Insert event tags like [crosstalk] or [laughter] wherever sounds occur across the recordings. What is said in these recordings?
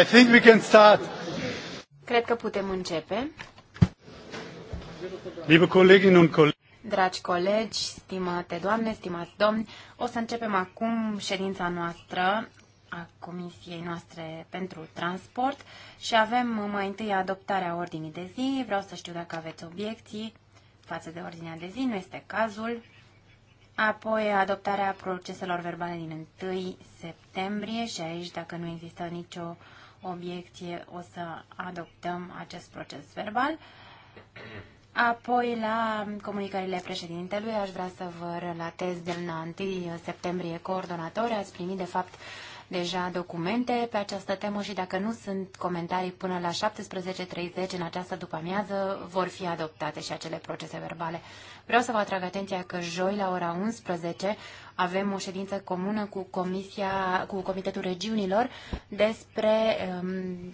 I think we can start. Cred că putem începe. Liebe Kolleginnen und Kollegen, Dragi colegi, stimate doamne, stimați domni, o să începem acum ședința noastră a Comisiei noastre pentru transport și avem mai întâi adoptarea ordinii de zi. Vreau să știu dacă aveți obiecții față de ordinea de zi, nu este cazul. Apoi adoptarea proceselor verbale din 1 septembrie și aici, dacă nu există nicio obiecție, o să adoptăm acest proces verbal. Apoi, la comunicările președintelui, aș vrea să vă relatez de la 1 septembrie coordonatori. Ați primit, de fapt, deja documente pe această temă și dacă nu sunt comentarii până la 17.30 în această după-amiază, vor fi adoptate și acele procese verbale. Vreau să vă atrag atenția că joi la ora 11 avem o ședință comună cu, comisia, cu Comitetul Regiunilor despre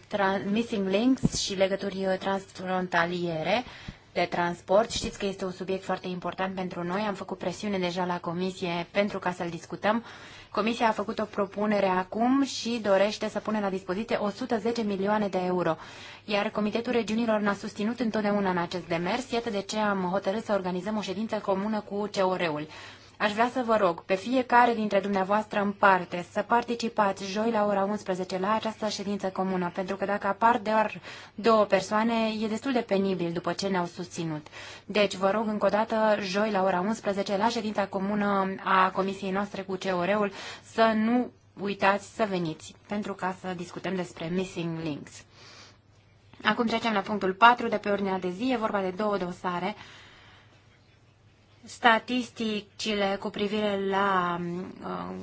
um, missing links și legături uh, transfrontaliere de transport. Știți că este un subiect foarte important pentru noi. Am făcut presiune deja la comisie pentru ca să-l discutăm Comisia a făcut o propunere acum și dorește să pune la dispoziție 110 milioane de euro, iar Comitetul Regiunilor ne-a susținut întotdeauna în acest demers, iată de ce am hotărât să organizăm o ședință comună cu CEOR-ul. Aș vrea să vă rog pe fiecare dintre dumneavoastră în parte să participați joi la ora 11 la această ședință comună, pentru că dacă apar doar două persoane, e destul de penibil după ce ne-au susținut. Deci vă rog încă o dată joi la ora 11 la ședința comună a comisiei noastre cu CEOR-ul să nu uitați să veniți, pentru ca să discutăm despre Missing Links. Acum trecem la punctul 4 de pe ordinea de zi, e vorba de două dosare statisticile cu privire la uh,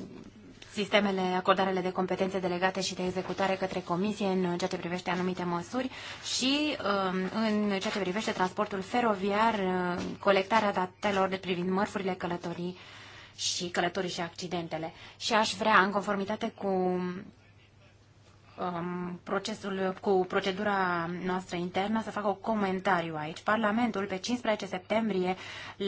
sistemele, acordarele de competențe delegate și de executare către comisie în ceea ce privește anumite măsuri și um, în ceea ce privește transportul feroviar, uh, colectarea datelor de privind mărfurile călătorii și călătorii și accidentele. Și aș vrea, în conformitate cu Um, procesul, cu procedura noastră internă, să fac un comentariu aici. Parlamentul, pe 15 septembrie,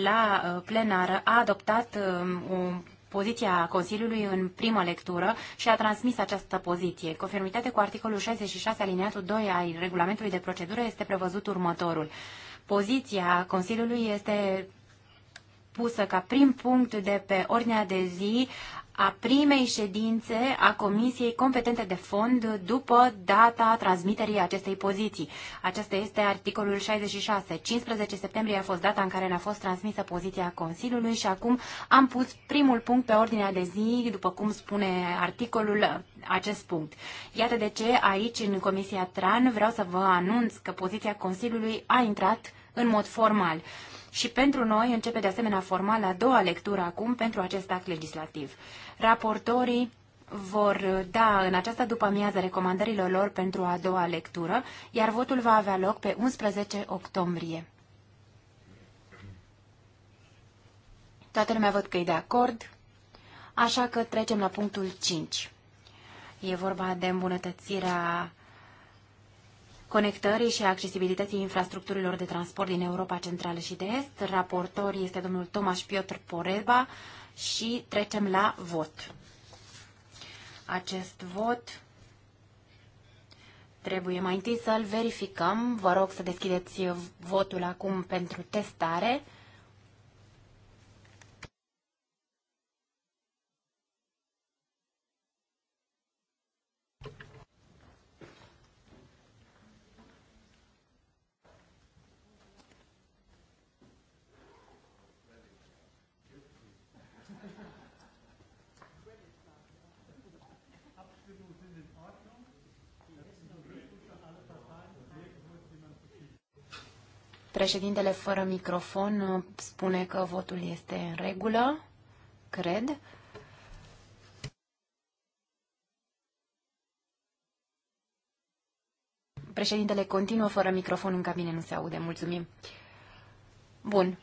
la uh, plenară, a adoptat um, o un poziția Consiliului în primă lectură și a transmis această poziție. Conformitate cu articolul 66 aliniatul 2 al regulamentului de procedură este prevăzut următorul. Poziția Consiliului este pusă ca prim punct de pe ordinea de zi a primei ședințe a Comisiei competente de fond după data transmiterii acestei poziții. Acesta este articolul 66. 15 septembrie a fost data în care ne-a fost transmisă poziția Consiliului și acum am pus primul punct pe ordinea de zi, după cum spune articolul, acest punct. Iată de ce aici, în Comisia TRAN, vreau să vă anunț că poziția Consiliului a intrat în mod formal și pentru noi începe de asemenea formal a doua lectură acum pentru acest act legislativ. Raportorii vor da în această după-amiază recomandărilor lor pentru a doua lectură, iar votul va avea loc pe 11 octombrie. Toată lumea văd că e de acord, așa că trecem la punctul 5. E vorba de îmbunătățirea conectării și accesibilității infrastructurilor de transport din Europa Centrală și de Est. Raportor este domnul Tomaș Piotr Poreba și trecem la vot. Acest vot trebuie mai întâi să-l verificăm. Vă rog să deschideți votul acum pentru testare. Președintele fără microfon uh, spune că votul este în regulă, cred. Președintele continuă fără microfon în cabine, nu se aude, mulțumim. Bun.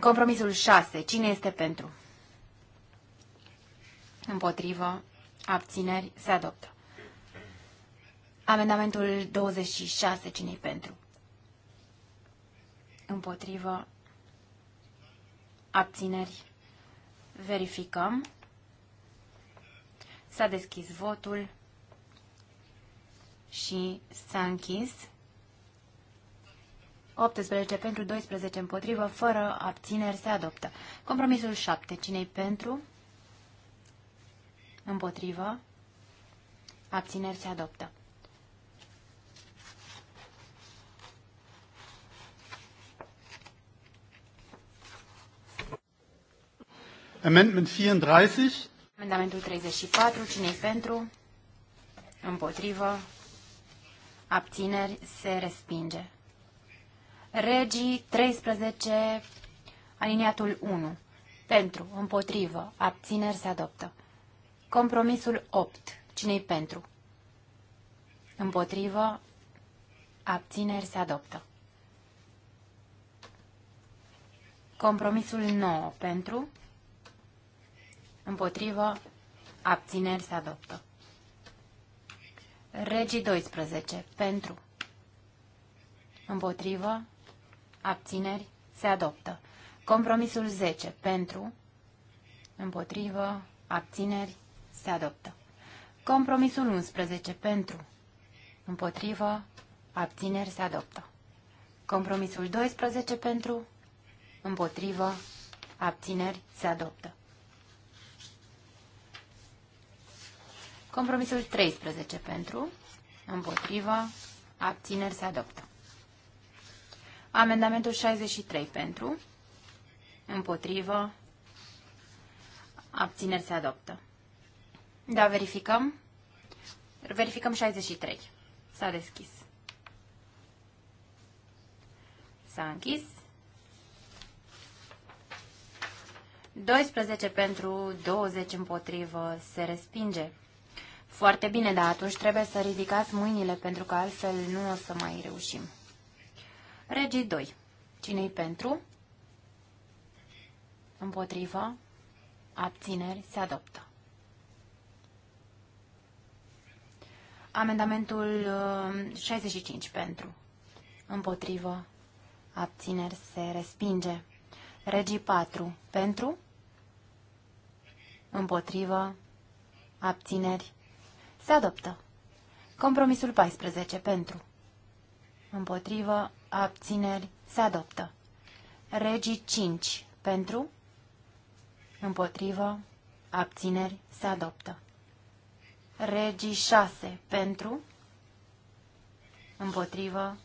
Compromisul 6. Cine este pentru? Împotrivă. Abțineri. Se adoptă. Amendamentul 26. Cine-i pentru? împotrivă, abțineri, verificăm. S-a deschis votul și s-a închis. 18 pentru, 12 împotrivă, fără abțineri se adoptă. Compromisul 7. cine pentru? Împotrivă. Abțineri se adoptă. Amendment 34. Amendamentul 34. cine e pentru? Împotrivă. Abțineri. Se respinge. Regii 13. Aliniatul 1. Pentru. Împotrivă. Abțineri. Se adoptă. Compromisul 8. Cine-i pentru? Împotrivă. Abțineri. Se adoptă. Compromisul 9. Pentru. Împotrivă. Abțineri se adoptă. Regii 12. Pentru. Împotrivă. Abțineri se adoptă. Compromisul 10. Pentru. Împotrivă. Abțineri se adoptă. Compromisul 11. Pentru. Împotrivă. Abțineri se adoptă. Compromisul 12 pentru. Împotrivă. Abțineri se adoptă. Compromisul 13 pentru, împotrivă, abțineri se adoptă. Amendamentul 63 pentru, împotrivă, abțineri se adoptă. Da, verificăm. Verificăm 63. S-a deschis. S-a închis. 12 pentru, 20 împotrivă, se respinge. Foarte bine, dar atunci trebuie să ridicați mâinile, pentru că altfel nu o să mai reușim. Regii 2. Cine-i pentru? Împotriva. Abțineri? Se adoptă. Amendamentul 65 uh, pentru. Împotrivă? Abțineri? Se respinge. Regii 4. Pentru? Împotrivă? Abțineri? Se adoptă. Compromisul 14. Pentru. Împotrivă. Abțineri. Se adoptă. Regii 5. Pentru. Împotrivă. Abțineri. Se adoptă. Regii 6. Pentru. Împotrivă.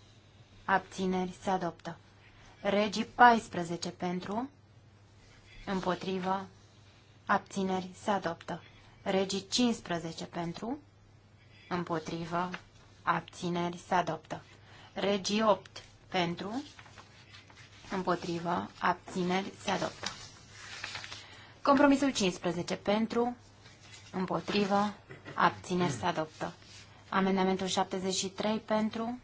Abțineri. Se adoptă. Regii 14. Pentru. Împotrivă. Abțineri. Se adoptă. Regii 15. Pentru împotrivă, abțineri, se adoptă. Regii 8 pentru, împotrivă, abțineri, se adoptă. Compromisul 15 pentru, împotrivă, abțineri, se adoptă. Amendamentul 73 pentru,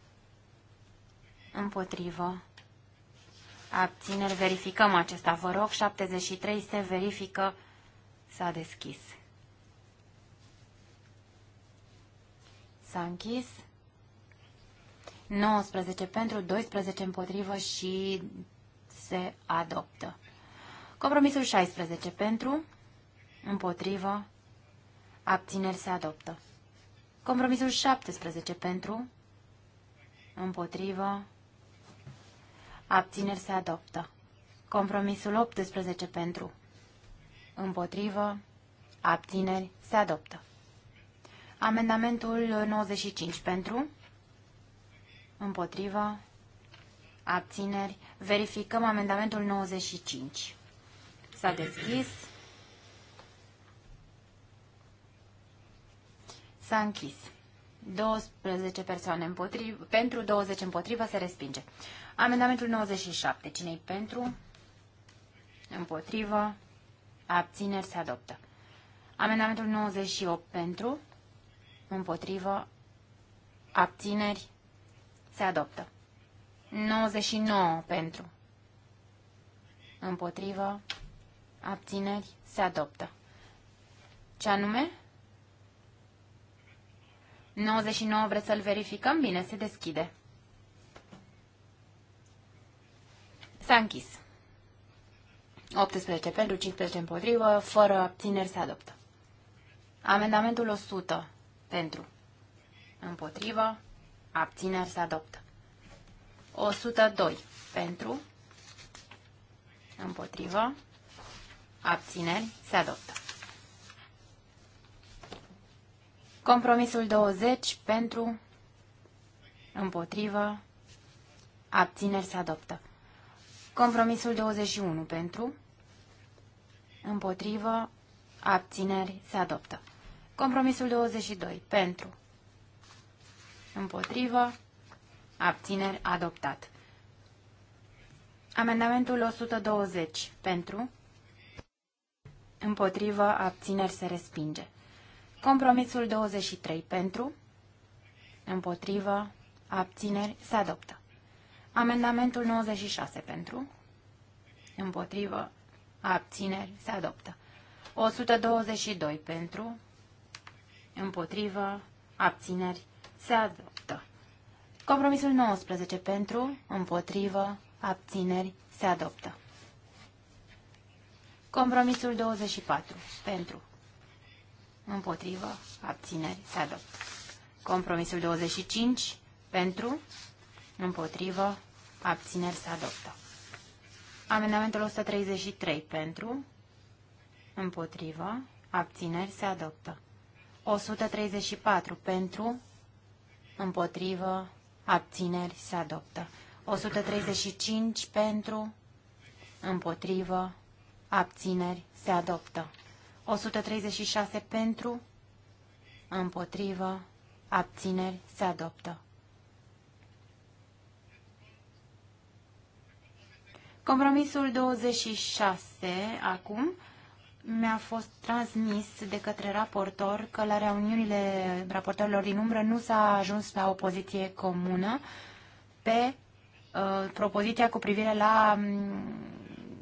împotrivă, abțineri, verificăm acesta, vă rog, 73 se verifică, s-a deschis. S-a închis. 19 pentru, 12 împotrivă și se adoptă. Compromisul 16 pentru, împotrivă, abțineri se adoptă. Compromisul 17 pentru, împotrivă, abțineri se adoptă. Compromisul 18 pentru, împotrivă, abțineri se adoptă. Amendamentul 95 pentru, împotrivă, abțineri. Verificăm amendamentul 95. S-a deschis. S-a închis. 12 persoane împotrivă, pentru, 20 împotrivă, se respinge. Amendamentul 97. cine pentru? Împotrivă. Abțineri se adoptă. Amendamentul 98 pentru împotrivă, abțineri, se adoptă. 99 pentru, împotrivă, abțineri, se adoptă. Ce anume? 99 vreți să-l verificăm? Bine, se deschide. S-a închis. 18 pentru, 15 împotrivă, fără abțineri se adoptă. Amendamentul 100. Pentru. Împotrivă. Abțineri se adoptă. 102. Pentru. Împotrivă. Abțineri se adoptă. Compromisul 20 pentru, împotrivă, abțineri se adoptă. Compromisul 21 pentru, împotrivă, abțineri se adoptă. Compromisul 22. Pentru. Împotrivă. Abțineri. Adoptat. Amendamentul 120. Pentru. Împotrivă. Abțineri. Se respinge. Compromisul 23. Pentru. Împotrivă. Abțineri. Se adoptă. Amendamentul 96. Pentru. Împotrivă. Abțineri. Se adoptă. 122. Pentru împotrivă, abțineri, se adoptă. Compromisul 19 pentru, împotrivă, abțineri, se adoptă. Compromisul 24 pentru, împotrivă, abțineri, se adoptă. Compromisul 25 pentru, împotrivă, abțineri, se adoptă. Amendamentul 133 pentru, împotrivă, abțineri, se adoptă. 134 pentru, împotrivă, abțineri se adoptă. 135 pentru, împotrivă, abțineri se adoptă. 136 pentru, împotrivă, abțineri se adoptă. Compromisul 26 acum mi-a fost transmis de către raportor că la reuniunile raportorilor din umbră nu s-a ajuns la o poziție comună pe uh, propoziția cu privire la um,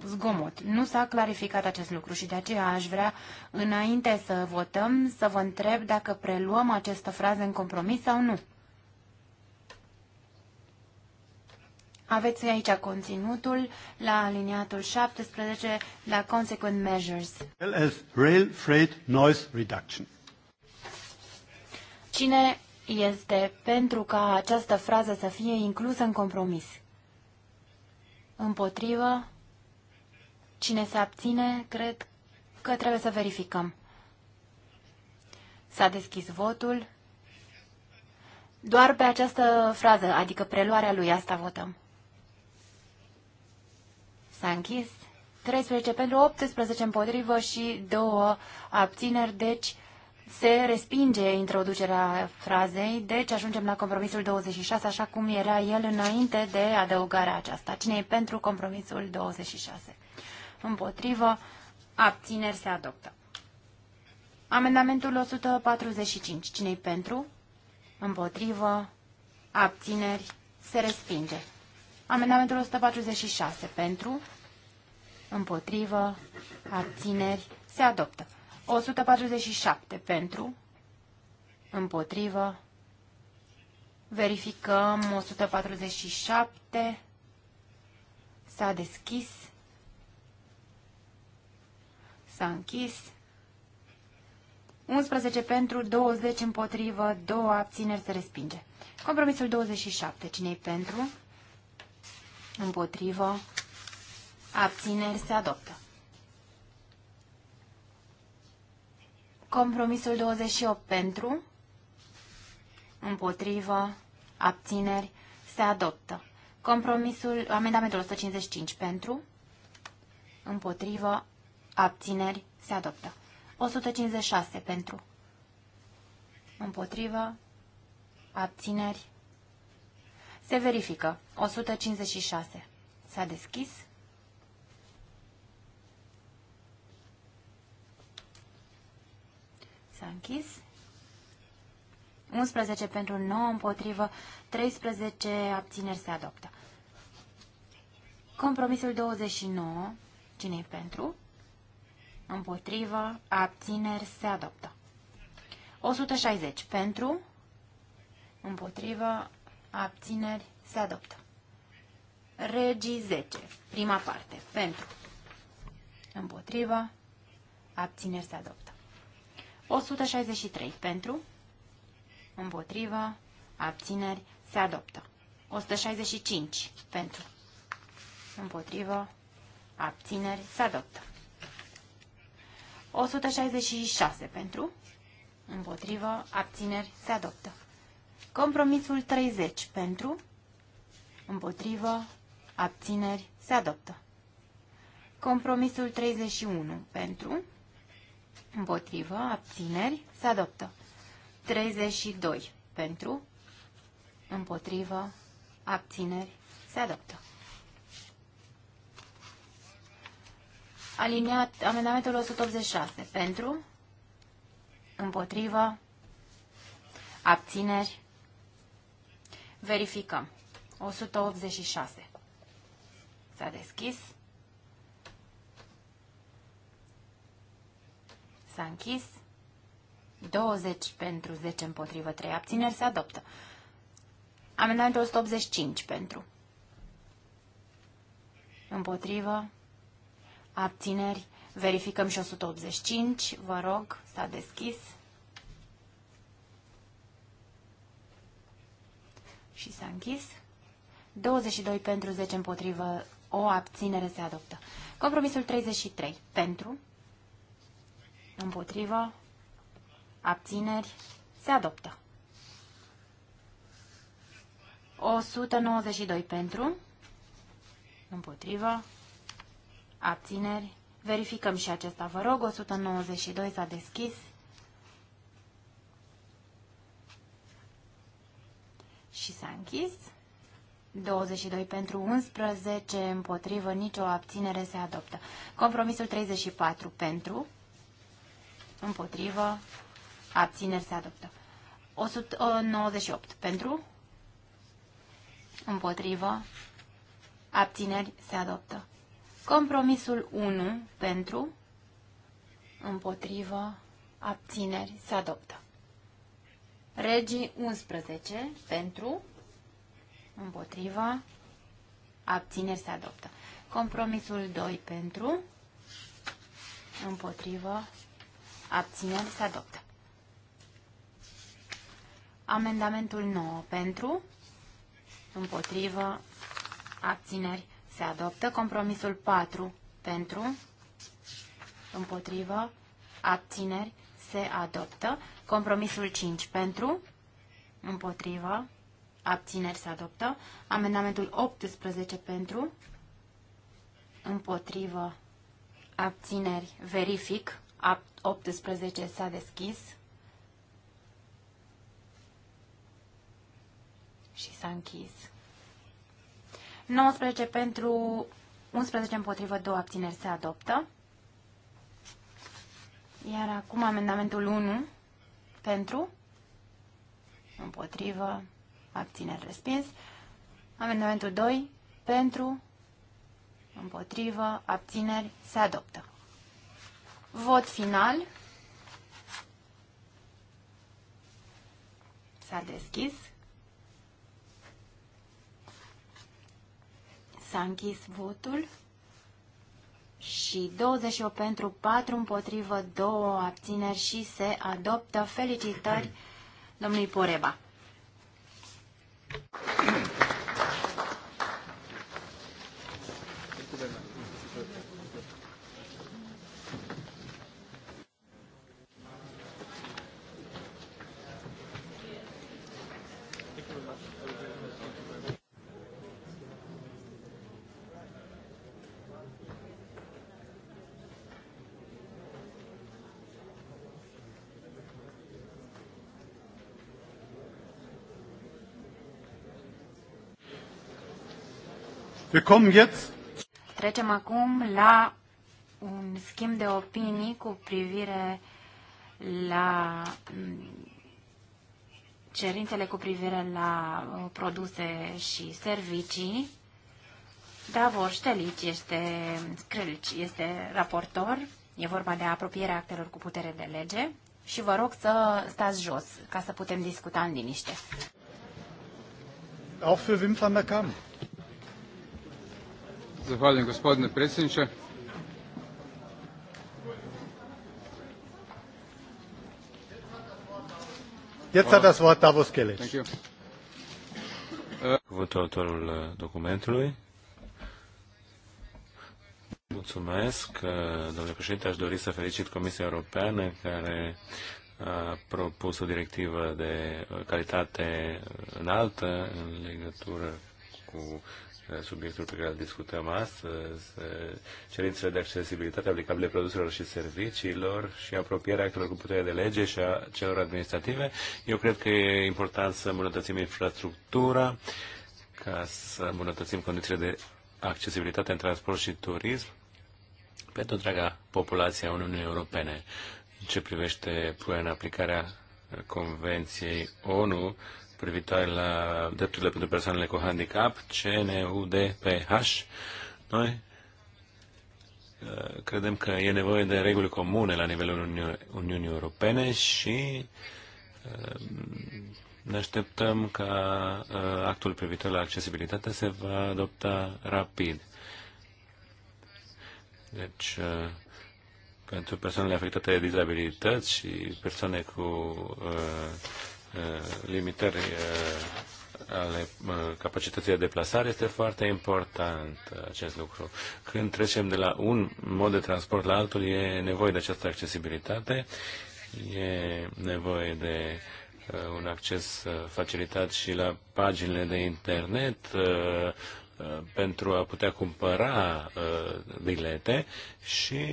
zgomot. Nu s-a clarificat acest lucru și de aceea aș vrea, înainte să votăm, să vă întreb dacă preluăm această frază în compromis sau nu. Aveți aici conținutul la aliniatul 17 la Consequent Measures. As rail freight noise reduction. Cine este pentru ca această frază să fie inclusă în compromis? Împotrivă? Cine se abține? Cred că trebuie să verificăm. S-a deschis votul. Doar pe această frază, adică preluarea lui, asta votăm. S-a închis. 13 pentru 18 împotrivă și 2 abțineri, deci se respinge introducerea frazei, deci ajungem la compromisul 26, așa cum era el înainte de adăugarea aceasta. Cine e pentru compromisul 26? Împotrivă, abțineri se adoptă. Amendamentul 145. cine e pentru? Împotrivă, abțineri, se respinge. Amendamentul 146 pentru, împotrivă, abțineri, se adoptă. 147 pentru, împotrivă, verificăm 147, s-a deschis, s-a închis, 11 pentru, 20 împotrivă, 2 abțineri se respinge. Compromisul 27, cine pentru? împotrivă, abțineri se adoptă. Compromisul 28 pentru, împotrivă, abțineri se adoptă. Compromisul, amendamentul 155 pentru, împotrivă, abțineri se adoptă. 156 pentru, împotrivă, abțineri se verifică. 156. S-a deschis. S-a închis. 11 pentru 9 împotrivă, 13 abțineri se adoptă. Compromisul 29, cine pentru? Împotrivă, abțineri se adoptă. 160 pentru, împotrivă, abțineri, se adoptă. Regii 10, prima parte, pentru, împotriva, abțineri, se adoptă. 163 pentru, împotriva, abțineri, se adoptă. 165 pentru, împotriva, abțineri, se adoptă. 166 pentru, împotriva, abțineri, se adoptă. Compromisul 30 pentru, împotrivă, abțineri, se adoptă. Compromisul 31 pentru, împotrivă, abțineri, se adoptă. 32 pentru, împotrivă, abțineri, se adoptă. Aliniat amendamentul 186 pentru, împotrivă, abțineri, Verificăm. 186. S-a deschis. S-a închis. 20 pentru 10 împotrivă 3 abțineri se adoptă. Amendamentul 185 pentru. Împotrivă. Abțineri. Verificăm și 185. Vă rog, s-a deschis. și s-a închis. 22 pentru, 10 împotrivă, o abținere se adoptă. Compromisul 33 pentru, împotrivă, abțineri, se adoptă. 192 pentru, împotrivă, abțineri, verificăm și acesta, vă rog, 192 s-a deschis, și s-a închis. 22 pentru 11, împotrivă, nicio abținere se adoptă. Compromisul 34 pentru, împotrivă, abțineri se adoptă. 198 pentru, împotrivă, abțineri se adoptă. Compromisul 1 pentru, împotrivă, abțineri se adoptă. Regii 11 pentru, împotriva, abțineri se adoptă. Compromisul 2 pentru, împotriva, abțineri se adoptă. Amendamentul 9 pentru, împotrivă, abțineri se adoptă. Compromisul 4 pentru, împotrivă, abțineri se adoptă. Compromisul 5 pentru, împotrivă, abțineri se adoptă. Amendamentul 18 pentru, împotrivă, abțineri, verific, 18 s-a deschis și s-a închis. 19 pentru, 11 împotrivă, 2 abțineri se adoptă. Iar acum amendamentul 1 pentru, împotrivă, abțineri respins. Amendamentul 2 pentru, împotrivă, abțineri se adoptă. Vot final. S-a deschis. S-a închis votul și 28 pentru, 4 împotrivă, 2 abțineri și se adoptă. Felicitări domnului Poreba. Wir kommen jetzt. Trecem acum la un schimb de opinii cu privire la mm, cerințele cu privire la uh, produse și servicii. Davor Ștelici este, Scrilici este raportor, e vorba de apropierea actelor cu putere de lege și vă rog să stați jos ca să putem discuta în liniște. Auch für Wim van der Kamp. Zahvaljujem gospodine predsjedniče. Jetzt hat das Wort Davos Kelly. Cuvântul autorul uh, documentului. Mulțumesc, uh, domnule președinte. Aș dori să felicit Comisia Europeană care a propus o directivă de calitate înaltă în legătură cu uh, subiectul pe care îl discutăm astăzi, uh, cerințele de accesibilitate aplicabile produselor și serviciilor și apropierea actelor cu putere de lege și a celor administrative. Eu cred că e important să îmbunătățim infrastructura ca să îmbunătățim condițiile de accesibilitate în transport și turism pentru întreaga populație a Uniunii Europene. În ce privește punerea în aplicarea Convenției ONU privitoare la drepturile pentru persoanele cu handicap, CNUDPH. Noi uh, credem că e nevoie de reguli comune la nivelul Uniunii Europene și uh, ne așteptăm ca uh, actul privitor la accesibilitate se va adopta rapid. Deci, pentru persoanele afectate de dizabilități și persoane cu uh, Uh, limitări uh, ale uh, capacității de deplasare, este foarte important acest lucru. Când trecem de la un mod de transport la altul, e nevoie de această accesibilitate, e nevoie de un acces facilitat și la paginile de internet, Uh, pentru a putea cumpăra uh, bilete și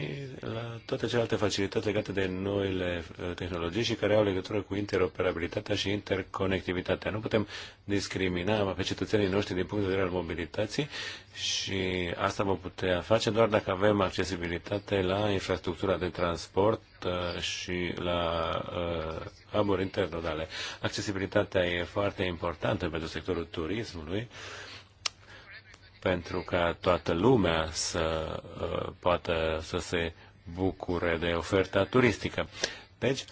la toate celelalte facilități legate de noile uh, tehnologii și care au legătură cu interoperabilitatea și interconectivitatea. Nu putem discrimina pe cetățenii noștri din punct de vedere al mobilității și asta vom putea face doar dacă avem accesibilitate la infrastructura de transport și la hub-uri internodale. Accesibilitatea e foarte importantă pentru sectorul turismului pentru ca toată lumea să uh, poată să se bucure de oferta turistică. Deci,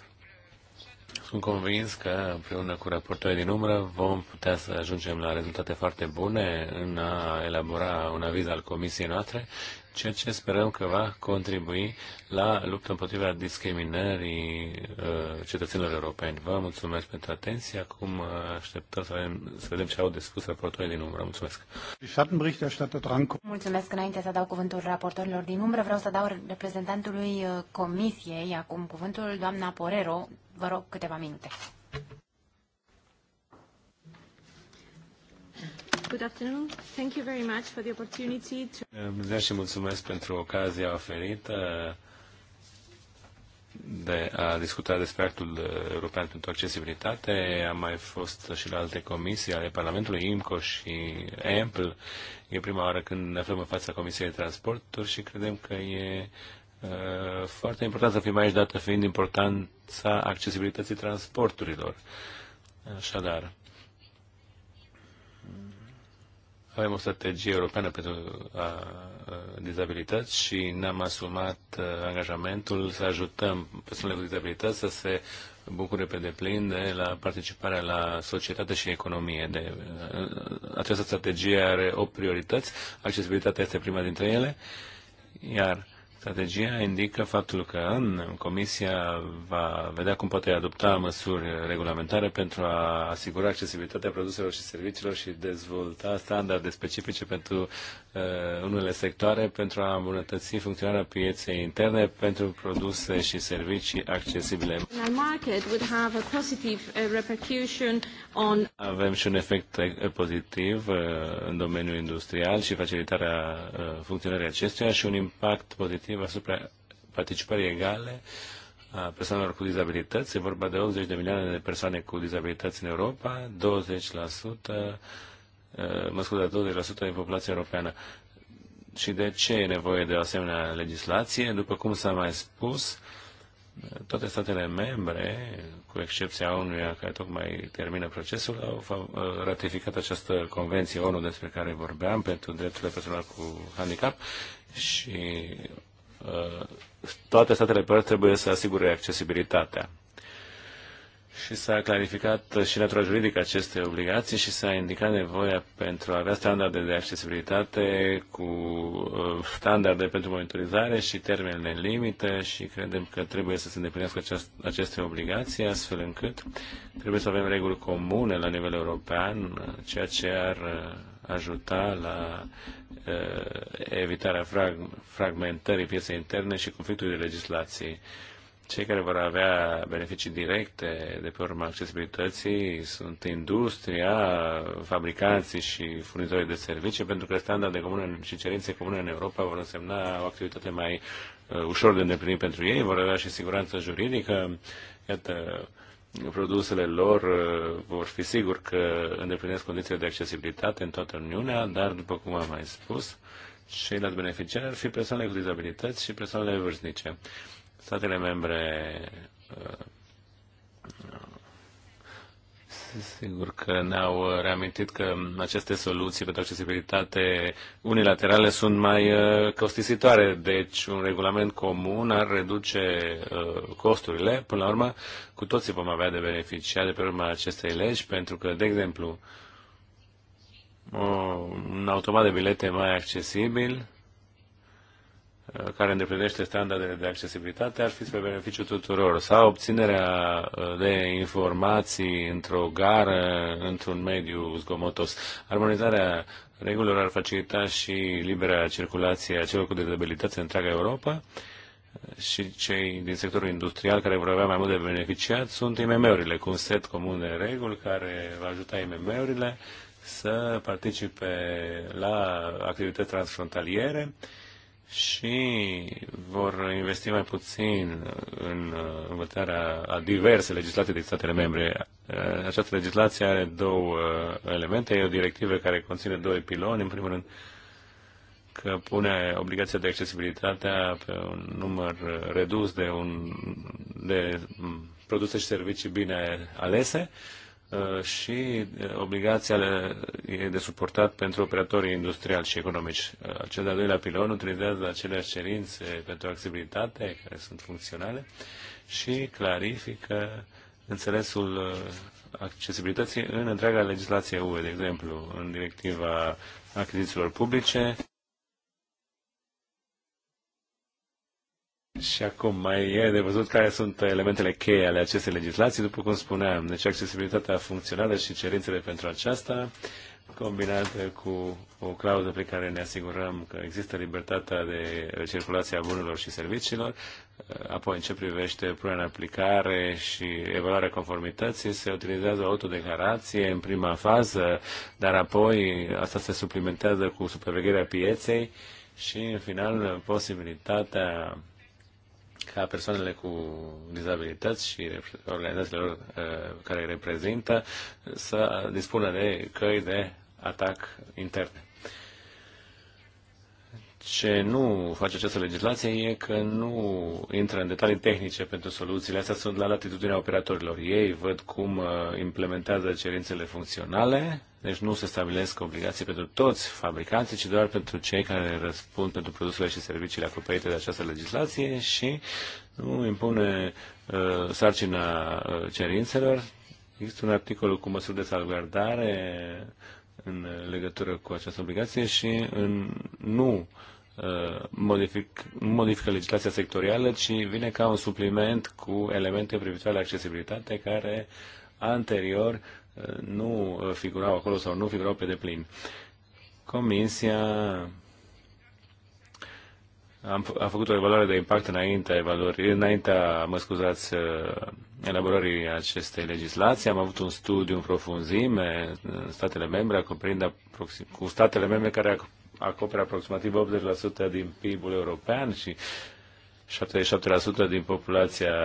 sunt convins că împreună cu raportorii din umbră vom putea să ajungem la rezultate foarte bune în a elabora un aviz al comisiei noastre ceea ce sperăm că va contribui la lupta împotriva discriminării uh, cetățenilor europeni. Vă mulțumesc pentru atenție. Acum uh, așteptăm să, vedem, să vedem ce au de spus raportorii din umbră. Mulțumesc. Mulțumesc. Înainte să dau cuvântul raportorilor din umbră, vreau să dau reprezentantului uh, Comisiei acum cuvântul, doamna Porero. Vă rog câteva minute. Good afternoon. Thank you very much for the opportunity to... și mulțumesc pentru ocazia oferită de a discuta despre actul european pentru accesibilitate. Am mai fost și la alte comisii ale Parlamentului, IMCO și EMPL. E prima oară când ne aflăm în fața Comisiei de Transporturi și credem că e uh, foarte important să fim aici, dată fiind importanța accesibilității transporturilor. Așadar, avem o strategie europeană pentru a, a, dizabilități și ne-am asumat a, angajamentul să ajutăm persoanele cu dizabilități să se bucure pe deplin de la participarea la societate și economie. De, a, această strategie are 8 priorități, accesibilitatea este prima dintre ele, iar a, Strategia indică faptul că în Comisia va vedea cum poate adopta măsuri regulamentare pentru a asigura accesibilitatea produselor și serviciilor și dezvolta standarde specifice pentru Uh, unele sectoare pentru a îmbunătăți funcționarea pieței interne pentru produse și servicii accesibile. Uh, Avem și un efect pozitiv uh, în domeniul industrial și facilitarea funcționării acestuia și un impact pozitiv asupra participării egale a persoanelor cu dizabilități. E vorba de 80 de milioane de persoane cu dizabilități în Europa, 20% Eh, mă scuze, 20% din populația europeană. Și de ce e nevoie de o asemenea legislație? După cum s-a mai spus, eh, toate statele membre, cu excepția unuia care tocmai termină procesul, au eh, ratificat această convenție ONU despre care vorbeam pentru drepturile persoanelor cu handicap și toate statele părți trebuie să asigure accesibilitatea și s-a clarificat și natura juridică acestei obligații și s-a indicat nevoia pentru a avea standarde de accesibilitate cu uh, standarde pentru monitorizare și termenele limite și credem că trebuie să se îndeplinească aceste obligații astfel încât trebuie să avem reguli comune la nivel european, ceea ce ar uh, ajuta la uh, evitarea frag, fragmentării pieței interne și conflictului de legislații cei care vor avea beneficii directe de pe urma accesibilității sunt industria, fabricanții și furnizorii de servicii, pentru că standarde comune și cerințe comune în Europa vor însemna o activitate mai uh, ușor de îndeplinit pentru ei, vor avea și siguranță juridică. Iată, produsele lor uh, vor fi sigur că îndeplinesc condițiile de accesibilitate în toată Uniunea, dar, după cum am mai spus, ceilalți beneficiari ar fi persoanele cu dizabilități și persoanele vârstnice statele membre uh, Sigur că ne-au reamintit că aceste soluții pentru accesibilitate unilaterale sunt mai uh, costisitoare, deci un regulament comun ar reduce uh, costurile. Până la urmă, cu toții vom avea de beneficiat de pe urma acestei legi, pentru că, de exemplu, un automat de bilete mai accesibil Uh, care îndeplinește standardele de accesibilitate ar fi spre beneficiu tuturor. Sau obținerea uh, de informații într-o gară, într-un mediu zgomotos. Armonizarea regulilor ar facilita și libera circulație a celor cu dezabilități în întreaga Europa uh, și cei din sectorul industrial care vor avea mai mult de beneficiat sunt IMM-urile, cu un set comun de reguli care va ajuta IMM-urile să participe la activități transfrontaliere și vor investi mai puțin în uh, învățarea a diverse legislații din statele membre. Uh, această legislație are două uh, elemente. E o directivă care conține doi piloni. În primul rând, că pune obligația de accesibilitate pe un număr redus de, un, de produse și servicii bine alese Uh, și uh, obligația e de suportat pentru operatorii industriali și economici. Uh, cel de-al doilea pilon utilizează aceleași cerințe pentru accesibilitate care sunt funcționale și clarifică înțelesul accesibilității în întreaga legislație UE, de exemplu, în directiva achizițiilor publice, Și acum mai e de văzut care sunt elementele cheie ale acestei legislații, după cum spuneam. Deci accesibilitatea funcțională și cerințele pentru aceasta, combinată cu o clauză pe care ne asigurăm că există libertatea de circulație a bunurilor și serviciilor, apoi în ce privește punerea în aplicare și evaluarea conformității, se utilizează o autodeclarație în prima fază, dar apoi asta se suplimentează cu supravegherea pieței și, în final, posibilitatea ca persoanele cu dizabilități și organizațiile lor uh, care îi reprezintă să dispună de căi de atac interne ce nu face această legislație e că nu intră în detalii tehnice pentru soluțiile astea, sunt la latitudinea operatorilor. Ei văd cum uh, implementează cerințele funcționale, deci nu se stabilesc obligații pentru toți fabricanții, ci doar pentru cei care răspund pentru produsele și serviciile acoperite de această legislație și nu impune uh, sarcina uh, cerințelor. Există un articol cu măsuri de salvgardare în legătură cu această obligație și în, nu uh, modific, modifică legislația sectorială, ci vine ca un supliment cu elemente privitoare la accesibilitate care anterior uh, nu figurau acolo sau nu figurau pe deplin. Comisia am, am făcut o evaluare de impact înaintea evaluării, înaintea, mă scuzați, uh, elaborării acestei legislații. Am avut un studiu în profunzime în statele membre, acoperind aproxim, cu statele membre care acoperă aproximativ 80% din PIB-ul european și 77% din populația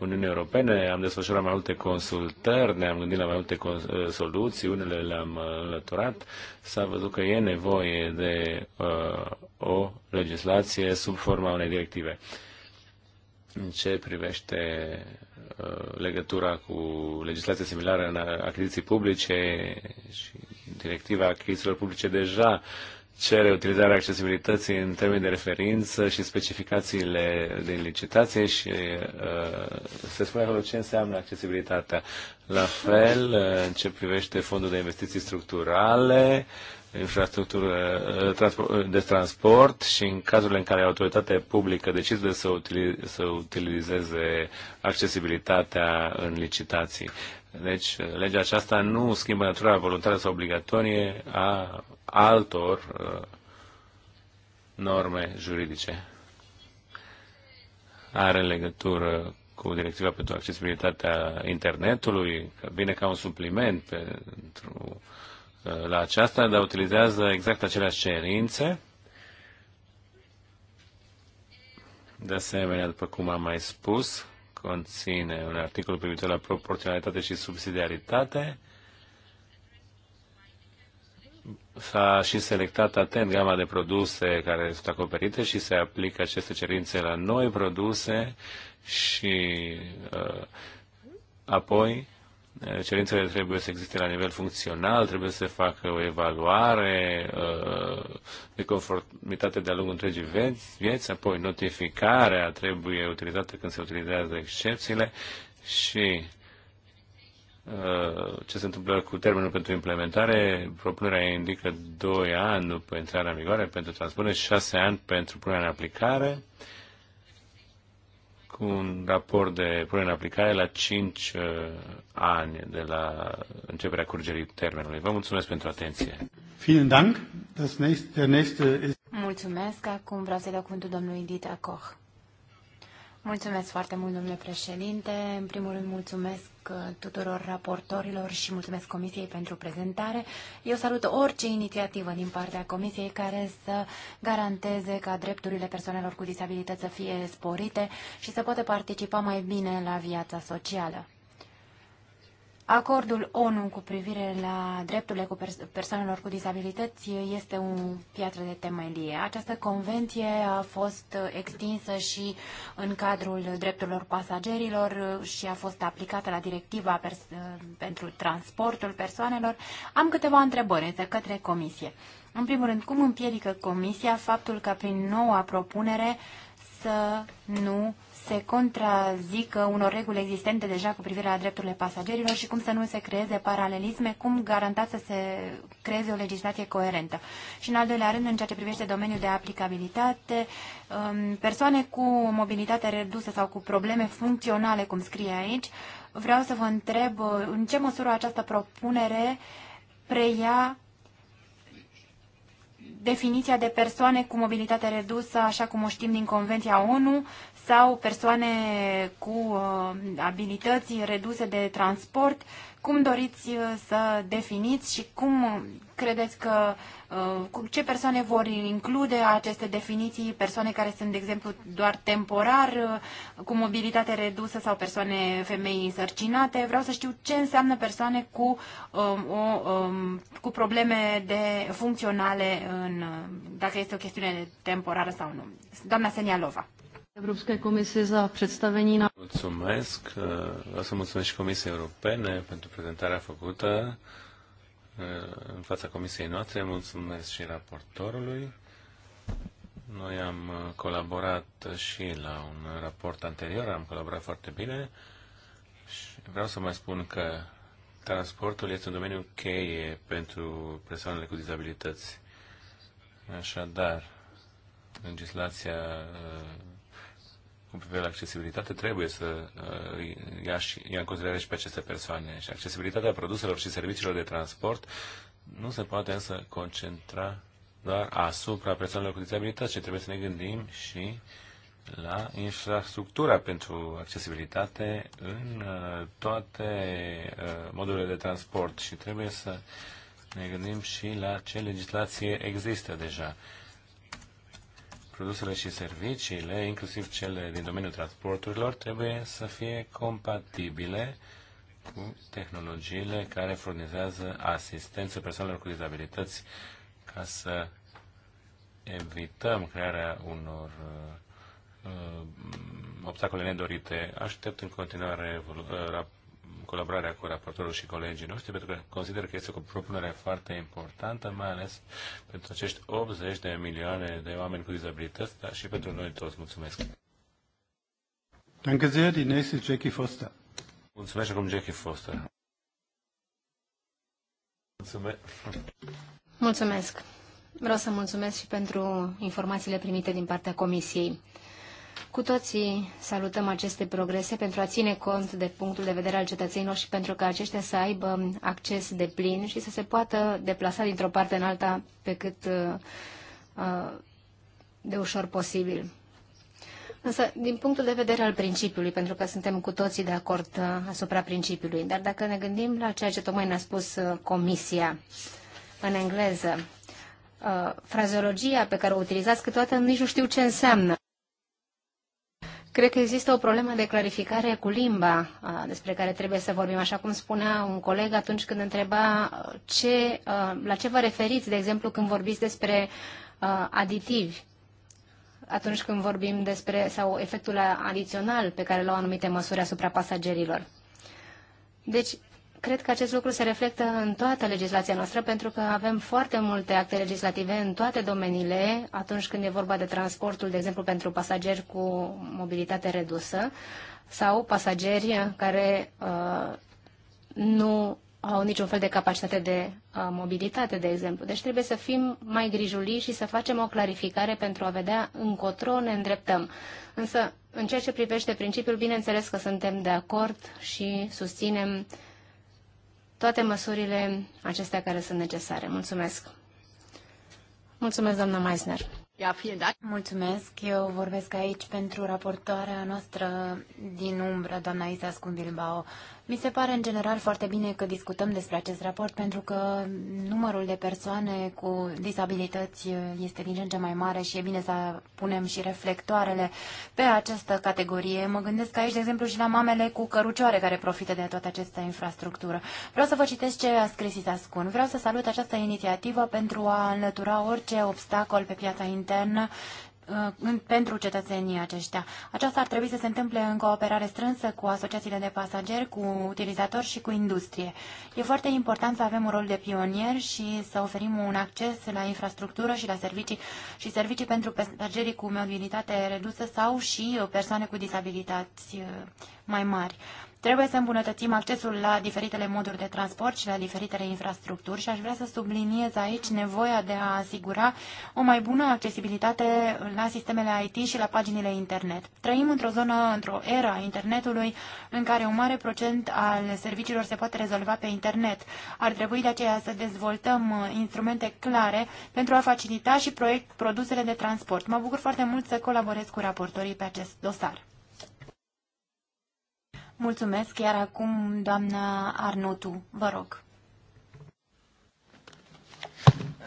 Uniunii Europene, am desfășurat mai multe consultări, ne-am gândit la mai multe uh, soluții, unele le-am uh, înlăturat. S-a văzut că e nevoie de uh, o legislație sub forma unei directive. În ce privește uh, legătura cu legislația similară în achiziții publice și directiva achizițiilor publice, deja uh, cere utilizarea accesibilității în termeni de referință și specificațiile din licitație și uh, se spune acolo ce înseamnă accesibilitatea. La fel, uh, în ce privește fondul de investiții structurale, infrastructură uh, uh, de transport și în cazurile în care autoritatea publică decide să, utilize, să utilizeze accesibilitatea în licitații. Deci, legea aceasta nu schimbă natura voluntară sau obligatorie a altor uh, norme juridice. Are legătură cu directiva pentru accesibilitatea internetului, vine ca un supliment pentru, uh, la aceasta, dar utilizează exact aceleași cerințe. De asemenea, după cum am mai spus, conține un articol privitor la proporționalitate și subsidiaritate. S-a și selectat atent gama de produse care sunt acoperite și se aplică aceste cerințe la noi produse și uh, apoi Cerințele trebuie să existe la nivel funcțional, trebuie să facă o evaluare uh, de conformitate de-a lungul întregii vieți, apoi notificarea trebuie utilizată când se utilizează excepțiile și uh, ce se întâmplă cu termenul pentru implementare. Propunerea indică 2 ani după intrarea în vigoare pentru transpunere și 6 ani pentru punerea în aplicare cu un raport de punere în aplicare la 5 uh, ani de la începerea curgerii termenului. Vă mulțumesc pentru atenție. Vielen Dank. Das nächste, nächste ist... Mulțumesc. Acum vreau să-i dau cuvântul domnului Dieter Koch. Mulțumesc foarte mult, domnule președinte. În primul rând, mulțumesc Uh, tuturor raportorilor și mulțumesc Comisiei pentru prezentare. Eu salut orice inițiativă din partea Comisiei care să garanteze ca drepturile persoanelor cu disabilități să fie sporite și să poată participa mai bine la viața socială. Acordul ONU cu privire la drepturile cu pers persoanelor cu dizabilități este o piatră de temelie. Această convenție a fost extinsă și în cadrul drepturilor pasagerilor și a fost aplicată la directiva pentru transportul persoanelor. Am câteva întrebări de către Comisie. În primul rând, cum împiedică Comisia faptul că prin noua propunere să nu se contrazică unor reguli existente deja cu privire la drepturile pasagerilor și cum să nu se creeze paralelisme, cum garanta să se creeze o legislație coerentă. Și în al doilea rând, în ceea ce privește domeniul de aplicabilitate, um, persoane cu mobilitate redusă sau cu probleme funcționale, cum scrie aici, vreau să vă întreb uh, în ce măsură această propunere preia definiția de persoane cu mobilitate redusă, așa cum o știm din Convenția ONU, sau persoane cu uh, abilități reduse de transport. Cum doriți uh, să definiți și cum credeți că uh, ce persoane vor include aceste definiții, persoane care sunt, de exemplu, doar temporar, cu mobilitate redusă sau persoane femei însărcinate. Vreau să știu ce înseamnă persoane cu, um, o, um, cu probleme de funcționale, în, dacă este o chestiune temporară sau nu. Doamna Senialova. Europskei Comisie za představení na... Mulțumesc, vreau să mulțumesc și Comisiei Europene pentru prezentarea făcută eh, în fața Comisiei noastre, mulțumesc și raportorului. Noi am eh, colaborat și la un raport anterior, am colaborat foarte bine și vreau să mai spun că transportul este un domeniu cheie pentru persoanele cu dizabilități. Așadar, legislația eh, cu privire la accesibilitate trebuie să uh, ia, și, ia în considerare și pe aceste persoane. Și accesibilitatea produselor și serviciilor de transport nu se poate însă concentra doar asupra persoanelor cu dizabilități, ci trebuie să ne gândim și la infrastructura pentru accesibilitate în uh, toate uh, modurile de transport și trebuie să ne gândim și la ce legislație există deja. Uh, produsele și serviciile, inclusiv cele din domeniul transporturilor, trebuie să fie compatibile cu tehnologiile care furnizează asistență persoanelor cu dizabilități ca să evităm crearea unor uh, uh obstacole nedorite. Aștept în continuare uh, colaborarea cu raportorul și colegii noștri, pentru că consider că este o propunere foarte importantă, mai ales pentru acești 80 de milioane de oameni cu dizabilități, dar și pentru noi toți. Mulțumesc! Danke sehr, die nächste Jackie Foster. Mulțumesc acum Jackie Foster. Mulțumesc. Mulțumesc. Vreau să mulțumesc și pentru informațiile primite din partea Comisiei. Cu toții salutăm aceste progrese pentru a ține cont de punctul de vedere al cetățenilor și pentru ca aceștia să aibă acces de plin și să se poată deplasa dintr-o parte în alta pe cât uh, uh, de ușor posibil. Însă, din punctul de vedere al principiului, pentru că suntem cu toții de acord uh, asupra principiului, dar dacă ne gândim la ceea ce tocmai ne-a spus Comisia în engleză, frazeologia pe care o utilizați câteodată nici nu știu ce înseamnă. Cred că există o problemă de clarificare cu limba despre care trebuie să vorbim, așa cum spunea un coleg atunci când întreba ce, la ce vă referiți, de exemplu, când vorbiți despre aditivi, atunci când vorbim despre sau efectul adițional pe care l-au anumite măsuri asupra pasagerilor. Deci, cred că acest lucru se reflectă în toată legislația noastră, pentru că avem foarte multe acte legislative în toate domeniile, atunci când e vorba de transportul, de exemplu, pentru pasageri cu mobilitate redusă sau pasageri care uh, nu au niciun fel de capacitate de uh, mobilitate, de exemplu. Deci trebuie să fim mai grijuli și să facem o clarificare pentru a vedea încotro ne îndreptăm. Însă, în ceea ce privește principiul, bineînțeles că suntem de acord și susținem uh, toate măsurile acestea care sunt necesare. Mulțumesc! Mulțumesc, doamna Meisner! Mulțumesc! Eu vorbesc aici pentru raportoarea noastră din umbră, doamna Isa Scumbilbao. Mi se pare în general foarte bine că discutăm despre acest raport pentru că numărul de persoane cu disabilități este din ce în ce mai mare și e bine să punem și reflectoarele pe această categorie. Mă gândesc aici, de exemplu, și la mamele cu cărucioare care profită de toată această infrastructură. Vreau să vă citesc ce a scris Isascun. Vreau să salut această inițiativă pentru a înlătura orice obstacol pe piața internă Uh, pentru cetățenii aceștia. Aceasta ar trebui să se întâmple în cooperare strânsă cu asociațiile de pasageri, cu utilizatori și cu industrie. E foarte important să avem un rol de pionier și să oferim un acces la infrastructură și la servicii și servicii pentru pasagerii cu mobilitate redusă sau și persoane cu disabilități uh, mai mari. Trebuie să îmbunătățim accesul la diferitele moduri de transport și la diferitele infrastructuri și aș vrea să subliniez aici nevoia de a asigura o mai bună accesibilitate la sistemele IT și la paginile internet. Trăim într-o zonă, într-o era internetului în care un mare procent al serviciilor se poate rezolva pe internet. Ar trebui de aceea să dezvoltăm uh, instrumente clare pentru a facilita și proiect produsele de transport. Mă bucur foarte mult să colaborez cu raportorii pe acest dosar. Mulțumesc, iar acum doamna Arnotu, vă rog.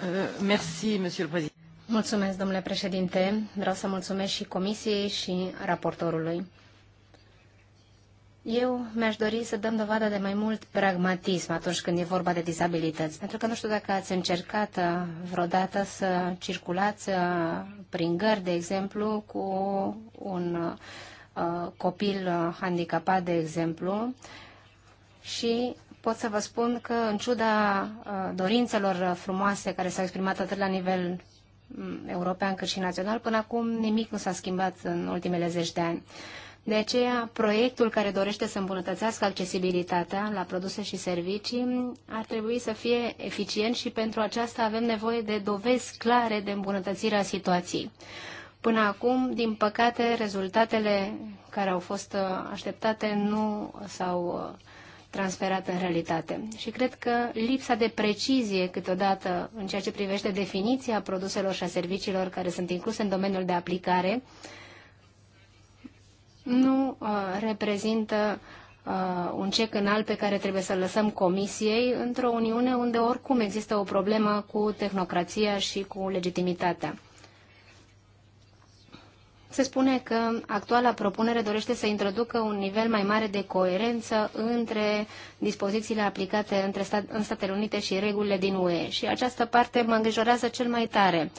Euh, merci, monsieur le Mulțumesc, domnule președinte. Vreau să mulțumesc și comisiei și raportorului. Eu mi-aș dori să dăm dovadă de mai mult pragmatism atunci când e vorba de dizabilități, pentru că nu știu dacă ați încercat uh, vreodată să circulați uh, prin gări, de exemplu, cu un uh, Uh, copil uh, handicapat, de exemplu, și pot să vă spun că, în ciuda uh, dorințelor frumoase care s-au exprimat atât la nivel mm, european cât și național, până acum nimic nu s-a schimbat în ultimele zeci de ani. De aceea, proiectul care dorește să îmbunătățească accesibilitatea la produse și servicii ar trebui să fie eficient și pentru aceasta avem nevoie de dovezi clare de îmbunătățirea situației. Până acum, din păcate, rezultatele care au fost uh, așteptate nu s-au uh, transferat în realitate. Și cred că lipsa de precizie câteodată în ceea ce privește definiția produselor și a serviciilor care sunt incluse în domeniul de aplicare nu uh, reprezintă uh, un cec în alt pe care trebuie să-l lăsăm comisiei într-o Uniune unde oricum există o problemă cu tehnocrația și cu legitimitatea. Se spune că actuala propunere dorește să introducă un nivel mai mare de coerență între dispozițiile aplicate între stat, în Statele Unite și regulile din UE. Și această parte mă îngrijorează cel mai tare,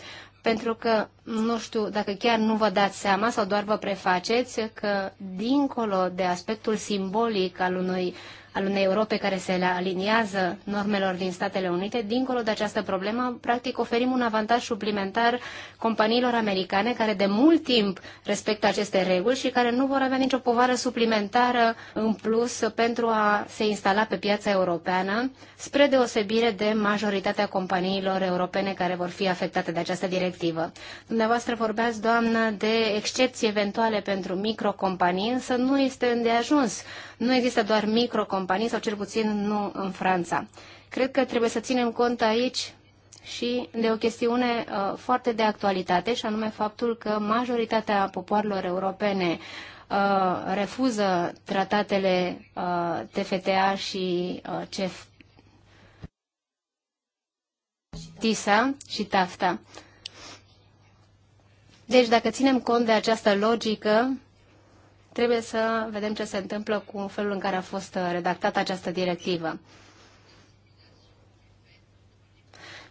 pentru că nu știu dacă chiar nu vă dați seama sau doar vă prefaceți că dincolo de aspectul simbolic al unui uh, al unei Europe care se aliniază normelor din Statele Unite, dincolo de această problemă, practic oferim un avantaj suplimentar companiilor americane care de mult timp respectă aceste reguli și care nu vor avea nicio povară suplimentară în plus pentru a se instala pe piața europeană, spre deosebire de majoritatea companiilor europene care vor fi afectate de această directivă. Dumneavoastră vorbeați, doamnă, de excepții eventuale pentru microcompanii, însă nu este îndeajuns. Nu există doar microcompanii companii sau cel puțin nu în Franța. Cred că trebuie să ținem cont aici și de o chestiune uh, foarte de actualitate și anume faptul că majoritatea popoarelor europene uh, refuză tratatele uh, TFTA și uh, CEF TISA și TAFTA. Deci dacă ținem cont de această logică, Trebuie să vedem ce se întâmplă cu felul în care a fost redactată această directivă.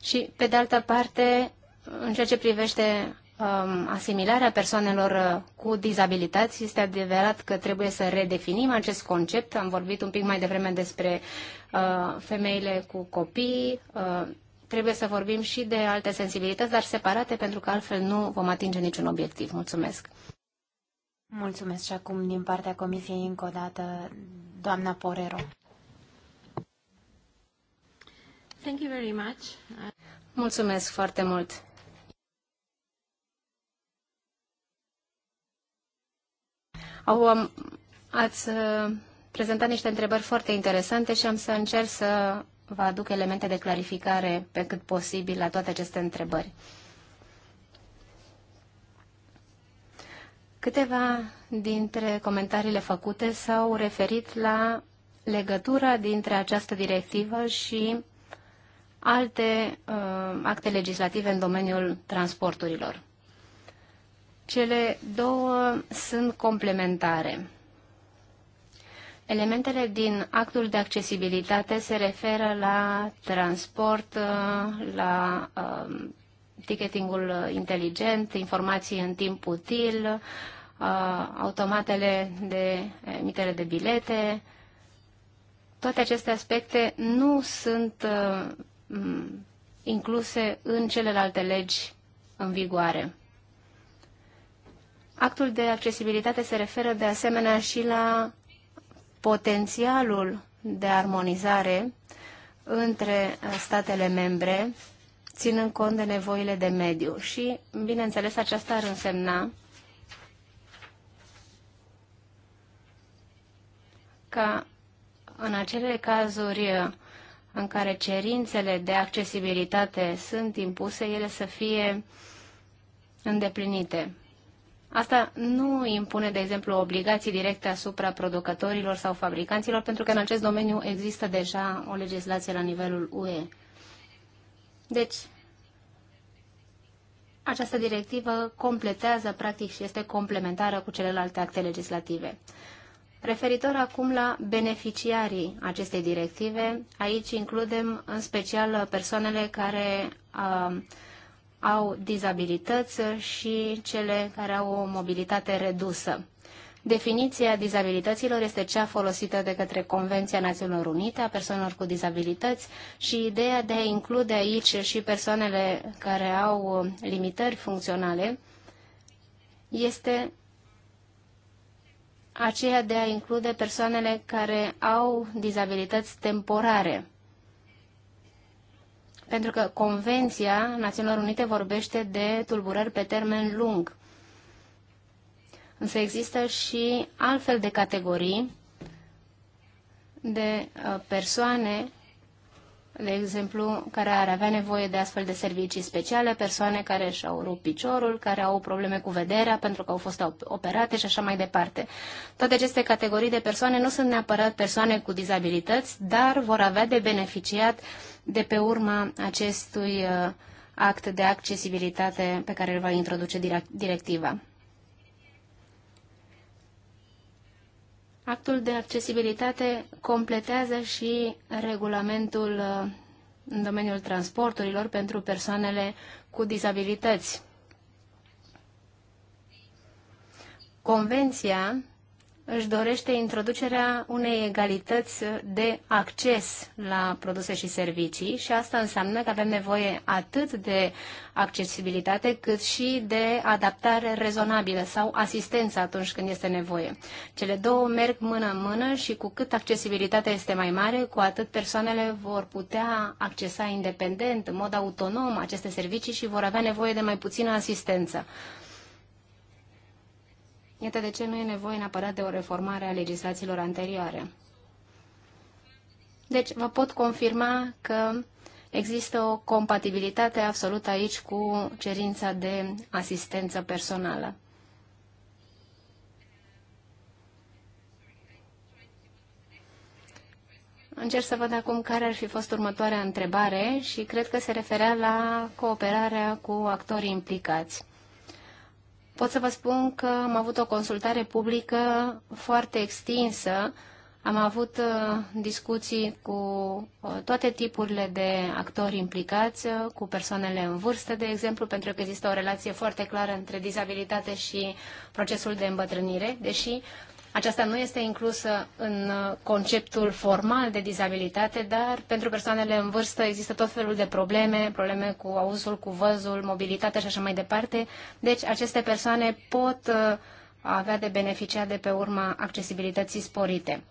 Și, pe de altă parte, în ceea ce privește um, asimilarea persoanelor uh, cu dizabilități, este adevărat că trebuie să redefinim acest concept. Am vorbit un pic mai devreme despre uh, femeile cu copii. Uh, trebuie să vorbim și de alte sensibilități, dar separate, pentru că altfel nu vom atinge niciun obiectiv. Mulțumesc! Mulțumesc și acum din partea Comisiei încă o dată, doamna Porero. Thank you very much. Mulțumesc foarte mult. Au, ați uh, prezentat niște întrebări foarte interesante și am să încerc să vă aduc elemente de clarificare pe cât posibil la toate aceste întrebări. Câteva dintre comentariile făcute s-au referit la legătura dintre această directivă și alte uh, acte legislative în domeniul transporturilor. Cele două sunt complementare. Elementele din actul de accesibilitate se referă la transport, uh, la uh, ticketingul inteligent, informații în timp util, automatele de emitere de bilete. Toate aceste aspecte nu sunt incluse în celelalte legi în vigoare. Actul de accesibilitate se referă de asemenea și la potențialul de armonizare între statele membre, ținând cont de nevoile de mediu. Și, bineînțeles, aceasta ar însemna ca în acele cazuri în care cerințele de accesibilitate sunt impuse, ele să fie îndeplinite. Asta nu impune, de exemplu, obligații directe asupra producătorilor sau fabricanților, pentru că în acest domeniu există deja o legislație la nivelul UE. Deci, această directivă completează, practic, și este complementară cu celelalte acte legislative. Referitor acum la beneficiarii acestei directive, aici includem în special persoanele care uh, au dizabilități și cele care au o mobilitate redusă. Definiția dizabilităților este cea folosită de către Convenția Națiunilor Unite a persoanelor cu dizabilități și ideea de a include aici și persoanele care au limitări funcționale este aceea de a include persoanele care au dizabilități temporare. Pentru că Convenția Națiunilor Unite vorbește de tulburări pe termen lung. Însă există și altfel de categorii de uh, persoane de exemplu, care ar avea nevoie de astfel de servicii speciale, persoane care și-au rupt piciorul, care au probleme cu vederea pentru că au fost operate și așa mai departe. Toate aceste categorii de persoane nu sunt neapărat persoane cu dizabilități, dar vor avea de beneficiat de pe urma acestui uh, act de accesibilitate pe care îl va introduce directiva. Actul de accesibilitate completează și regulamentul uh, în domeniul transporturilor pentru persoanele cu dizabilități. Convenția își dorește introducerea unei egalități de acces la produse și servicii și asta înseamnă că avem nevoie atât de accesibilitate cât și de adaptare rezonabilă sau asistență atunci când este nevoie. Cele două merg mână în mână și cu cât accesibilitatea este mai mare, cu atât persoanele vor putea accesa independent, în mod autonom aceste servicii și vor avea nevoie de mai puțină asistență. Iată de ce nu e nevoie neapărat de o reformare a legislațiilor anterioare. Deci vă pot confirma că există o compatibilitate absolută aici cu cerința de asistență personală. Încerc să văd acum care ar fi fost următoarea întrebare și cred că se referea la cooperarea cu actorii implicați pot să vă spun că am avut o consultare publică foarte extinsă. Am avut uh, discuții cu uh, toate tipurile de actori implicați, uh, cu persoanele în vârstă, de exemplu, pentru că există o relație foarte clară între dizabilitate și procesul de îmbătrânire, deși aceasta nu este inclusă în uh, conceptul formal de dizabilitate, dar pentru persoanele în vârstă există tot felul de probleme, probleme cu auzul, cu văzul, mobilitatea și așa mai departe. Deci aceste persoane pot uh, avea de beneficiat de pe urma accesibilității sporite.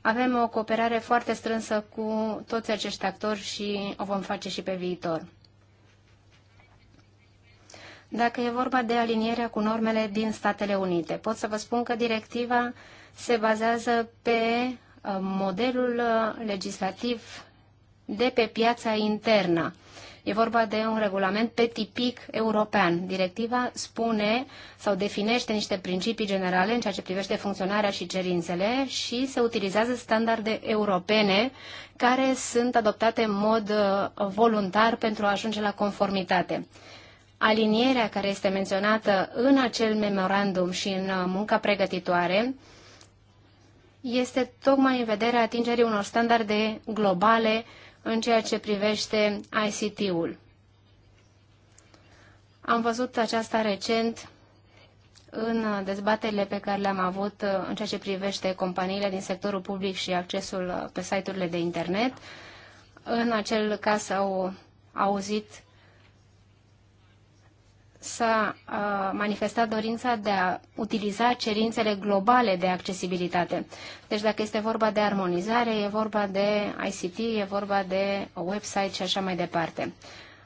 Avem o cooperare foarte strânsă cu toți acești actori și o vom face și pe viitor dacă e vorba de alinierea cu normele din Statele Unite. Pot să vă spun că directiva se bazează pe uh, modelul uh, legislativ de pe piața internă. E vorba de un regulament pe tipic european. Directiva spune sau definește niște principii generale în ceea ce privește funcționarea și cerințele și se utilizează standarde europene care sunt adoptate în mod uh, voluntar pentru a ajunge la conformitate alinierea care este menționată în acel memorandum și în uh, munca pregătitoare este tocmai în vederea atingerii unor standarde globale în ceea ce privește ICT-ul. Am văzut aceasta recent în uh, dezbaterile pe care le-am avut uh, în ceea ce privește companiile din sectorul public și accesul pe site-urile de internet. În acel caz au auzit s-a manifestat dorința de a utiliza cerințele globale de accesibilitate. Deci dacă este vorba de armonizare, e vorba de ICT, e vorba de website și așa mai departe.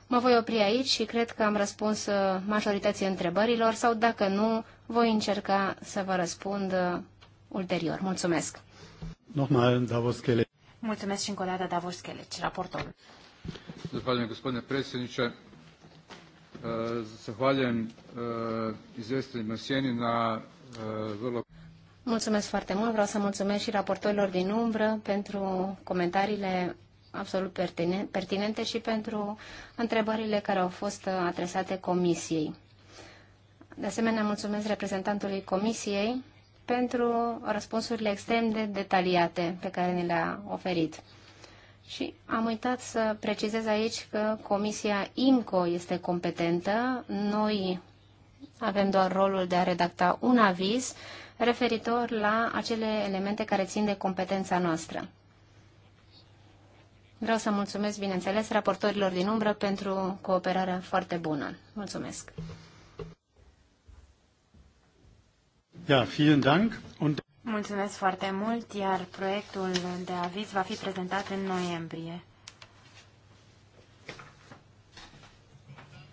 Mă voi opri aici și cred că am răspuns majorității întrebărilor sau dacă nu, voi încerca să vă răspund ulterior. Mulțumesc! Nochmal, Davos Mulțumesc și încă o dată, Davos Kelec, raportorul. Zahvaljujem, gospodine predsjedniče. Eh, zahvaljujem eh, Sjeni na eh, vrlo... Mulțumesc foarte mult. Vreau să mulțumesc și raportorilor din umbră pentru comentariile absolut pertinente și pentru întrebările care au fost adresate comisiei. De asemenea, mulțumesc reprezentantului comisiei pentru răspunsurile extrem de detaliate pe care ni le-a oferit. Și am uitat să precizez aici că Comisia IMCO este competentă. Noi avem doar rolul de a redacta un aviz referitor la acele elemente care țin de competența noastră. Vreau să mulțumesc, bineînțeles, raportorilor din umbră pentru cooperarea foarte bună. Mulțumesc! Ja, vielen Dank. Und Mulțumesc foarte mult, iar proiectul de aviz va fi prezentat în noiembrie.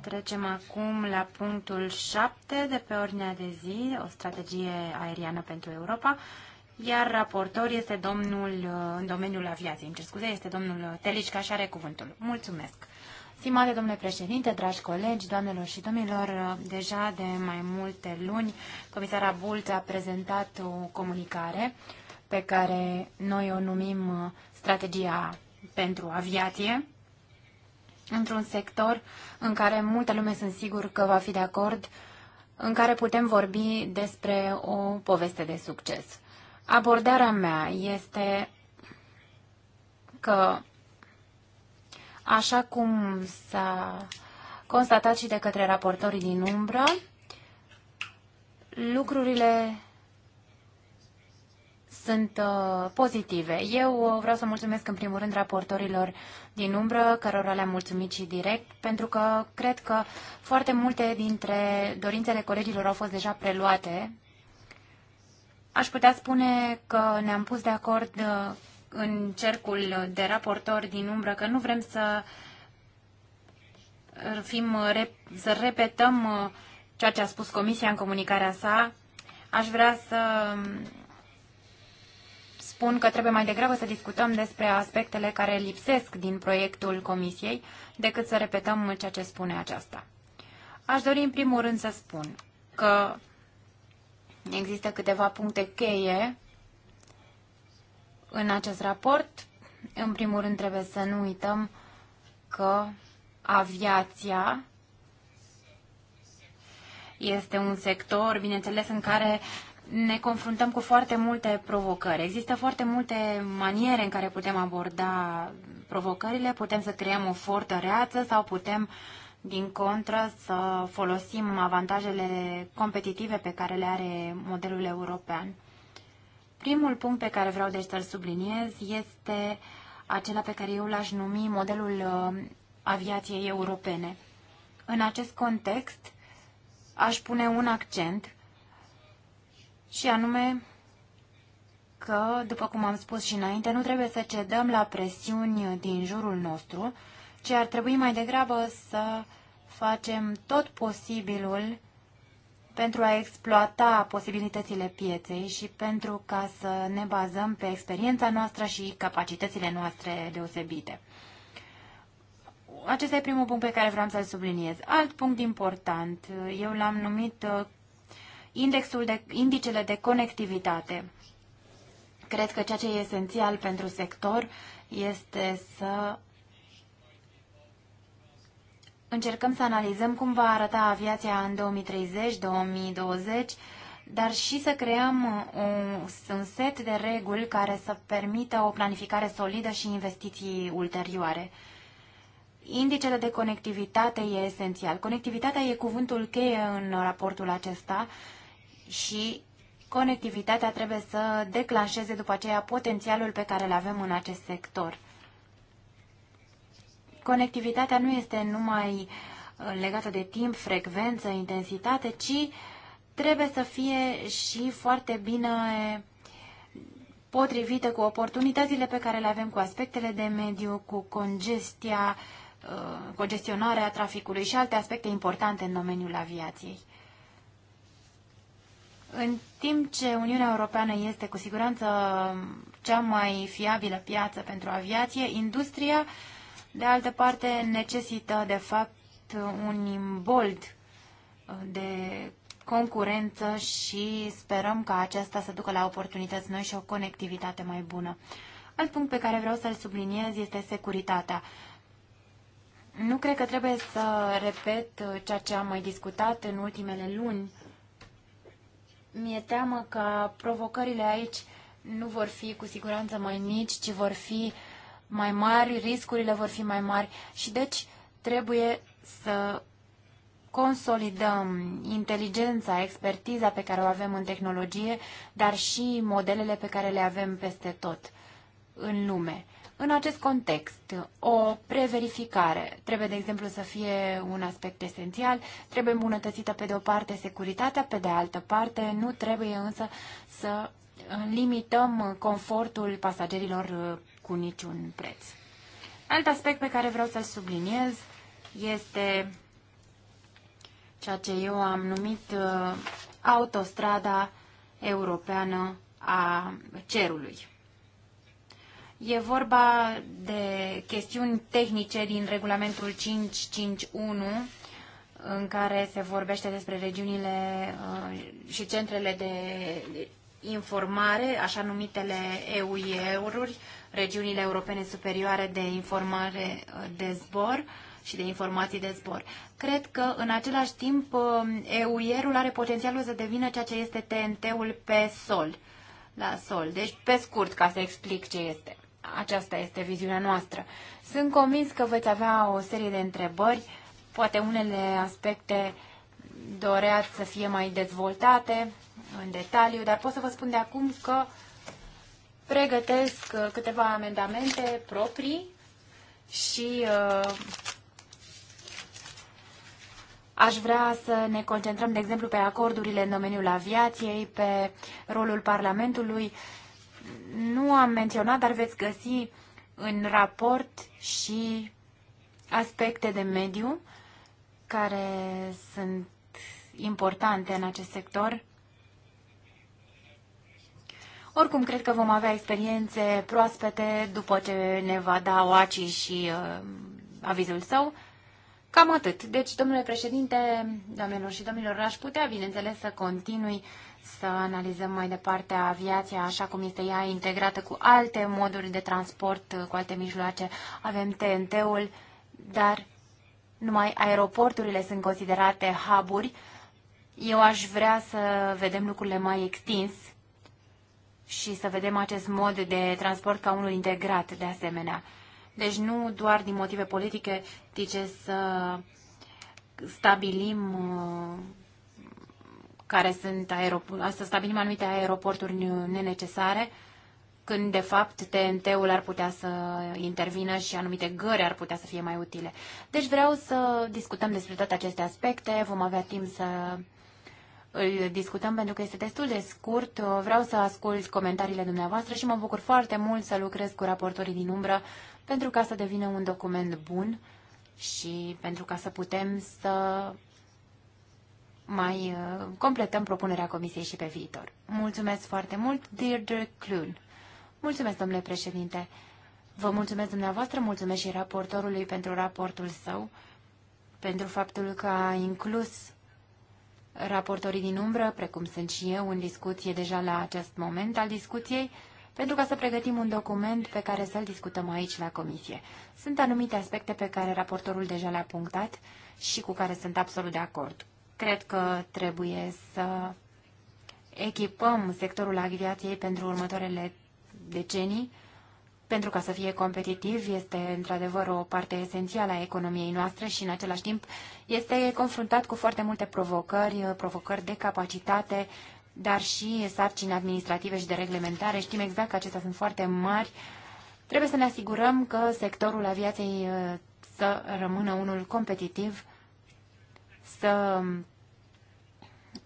Trecem acum la punctul 7 de pe ordinea de zi, o strategie aeriană pentru Europa, iar raportor este domnul în domeniul aviației. Îmi cer scuze, este domnul Telici, ca și are cuvântul. Mulțumesc! Stimate domnule președinte, dragi colegi, doamnelor și domnilor, deja de mai multe luni comisara Bult a prezentat o comunicare pe care noi o numim uh, strategia pentru aviație, într-un sector în care multă lume sunt sigur că va fi de acord, în care putem vorbi despre o poveste de succes. Abordarea mea este că Așa cum s-a constatat și de către raportorii din umbră, lucrurile sunt uh, pozitive. Eu uh, vreau să mulțumesc în primul rând raportorilor din umbră, cărora le-am mulțumit și direct, pentru că cred că foarte multe dintre dorințele colegilor au fost deja preluate. Aș putea spune că ne-am pus de acord uh, în cercul de raportori din umbră că nu vrem să fim, să repetăm uh, ceea ce a spus Comisia în comunicarea sa. Aș vrea să um, spun că trebuie mai degrabă să discutăm despre aspectele care lipsesc din proiectul Comisiei decât să repetăm ceea ce spune aceasta. Aș dori în primul rând să spun că există câteva puncte cheie în acest raport. În primul rând trebuie să nu uităm că aviația este un sector, bineînțeles, în care ne confruntăm cu foarte multe provocări. Există foarte multe maniere în care putem aborda provocările, putem să creăm o fortăreață sau putem, din contră, să folosim avantajele competitive pe care le are modelul european. Primul punct pe care vreau deci să-l subliniez este acela pe care eu l-aș numi modelul uh, aviației europene. În acest context, aș pune un accent și anume că, după cum am spus și înainte, nu trebuie să cedăm la presiuni din jurul nostru, ci ar trebui mai degrabă să facem tot posibilul pentru a exploata posibilitățile pieței și pentru ca să ne bazăm pe experiența noastră și capacitățile noastre deosebite. Acesta e primul punct pe care vreau să-l subliniez. Alt punct important, eu l-am numit uh, indexul de, indicele de conectivitate. Cred că ceea ce e esențial pentru sector este să încercăm să analizăm cum va arăta aviația în 2030-2020, dar și să creăm uh, un, un set de reguli care să permită o planificare solidă și investiții ulterioare. Indicele de conectivitate e esențial. Conectivitatea e cuvântul cheie în raportul acesta și conectivitatea trebuie să declanșeze după aceea potențialul pe care îl avem în acest sector. Conectivitatea nu este numai uh, legată de timp, frecvență, intensitate, ci trebuie să fie și foarte bine potrivită cu oportunitățile pe care le avem, cu aspectele de mediu, cu congestia, uh, congestionarea traficului și alte aspecte importante în domeniul aviației. În timp ce Uniunea Europeană este cu siguranță cea mai fiabilă piață pentru aviație, industria uh, de altă parte, necesită, de fapt, un imbold uh, de concurență și sperăm ca aceasta să ducă la oportunități noi și o conectivitate mai bună. Alt punct pe care vreau să-l subliniez este securitatea. Nu cred că trebuie să repet uh, ceea ce am mai discutat în ultimele luni. Mi-e teamă că provocările aici nu vor fi cu siguranță mai mici, ci vor fi uh, mai mari, riscurile vor fi mai mari și deci trebuie să consolidăm inteligența, expertiza pe care o avem în tehnologie, dar și modelele pe care le avem peste tot în lume. În acest context, o preverificare trebuie, de exemplu, să fie un aspect esențial, trebuie îmbunătățită pe de o parte securitatea, pe de altă parte nu trebuie însă să limităm confortul pasagerilor cu niciun preț. Alt aspect pe care vreau să-l subliniez este ceea ce eu am numit uh, autostrada europeană a cerului. E vorba de chestiuni tehnice din regulamentul 551 în care se vorbește despre regiunile uh, și centrele de informare, așa numitele EU-uri, regiunile europene superioare de informare uh, de zbor și de informații de zbor. Cred că, în același timp, uh, EUIR-ul are potențialul să devină ceea ce este TNT-ul pe sol. La sol. Deci, pe scurt, ca să explic ce este. Aceasta este viziunea noastră. Sunt convins că veți avea o serie de întrebări, poate unele aspecte doreați să fie mai dezvoltate în detaliu, dar pot să vă spun de acum că pregătesc uh, câteva amendamente proprii și uh, aș vrea să ne concentrăm, de exemplu, pe acordurile în domeniul aviației, pe rolul Parlamentului. Nu am menționat, dar veți găsi în raport și aspecte de mediu care sunt importante în acest sector. Oricum, cred că vom avea experiențe proaspete după ce ne va da OACI și uh, avizul său. Cam atât. Deci, domnule președinte, doamnelor și domnilor, aș putea, bineînțeles, să continui să analizăm mai departe aviația așa cum este ea integrată cu alte moduri de transport, cu alte mijloace. Avem TNT-ul, dar numai aeroporturile sunt considerate hub-uri. Eu aș vrea să vedem lucrurile mai extins și să vedem acest mod de transport ca unul integrat de asemenea. Deci nu doar din motive politice să stabilim uh, care sunt aeroporturi, să stabilim anumite aeroporturi nenecesare, când de fapt TNT-ul ar putea să intervină și anumite gări ar putea să fie mai utile. Deci vreau să discutăm despre toate aceste aspecte, vom avea timp să îl discutăm pentru că este destul de scurt. Vreau să ascult comentariile dumneavoastră și mă bucur foarte mult să lucrez cu raportorii din umbră pentru ca să devină un document bun și pentru ca să putem să mai uh, completăm propunerea Comisiei și pe viitor. Mulțumesc foarte mult, Deirdre Clun. Mulțumesc, domnule președinte. Vă mulțumesc dumneavoastră, mulțumesc și raportorului pentru raportul său, pentru faptul că a inclus raportorii din umbră, precum sunt și eu în discuție deja la acest moment al discuției, pentru ca să pregătim un document pe care să-l discutăm aici la comisie. Sunt anumite aspecte pe care raportorul deja le-a punctat și cu care sunt absolut de acord. Cred că trebuie să echipăm sectorul aviației pentru următoarele decenii, pentru ca să fie competitiv, este într-adevăr o parte esențială a economiei noastre și în același timp este confruntat cu foarte multe provocări, provocări de capacitate, dar și sarcini administrative și de reglementare. Știm exact că acestea sunt foarte mari. Trebuie să ne asigurăm că sectorul aviației uh, să rămână unul competitiv, să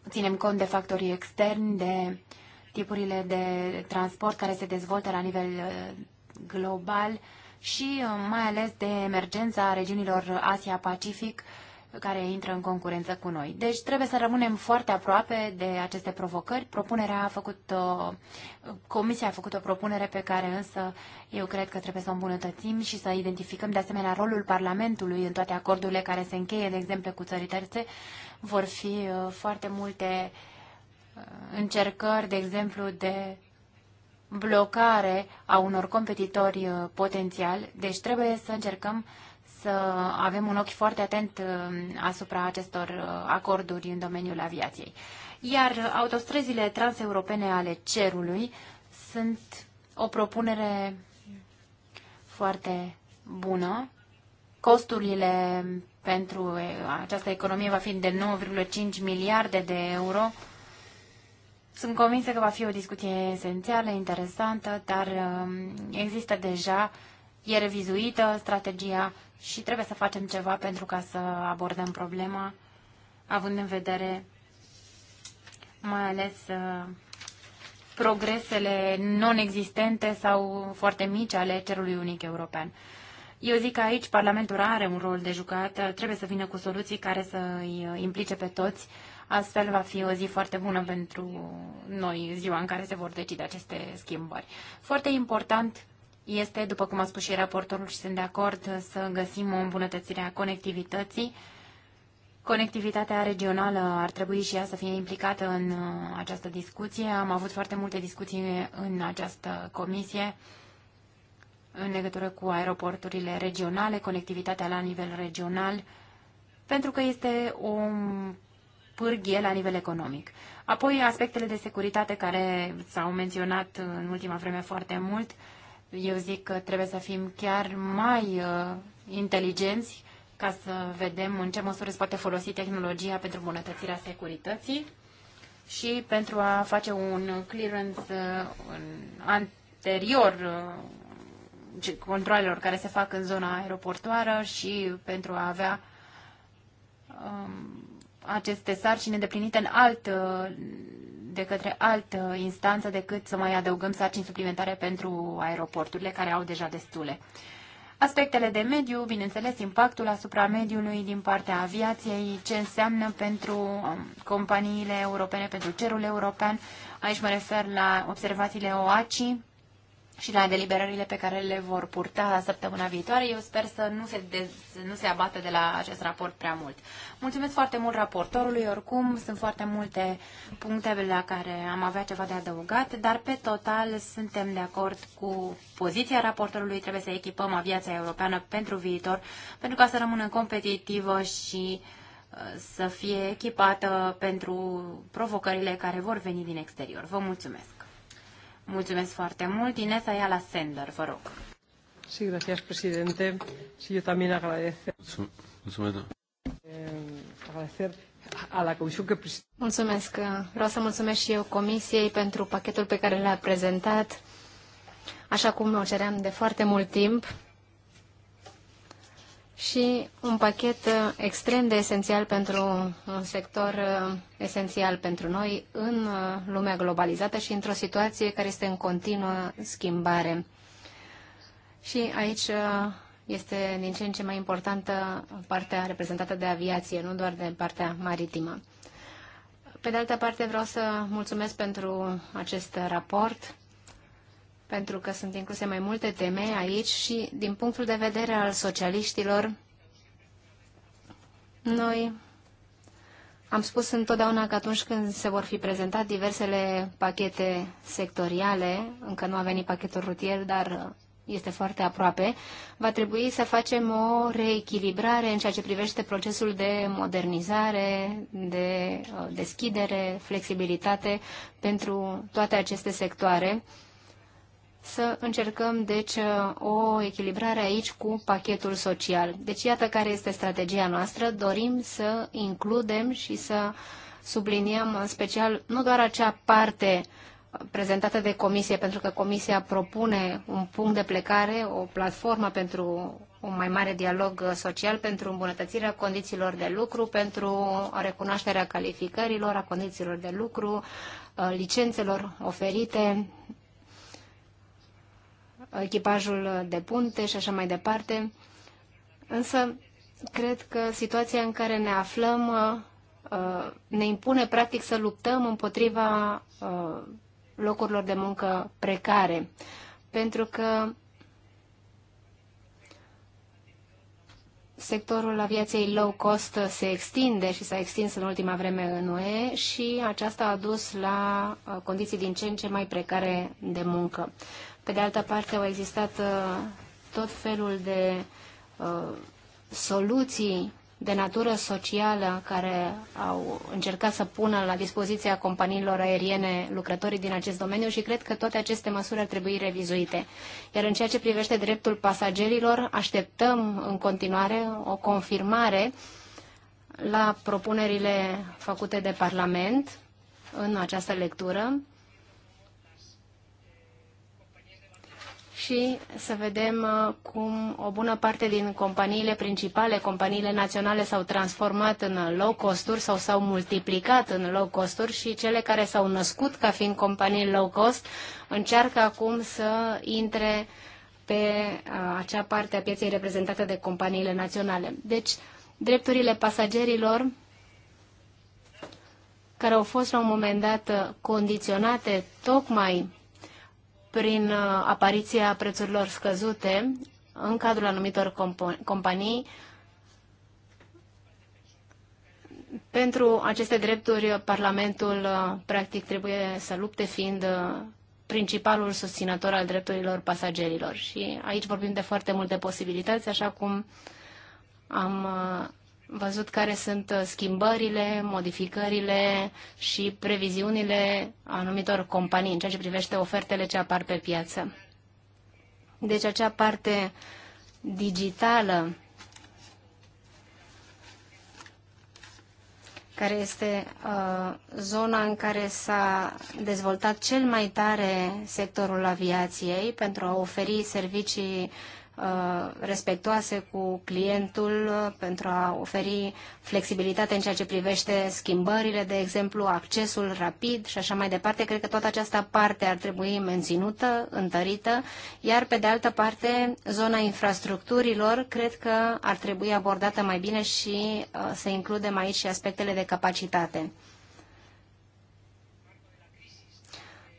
ținem cont de factorii externi, de tipurile de transport care se dezvoltă la nivel uh, global și uh, mai ales de emergența regiunilor Asia-Pacific care intră în concurență cu noi. Deci trebuie să rămânem foarte aproape de aceste provocări. Propunerea a făcut o, uh, comisia a făcut o propunere pe care însă eu cred că trebuie să o îmbunătățim și să identificăm de asemenea rolul Parlamentului în toate acordurile care se încheie, de exemplu, cu țări terțe. Vor fi uh, foarte multe încercări, de exemplu, de blocare a unor competitori uh, potențiali, deci trebuie să încercăm să avem un ochi foarte atent uh, asupra acestor uh, acorduri în domeniul aviației. Iar autostrăzile transeuropene ale cerului sunt o propunere foarte bună. Costurile pentru această economie va fi de 9,5 miliarde de euro sunt convinsă că va fi o discuție esențială, interesantă, dar um, există deja, e revizuită strategia și trebuie să facem ceva pentru ca să abordăm problema, având în vedere mai ales uh, progresele non-existente sau foarte mici ale cerului unic european. Eu zic că aici Parlamentul are un rol de jucat, trebuie să vină cu soluții care să îi implice pe toți Astfel va fi o zi foarte bună pentru noi, ziua în care se vor decide aceste schimbări. Foarte important este, după cum a spus și raportorul și sunt de acord, să găsim o îmbunătățire a conectivității. Conectivitatea regională ar trebui și ea să fie implicată în uh, această discuție. Am avut foarte multe discuții în această comisie în legătură cu aeroporturile regionale, conectivitatea la nivel regional, pentru că este un pârghie la nivel economic. Apoi, aspectele de securitate care s-au menționat în ultima vreme foarte mult, eu zic că trebuie să fim chiar mai uh, inteligenți ca să vedem în ce măsură se poate folosi tehnologia pentru bunătățirea securității și pentru a face un clearance uh, anterior uh, controlelor care se fac în zona aeroportoară și pentru a avea um, aceste sarcini îndeplinite în alt, uh, de către altă instanță decât să mai adăugăm sarcini suplimentare pentru aeroporturile care au deja destule. Aspectele de mediu, bineînțeles, impactul asupra mediului din partea aviației, ce înseamnă pentru um, companiile europene, pentru cerul european. Aici mă refer la observațiile OACI, și la deliberările pe care le vor purta săptămâna viitoare. Eu sper să nu se, dez, nu se abată de la acest raport prea mult. Mulțumesc foarte mult raportorului, oricum sunt foarte multe puncte la care am avea ceva de adăugat, dar pe total suntem de acord cu poziția raportorului, trebuie să echipăm aviația europeană pentru viitor, pentru ca să rămână competitivă și uh, să fie echipată pentru provocările care vor veni din exterior. Vă mulțumesc! Mulțumesc foarte mult. Ines Ayala Sender, vă rog. Sí, gracias, presidente. Sí, yo también agradezco. Mulțumesc. Eh, mulțumesc. Vreau să mulțumesc și eu Comisiei pentru pachetul pe care l-a prezentat, așa cum o ceream de foarte mult timp și un pachet uh, extrem de esențial pentru un sector uh, esențial pentru noi în uh, lumea globalizată și într-o situație care este în continuă schimbare. Și aici este din ce în ce mai importantă partea reprezentată de aviație, nu doar de partea maritimă. Pe de altă parte, vreau să mulțumesc pentru acest raport pentru că sunt incluse mai multe teme aici și din punctul de vedere al socialiștilor, noi am spus întotdeauna că atunci când se vor fi prezentat diversele pachete sectoriale, încă nu a venit pachetul rutier, dar este foarte aproape, va trebui să facem o reechilibrare în ceea ce privește procesul de modernizare, de uh, deschidere, flexibilitate pentru toate aceste sectoare să încercăm, deci, uh, o echilibrare aici cu pachetul social. Deci, iată care este strategia noastră. Dorim să includem și să subliniem în special nu doar acea parte prezentată de comisie, pentru că comisia propune un punct de plecare, o platformă pentru un mai mare dialog social, pentru îmbunătățirea condițiilor de lucru, pentru recunoașterea calificărilor, a condițiilor de lucru, uh, licențelor oferite, echipajul de punte și așa mai departe. Însă, cred că situația în care ne aflăm uh, uh, ne impune practic să luptăm împotriva uh, locurilor de muncă precare. Pentru că sectorul aviației low cost se extinde și s-a extins în ultima vreme în UE și aceasta a dus la condiții din ce în ce mai precare de muncă. Pe de altă parte, au existat uh, tot felul de uh, soluții de natură socială care au încercat să pună la dispoziția companiilor aeriene lucrătorii din acest domeniu și cred că toate aceste măsuri ar trebui revizuite. Iar în ceea ce privește dreptul pasagerilor, așteptăm în continuare o confirmare la propunerile făcute de Parlament în această lectură și să vedem uh, cum o bună parte din companiile principale, companiile naționale s-au transformat în low costuri sau s-au multiplicat în low costuri și cele care s-au născut ca fiind companii low cost încearcă acum să intre pe uh, acea parte a pieței reprezentată de companiile naționale. Deci, drepturile pasagerilor care au fost la un moment dat condiționate tocmai prin uh, apariția prețurilor scăzute în cadrul anumitor companii pentru aceste drepturi, Parlamentul uh, practic trebuie să lupte fiind uh, principalul susținător al drepturilor pasagerilor. Și aici vorbim de foarte multe posibilități, așa cum am văzut care sunt uh, schimbările, modificările și previziunile anumitor companii în ceea ce privește ofertele ce apar pe piață. Deci acea parte digitală care este uh, zona în care s-a dezvoltat cel mai tare sectorul aviației pentru a oferi servicii uh, Uh, respectoase cu clientul uh, pentru a oferi flexibilitate în ceea ce privește schimbările, de exemplu, accesul rapid și așa mai departe. Cred că toată această parte ar trebui menținută, întărită, iar pe de altă parte, zona infrastructurilor cred că ar trebui abordată mai bine și uh, să includem aici și aspectele de capacitate.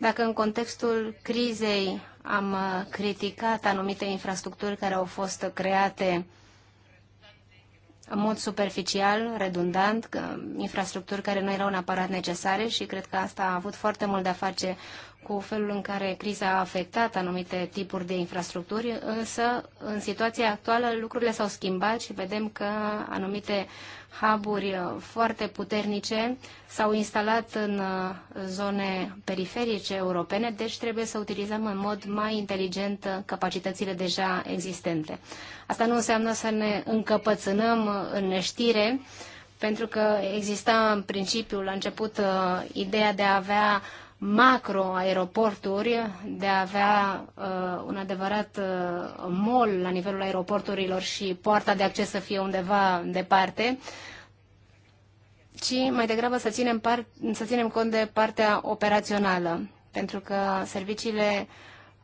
Dacă în contextul crizei am uh, criticat anumite infrastructuri care au fost create în mod superficial, redundant, infrastructuri care nu erau neapărat necesare și cred că asta a avut foarte mult de-a face cu felul în care criza a afectat anumite tipuri de infrastructuri, însă în situația actuală lucrurile s-au schimbat și vedem că anumite huburi foarte puternice s-au instalat în uh, zone periferice europene, deci trebuie să utilizăm în mod mai inteligent uh, capacitățile deja existente. Asta nu înseamnă să ne încăpățânăm în neștire, pentru că exista în principiu la început uh, ideea de a avea macro-aeroporturi, de a avea uh, un adevărat uh, mall la nivelul aeroporturilor și poarta de acces să fie undeva departe, ci mai degrabă să ținem, par- să ținem cont de partea operațională, pentru că serviciile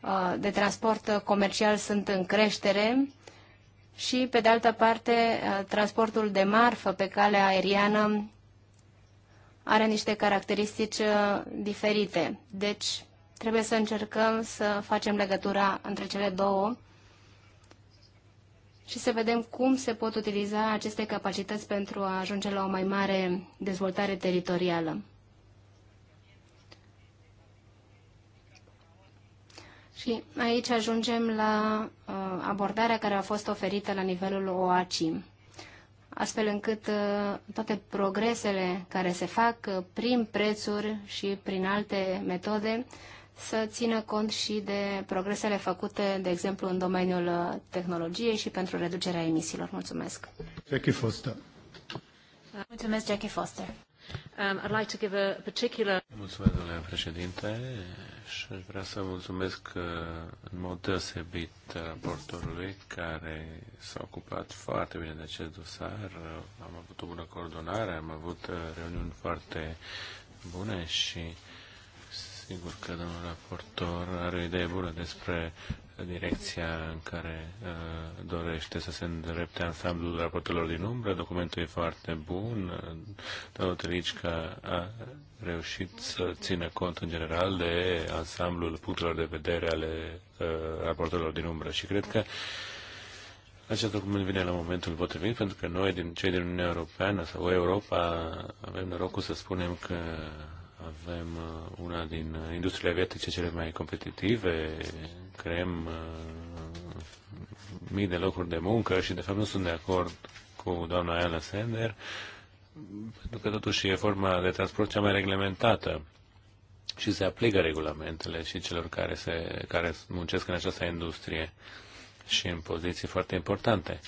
uh, de transport comercial sunt în creștere și, pe de altă parte, uh, transportul de marfă pe calea aeriană are niște caracteristici uh, diferite. Deci, trebuie să încercăm să facem legătura între cele două și să vedem cum se pot utiliza aceste capacități pentru a ajunge la o mai mare dezvoltare teritorială. Și aici ajungem la uh, abordarea care a fost oferită la nivelul OACI astfel încât uh, toate progresele care se fac uh, prin prețuri și prin alte metode să țină cont și de progresele făcute, de exemplu, în domeniul uh, tehnologiei și pentru reducerea emisiilor. Mulțumesc. Jackie Foster. Mulțumesc, Jackie Foster. Um, I'd like to give a particular... Mulțumesc, domnule președinte. Și aș vrea să mulțumesc uh, în mod deosebit uh, raportorului care s-a ocupat foarte bine de acest dosar. Uh, am avut o bună coordonare, am avut reuniuni foarte bune și sigur că domnul raportor are o idee bună despre direcția în care uh, dorește să se îndrepte ansamblul raportelor din umbră. Documentul e foarte bun. Domnul Telicica a reușit să țină cont în general de ansamblul punctelor de vedere ale uh, raportelor din umbră și cred că acest document vine la momentul potrivit, pentru că noi, din cei din Uniunea Europeană sau Europa, avem norocul să spunem că avem uh, una din industriile aviatice cele mai competitive creăm uh, mii de locuri de muncă și de fapt nu sunt de acord cu doamna Ayala Sender, pentru că totuși e forma de transport cea mai reglementată și se aplică regulamentele și celor care, se, care muncesc în această industrie și în poziții foarte importante.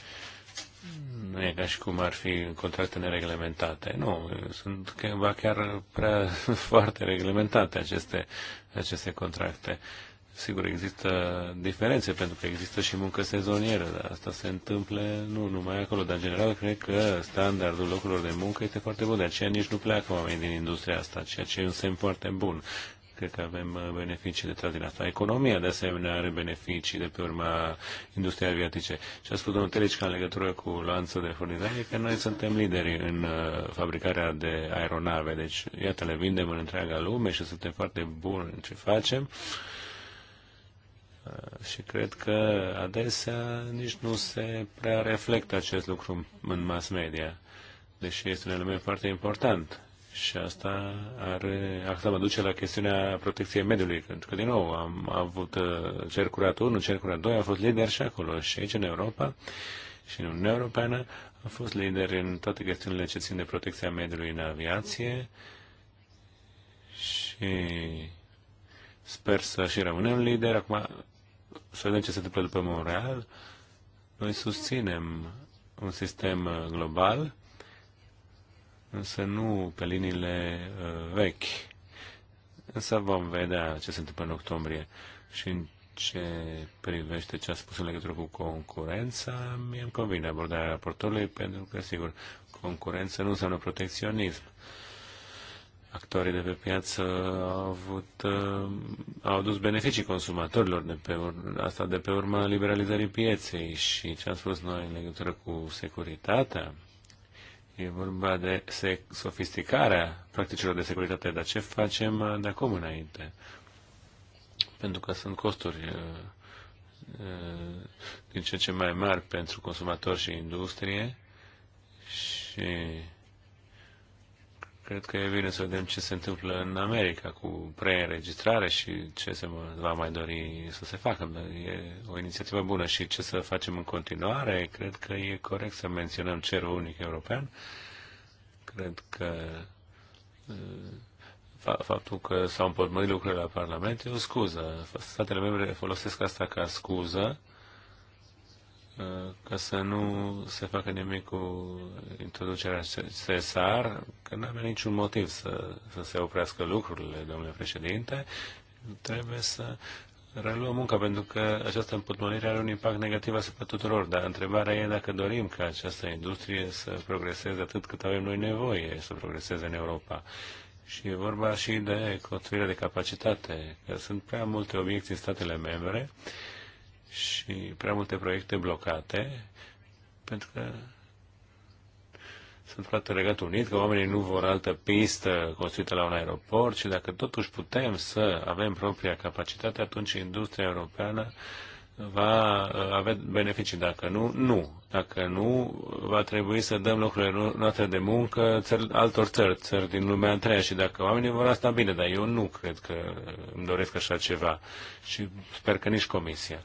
Nu e ca și cum ar fi contracte nereglementate. Nu, sunt chiar prea [laughs] foarte reglementate aceste, aceste contracte. Uh, Sigur, există diferențe, pentru că există și muncă sezonieră, dar asta se întâmplă nu numai acolo, dar în general cred că standardul locurilor de muncă este foarte bun, de aceea nici nu pleacă oamenii din industria asta, ceea ce e un semn foarte bun. Cred că avem uh, beneficii de tras din asta. Economia, de asemenea, are beneficii de pe urma industriei aviatice. Și a spus domnul Telecica în legătură cu lanțul de furnizare că noi suntem lideri în uh, fabricarea de aeronave. Deci, iată, le vindem în întreaga lume și suntem foarte buni în ce facem. Uh, Uh, și cred că adesea nici nu se prea reflectă acest lucru în mass media, deși este un element foarte important. Și asta, are, asta mă duce la chestiunea protecției mediului, pentru că, din nou, am avut uh, cercurat 1, cercurat 2, a fost lider și acolo, și aici în Europa, și în Uniunea Europeană, a fost lider în toate chestiunile ce țin de protecția mediului în aviație și sper să și rămânem lider. Acum, să vedem ce se întâmplă după Montreal. Noi susținem un sistem uh, global, însă nu pe liniile uh, vechi. Însă vom vedea ce se întâmplă în octombrie. Și în ce privește ce a spus în legătură cu concurența, mi-e convine abordarea raportului, pentru că, sigur, concurență nu înseamnă protecționism actorii de pe piață au, avut, uh, au adus beneficii consumatorilor de pe ur- asta de pe urma liberalizării pieței și ce am spus noi în legătură cu securitatea, e vorba de sofisticarea practicilor de securitate, dar ce facem uh, de acum înainte? Pentru că sunt costuri uh, din ce ce mai mari pentru consumatori și industrie și Cred că e bine să vedem ce se întâmplă în America cu preînregistrare și ce se va mai dori să se facă. E o inițiativă bună și ce să facem în continuare. Cred că e corect să menționăm cerul unic european. Cred că faptul că s-au împotmărit lucrurile la Parlament e o scuză. Statele membre folosesc asta ca scuză Uh, ca să nu se facă nimic cu introducerea C.S.R. că nu avea niciun motiv să, să se oprească lucrurile, domnule președinte, trebuie să reluăm munca, pentru că această împotmolire are un impact negativ asupra tuturor, dar întrebarea e dacă dorim ca această industrie să progreseze atât cât avem noi nevoie să progreseze în Europa. Și e vorba și de construirea de capacitate, că sunt prea multe obiecții în statele membre, uh, și prea multe proiecte blocate, pentru că sunt foarte legat unit, că oamenii nu vor altă pistă construită la un aeroport și dacă totuși putem să avem propria capacitate, atunci industria europeană va uh, avea beneficii. Dacă nu, nu. Dacă nu, va trebui să dăm locurile noastre de muncă țări, altor țări, țări din lumea întreagă. Și dacă oamenii vor asta, bine, dar eu nu cred că îmi doresc așa ceva. Și sper că nici Comisia.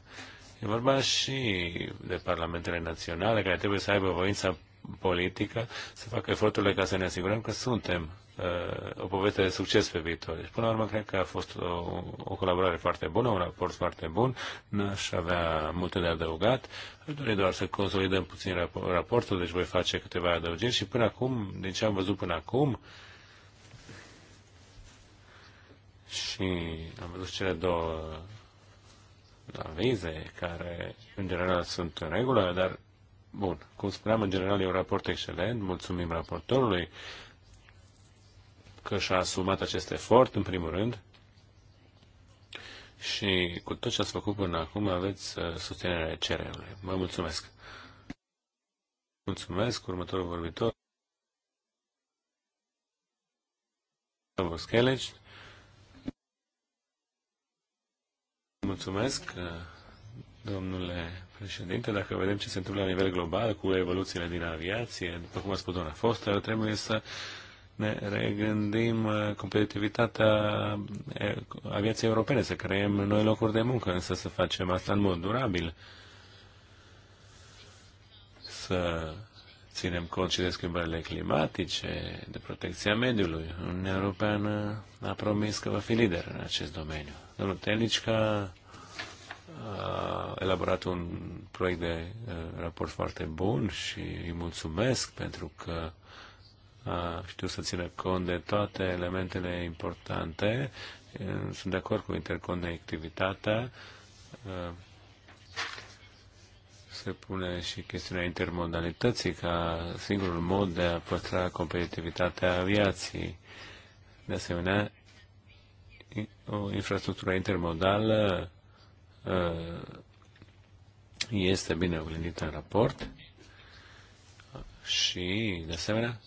E vorba și de parlamentele naționale care trebuie să aibă voința politică, să facă eforturile ca să ne asigurăm că suntem uh, o poveste de succes pe viitor. Deci, până la urmă, cred că a fost o, o colaborare foarte bună, un raport foarte bun, n-aș avea multe de adăugat. Aș dori doar să consolidăm puțin rap raportul, deci voi face câteva adăugiri și până acum, din ce am văzut până acum, și am văzut cele două avize care în general sunt în regulă, dar bun, cum spuneam, în general e un raport excelent, mulțumim raportorului că și-a asumat acest efort în primul rând și cu tot ce ați făcut până acum aveți uh, susținerea cererilor. Vă mulțumesc! Mulțumesc, următorul vorbitor. Vă schelegi. Mulțumesc, domnule președinte. Dacă vedem ce se întâmplă la nivel global cu evoluțiile din aviație, după cum a spus doamna Foster, trebuie să ne regândim uh, competitivitatea aviației europene, să creăm noi locuri de muncă, însă să facem asta în mod durabil. Să ținem cont și de schimbările climatice, de protecția mediului. Uniunea Europeană a promis că va fi lider în acest domeniu. Domnul Telicca a elaborat un proiect de raport foarte bun și îi mulțumesc pentru că a știut să țină cont de toate elementele importante. Sunt de acord cu interconectivitatea. Se pune și chestiunea intermodalității ca singurul mod de a păstra competitivitatea aviației. De asemenea, o infrastructură intermodală uh, este bine oglindită în raport și, de asemenea,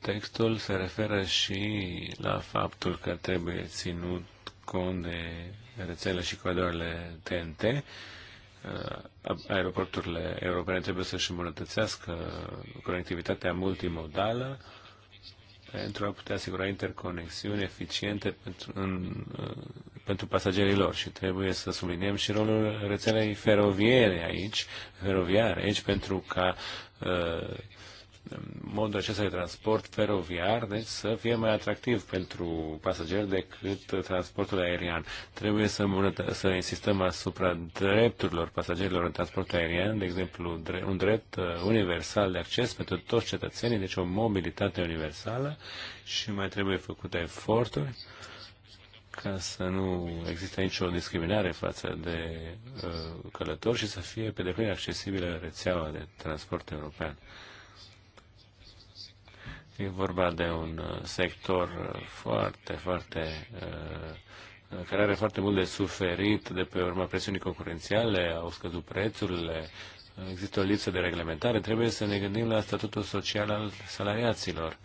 textul se referă și la faptul că trebuie ținut cont de rețele și coridoarele TNT. Uh, aeroporturile europene trebuie să-și îmbunătățească conectivitatea multimodală pentru a putea asigura interconexiuni eficiente pentru, în, uh, pentru pasagerii lor și trebuie să subliniem și rolul rețelei feroviere aici, feroviare aici, pentru ca uh, modul acesta de transport feroviar deci să fie mai atractiv pentru pasageri decât transportul aerian. Trebuie să, să insistăm asupra drepturilor pasagerilor în transportul aerian, de exemplu un drept uh, universal de acces pentru toți cetățenii, deci o mobilitate universală și mai trebuie făcute eforturi ca să nu există nicio discriminare față de uh, călători și să fie pe deplin accesibilă rețeaua de transport european. E vorba de un uh, sector uh, foarte, foarte uh, care are foarte mult de suferit de pe urma presiunii concurențiale, au scăzut prețurile, există o lipsă de reglementare, trebuie să ne gândim la statutul social al salariaților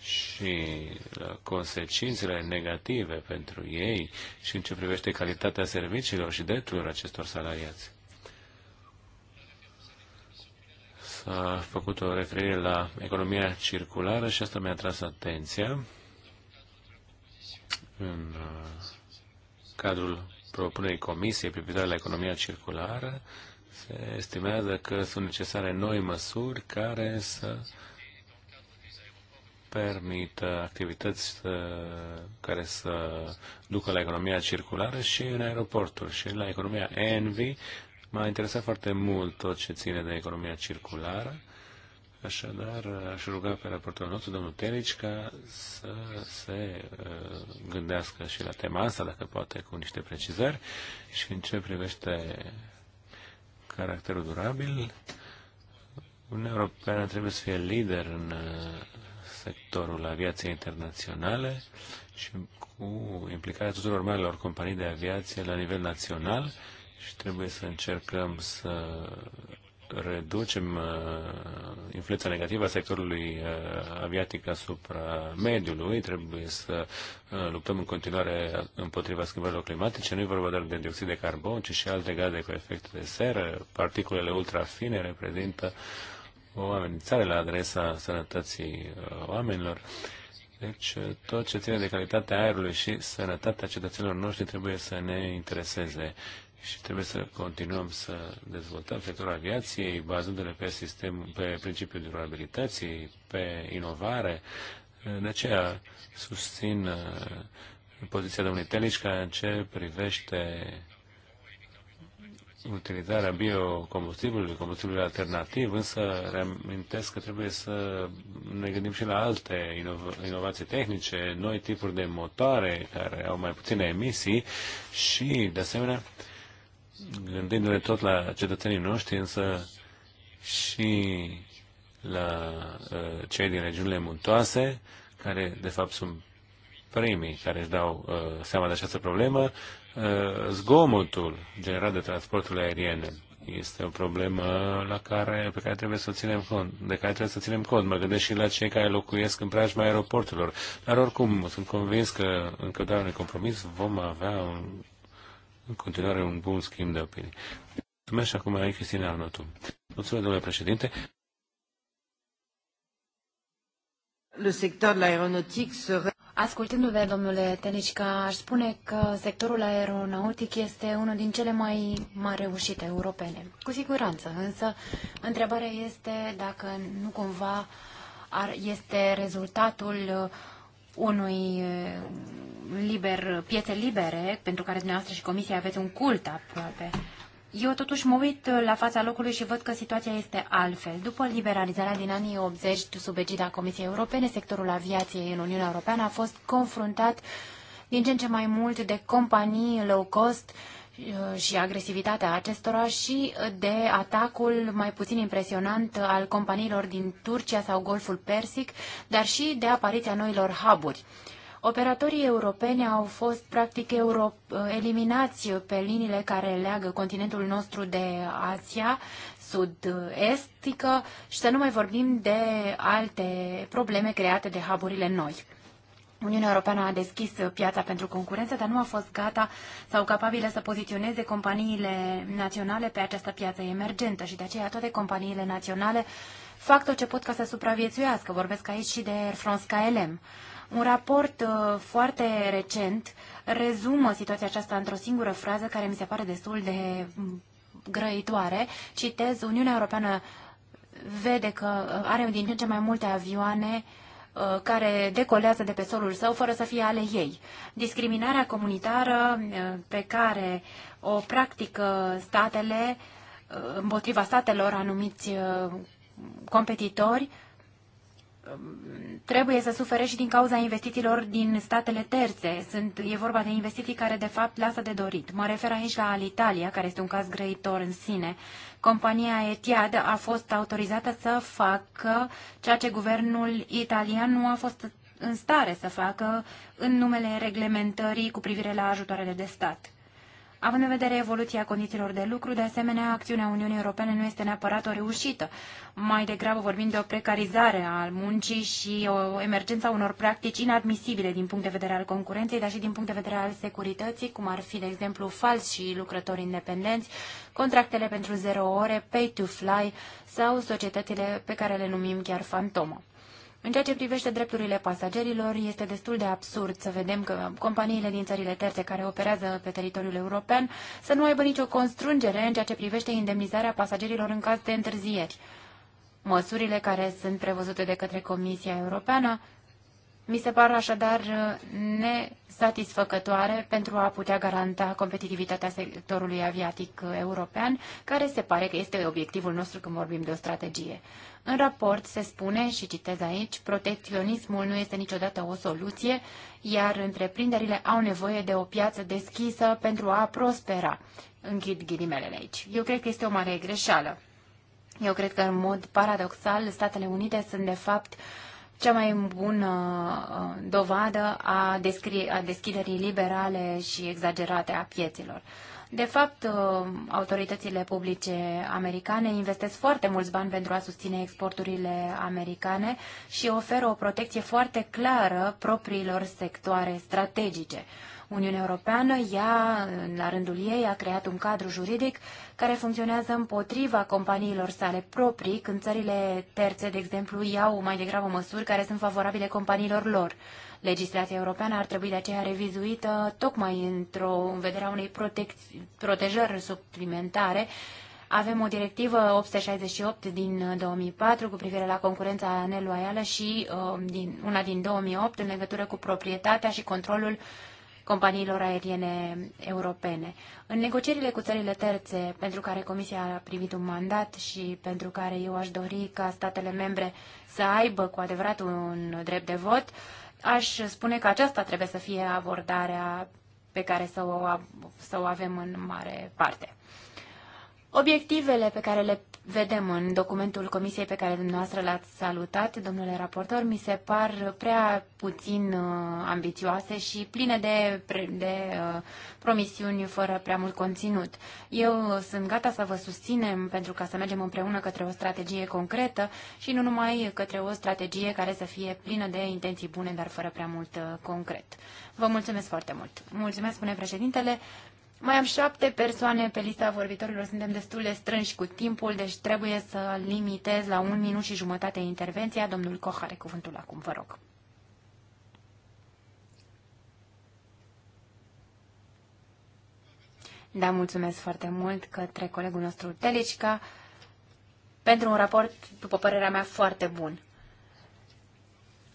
și la consecințele negative pentru ei și în ce privește calitatea serviciilor și drepturilor acestor salariați. S-a făcut o referire la economia circulară și asta mi-a tras atenția în uh, cadrul propunerii Comisiei privitoare la economia circulară. Se estimează că sunt necesare noi măsuri care să permită activități uh, care să ducă la economia circulară și în aeroporturi și la economia ENVI M-a interesat foarte mult tot ce ține de economia circulară, așadar aș ruga pe raportul nostru, domnul Terici, ca să se uh, gândească și la tema asta, dacă poate, cu niște precizări. Și în ce privește caracterul durabil, Uniunea Europeană trebuie să fie lider în uh, sectorul aviației internaționale și cu implicarea tuturor marilor companii de aviație la nivel național și trebuie să încercăm să reducem uh, influența negativă a sectorului uh, aviatic asupra mediului, trebuie să uh, luptăm în continuare împotriva schimbărilor climatice. Nu e vorba doar de dioxid de carbon, ci și alte gaze cu efect de seră. Particulele ultrafine reprezintă o amenințare la adresa sănătății oamenilor. Deci tot ce ține de calitatea aerului și sănătatea cetățenilor noștri trebuie să ne intereseze și trebuie să continuăm să dezvoltăm sectorul aviației, bazându-ne pe, sistem, pe principiul durabilității, pe inovare. De aceea susțin uh, poziția domnului Telișca în ce privește utilizarea biocombustibilului, combustibilului alternativ, însă reamintesc că trebuie să ne gândim și la alte inova- inovații tehnice, noi tipuri de motoare care au mai puține emisii și, de asemenea, gândindu-ne tot la cetățenii noștri, însă și la uh, cei din regiunile muntoase, care de fapt sunt primii care își dau uh, seama de această problemă, uh, zgomotul generat de transportul aeriene este o problemă la care, pe care trebuie să o ținem cont, de care trebuie să ținem cont. Mă gândesc și la cei care locuiesc în preajma aeroporturilor. Dar oricum, sunt convins că încă doar un compromis vom avea un în continuare un bun schimb de opinii. Mulțumesc și acum ai Cristina Arnotu. Mulțumesc, domnule președinte. Le sector de serait... Ascultându-vă, domnule Tenișca, aș spune că sectorul aeronautic este unul din cele mai mari reușite europene. Cu siguranță, însă, întrebarea este dacă nu cumva ar, este rezultatul uh, unui eh, liber, piețe libere, pentru care dumneavoastră și Comisia aveți un cult aproape. Eu totuși mă uit eh, la fața locului și văd că situația este altfel. După liberalizarea din anii 80 sub egida Comisiei Europene, sectorul aviației în Uniunea Europeană a fost confruntat din ce în ce mai mult de companii low cost uh, Uh, și agresivitatea acestora și de atacul mai puțin impresionant al companiilor din Turcia sau Golful Persic, dar și de apariția noilor huburi. Operatorii europeni au fost practic euro, uh, eliminați pe liniile care leagă continentul nostru de Asia sud-estică și să nu mai vorbim de alte probleme create de haburile noi. Uniunea Europeană a deschis piața pentru concurență, dar nu a fost gata sau capabilă să poziționeze companiile naționale pe această piață emergentă și de aceea toate companiile naționale fac tot ce pot ca să supraviețuiască. Vorbesc aici și de Air France KLM. Un raport uh, foarte recent rezumă situația aceasta într-o singură frază care mi se pare destul de mm, grăitoare. Citez, Uniunea Europeană vede că uh, are din ce în ce mai multe avioane uh, Uh, care decolează de pe solul său fără să fie ale ei. Discriminarea comunitară uh, pe care o practică statele uh, împotriva statelor anumiți competitori trebuie să sufere și din cauza investițiilor din statele terțe. Sunt, e vorba de investiții care, de fapt, lasă de dorit. Mă refer aici la Alitalia, care este un caz grăitor în sine. Compania Etihad a fost autorizată să facă ceea ce guvernul italian nu a fost în stare să facă în numele reglementării cu privire la ajutoarele de stat. Având în vedere evoluția condițiilor de lucru, de asemenea, acțiunea Uniunii Europene nu este neapărat o reușită. Mai degrabă vorbim de o precarizare a muncii și o emergență a unor practici inadmisibile din punct de vedere al concurenței, dar și din punct de vedere al securității, cum ar fi, de exemplu, falsi și lucrători independenți, contractele pentru zero ore, pay to fly sau societățile pe care le numim chiar fantomă. În ceea ce privește drepturile pasagerilor, este destul de absurd să vedem că companiile din țările terțe care operează pe teritoriul european să nu aibă nicio constrângere în ceea ce privește indemnizarea pasagerilor în caz de întârzieri. Măsurile care sunt prevăzute de către Comisia Europeană mi se par așadar nesatisfăcătoare pentru a putea garanta competitivitatea sectorului aviatic european, care se pare că este obiectivul nostru când vorbim de o strategie. În raport se spune, și citez aici, protecționismul nu este niciodată o soluție, iar întreprinderile au nevoie de o piață deschisă pentru a prospera. Închid ghilimelele aici. Eu cred că este o mare greșeală. Eu cred că, în mod paradoxal, Statele Unite sunt, de fapt, cea mai bună uh, dovadă a, descri- a deschiderii liberale și exagerate a pieților. De fapt, uh, autoritățile publice americane investesc foarte mulți bani pentru a susține exporturile americane și oferă o protecție foarte clară propriilor sectoare strategice. Uniunea Europeană, ea, la rândul ei, a creat un cadru juridic care funcționează împotriva companiilor sale proprii, când țările terțe, de exemplu, iau mai degrabă măsuri care sunt favorabile companiilor lor. Legislația europeană ar trebui de aceea revizuită tocmai într-o în vederea unei protejări suplimentare avem o directivă 868 din 2004 uh, cu privire la concurența neloială și uh, din, una din 2008 în legătură cu proprietatea și controlul companiilor aeriene europene. În negocierile cu țările terțe, pentru care Comisia a primit un mandat și pentru care eu aș dori ca statele membre să aibă cu adevărat un drept de vot, uh, Aș spune că aceasta trebuie să fie abordarea pe care să o, să o avem în mare parte. Obiectivele pe care le vedem în documentul comisiei pe care dumneavoastră l-ați salutat, domnule raportor, mi se par prea puțin uh, ambițioase și pline de, de uh, promisiuni fără prea mult conținut. Eu uh, sunt gata să vă susținem pentru ca să mergem împreună către o strategie concretă și nu numai către o strategie care să fie plină de intenții bune, dar fără prea mult uh, concret. Vă mulțumesc foarte mult. Mulțumesc, spune președintele. Mai am șapte persoane pe lista vorbitorilor, suntem destul de strânși cu timpul, deci trebuie să limitez la un minut și jumătate intervenția. Domnul Koch are cuvântul acum, vă rog. Da, mulțumesc foarte mult către colegul nostru Telicica pentru un raport, după părerea mea, foarte bun.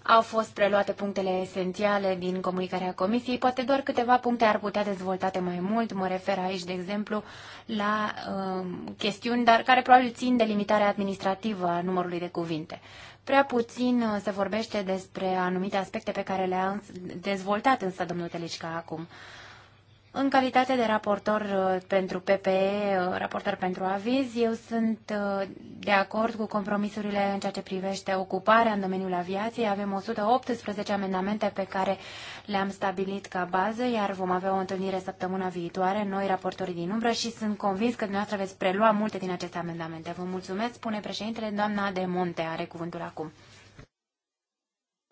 Au fost preluate punctele esențiale din comunicarea Comisiei, poate doar câteva puncte ar putea dezvoltate mai mult. Mă refer aici, de exemplu, la uh, chestiuni dar care probabil țin de limitarea administrativă a numărului de cuvinte. Prea puțin uh, se vorbește despre anumite aspecte pe care le-a dezvoltat însă domnul Telicica acum. Uh, în calitate de raportor uh, pentru PPE, uh, raportor pentru aviz, eu sunt uh, de acord cu compromisurile în ceea ce privește ocuparea în domeniul aviației. Avem 118 amendamente pe care le-am stabilit ca bază, iar vom avea o întâlnire săptămâna viitoare, noi raportorii din umbră, și sunt convins că dumneavoastră veți prelua multe din aceste amendamente. Vă mulțumesc, spune președintele, doamna de Monte are cuvântul acum.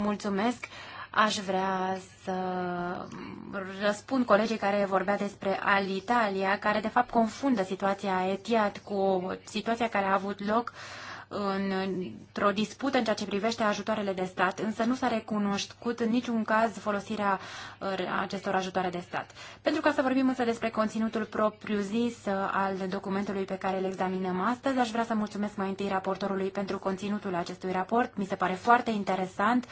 Mulțumesc. Aș vrea să răspund colegii care vorbea despre Alitalia, care de fapt confundă situația Etiat cu situația care a avut loc în, într-o dispută în ceea ce privește ajutoarele de stat, însă nu s-a recunoscut în niciun caz folosirea uh, acestor ajutoare de stat. Pentru ca să vorbim însă despre conținutul propriu-zis uh, al documentului pe care îl examinăm astăzi, aș vrea să mulțumesc mai întâi raportorului pentru conținutul acestui raport. Mi se pare foarte interesant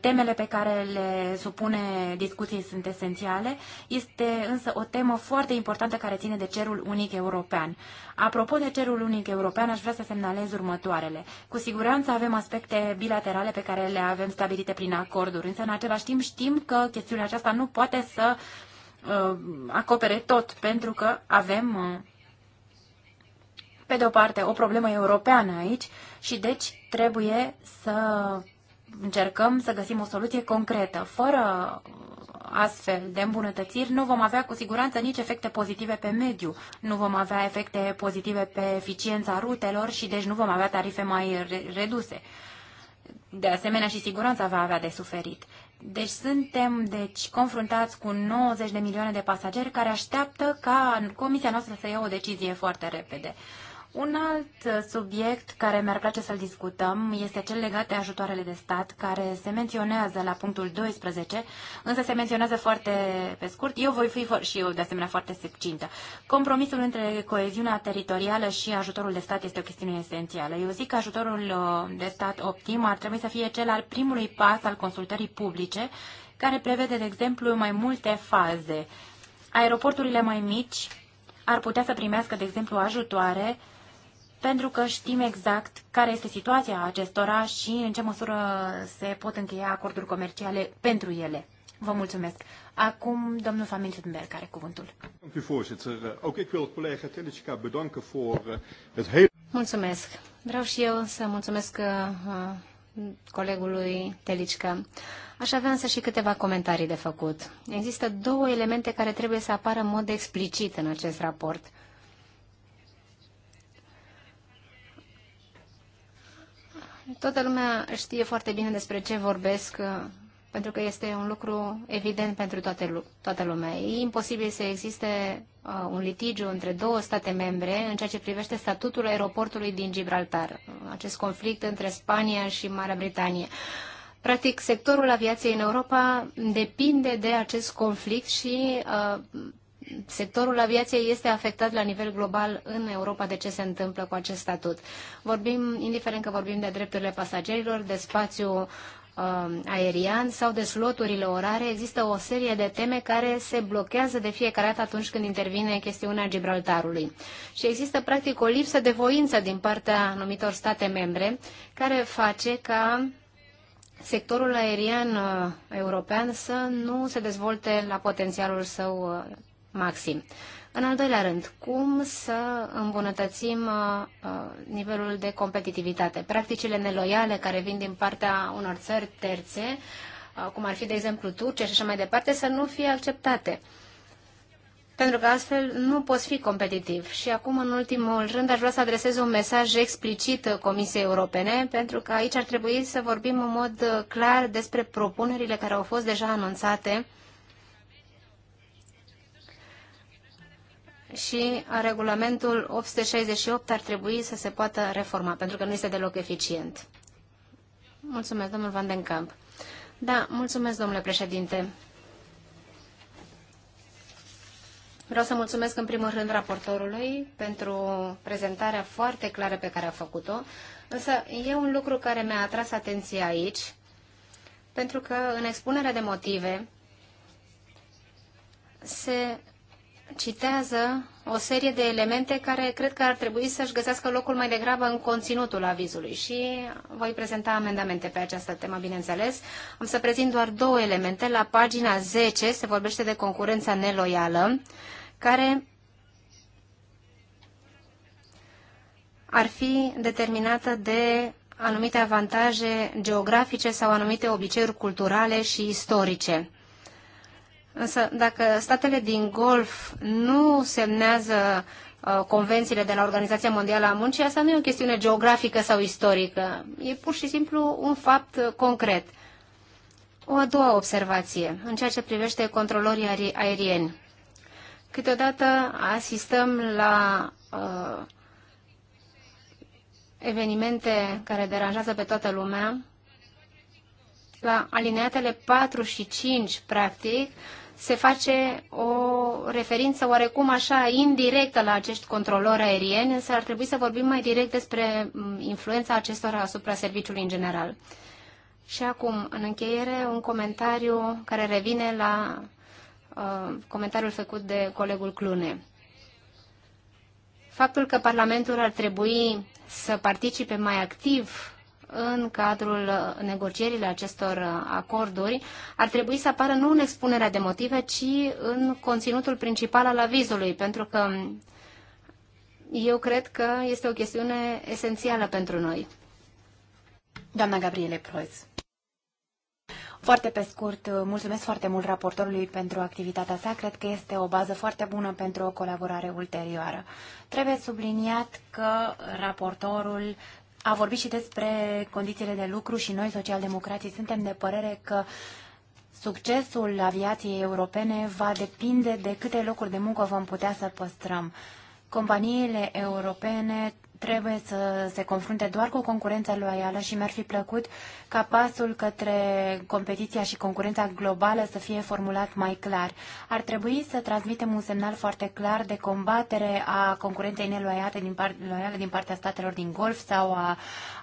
Temele pe care le supune discuției sunt esențiale. Este însă o temă foarte importantă care ține de cerul unic european. Apropo de cerul unic european, aș vrea să semnalez următoarele. Cu siguranță avem aspecte bilaterale pe care le avem stabilite prin acorduri, însă în același timp știm că chestiunea aceasta nu poate să uh, acopere tot, pentru că avem uh, pe de o parte, o problemă europeană aici și deci trebuie să încercăm să găsim o soluție concretă. Fără astfel de îmbunătățiri, nu vom avea cu siguranță nici efecte pozitive pe mediu, nu vom avea efecte pozitive pe eficiența rutelor și deci nu vom avea tarife mai reduse. De asemenea și siguranța va avea de suferit. Deci suntem deci, confruntați cu 90 de milioane de pasageri care așteaptă ca Comisia noastră să ia o decizie foarte repede. Un alt uh, subiect care mi-ar place să-l discutăm este cel legat de ajutoarele de stat, care se menționează la punctul 12, însă se menționează foarte pe scurt. Eu voi fi și eu, de asemenea, foarte subcintă. Compromisul între coeziunea teritorială și ajutorul de stat este o chestiune esențială. Eu zic că ajutorul uh, de stat optim ar trebui să fie cel al primului pas al consultării publice, care prevede, de exemplu, mai multe faze. Aeroporturile mai mici ar putea să primească, de exemplu, ajutoare pentru că știm exact care este situația acestora și în ce măsură se pot încheia acorduri comerciale pentru ele. Vă mulțumesc. Acum, domnul Famil Miltenberg are cuvântul. Eh, eh, mulțumesc. Vreau și eu să mulțumesc eh, colegului Telicica. Aș avea însă și câteva comentarii de făcut. Există două elemente care trebuie să apară în mod explicit în acest raport. Toată lumea știe foarte bine despre ce vorbesc, uh, pentru că este un lucru evident pentru toate, toată lumea. E imposibil să existe uh, un litigiu între două state membre în ceea ce privește statutul aeroportului din Gibraltar, acest conflict între Spania și Marea Britanie. Practic, sectorul aviației în Europa depinde de acest conflict și uh, sectorul aviației este afectat la nivel global în Europa de ce se întâmplă cu acest statut. Vorbim, indiferent că vorbim de drepturile pasagerilor, de spațiu um, aerian sau de sloturile orare, există o serie de teme care se blochează de fiecare dată atunci când intervine chestiunea Gibraltarului. Și există practic o lipsă de voință din partea anumitor state membre care face ca sectorul aerian uh, european să nu se dezvolte la potențialul său uh, maxim. În al doilea rând, cum să îmbunătățim uh, uh, nivelul de competitivitate? Practicile neloiale care vin din partea unor țări terțe, uh, cum ar fi, de exemplu, Turcia și așa mai departe, să nu fie acceptate pentru că astfel nu poți fi competitiv. Și acum, în ultimul rând, aș vrea să adresez un mesaj explicit Comisiei Europene, pentru că aici ar trebui să vorbim în mod clar despre propunerile care au fost deja anunțate și regulamentul 868 ar trebui să se poată reforma, pentru că nu este deloc eficient. Mulțumesc, domnul Van den Kamp. Da, mulțumesc, domnule președinte. Vreau să mulțumesc în primul rând raportorului pentru prezentarea foarte clară pe care a făcut-o, însă e un lucru care mi-a atras atenția aici, pentru că în expunerea de motive se citează o serie de elemente care cred că ar trebui să-și găsească locul mai degrabă în conținutul avizului și voi prezenta amendamente pe această temă, bineînțeles. Am să prezint doar două elemente. La pagina 10 se vorbește de concurența neloială, care ar fi determinată de anumite avantaje geografice sau anumite obiceiuri culturale și istorice. Însă, dacă statele din Golf nu semnează uh, convențiile de la Organizația Mondială a Muncii, asta nu e o chestiune geografică sau istorică. E pur și simplu un fapt uh, concret. O a doua observație, în ceea ce privește controlorii aerieni. Câteodată asistăm la uh, evenimente care deranjează pe toată lumea. La alineatele 4 și 5, practic, se face o referință oarecum așa indirectă la acești controlori aerieni, însă ar trebui să vorbim mai direct despre mm, influența acestora asupra serviciului în general. Și acum, în încheiere, un comentariu care revine la uh, comentariul făcut de colegul Clune. Faptul că Parlamentul ar trebui să participe mai activ în cadrul negocierilor acestor acorduri ar trebui să apară nu în expunerea de motive, ci în conținutul principal al avizului, pentru că eu cred că este o chestiune esențială pentru noi. Doamna Gabriele Proz. Foarte pe scurt, mulțumesc foarte mult raportorului pentru activitatea sa. Cred că este o bază foarte bună pentru o colaborare ulterioară. Trebuie subliniat că raportorul a vorbit și despre condițiile de lucru și noi, socialdemocrații, suntem de părere că succesul aviației europene va depinde de câte locuri de muncă vom putea să păstrăm. Companiile europene trebuie să se confrunte doar cu concurența loială și mi-ar fi plăcut ca pasul către competiția și concurența globală să fie formulat mai clar. Ar trebui să transmitem un semnal foarte clar de combatere a concurenței neloiale din, par- din partea statelor din Golf sau a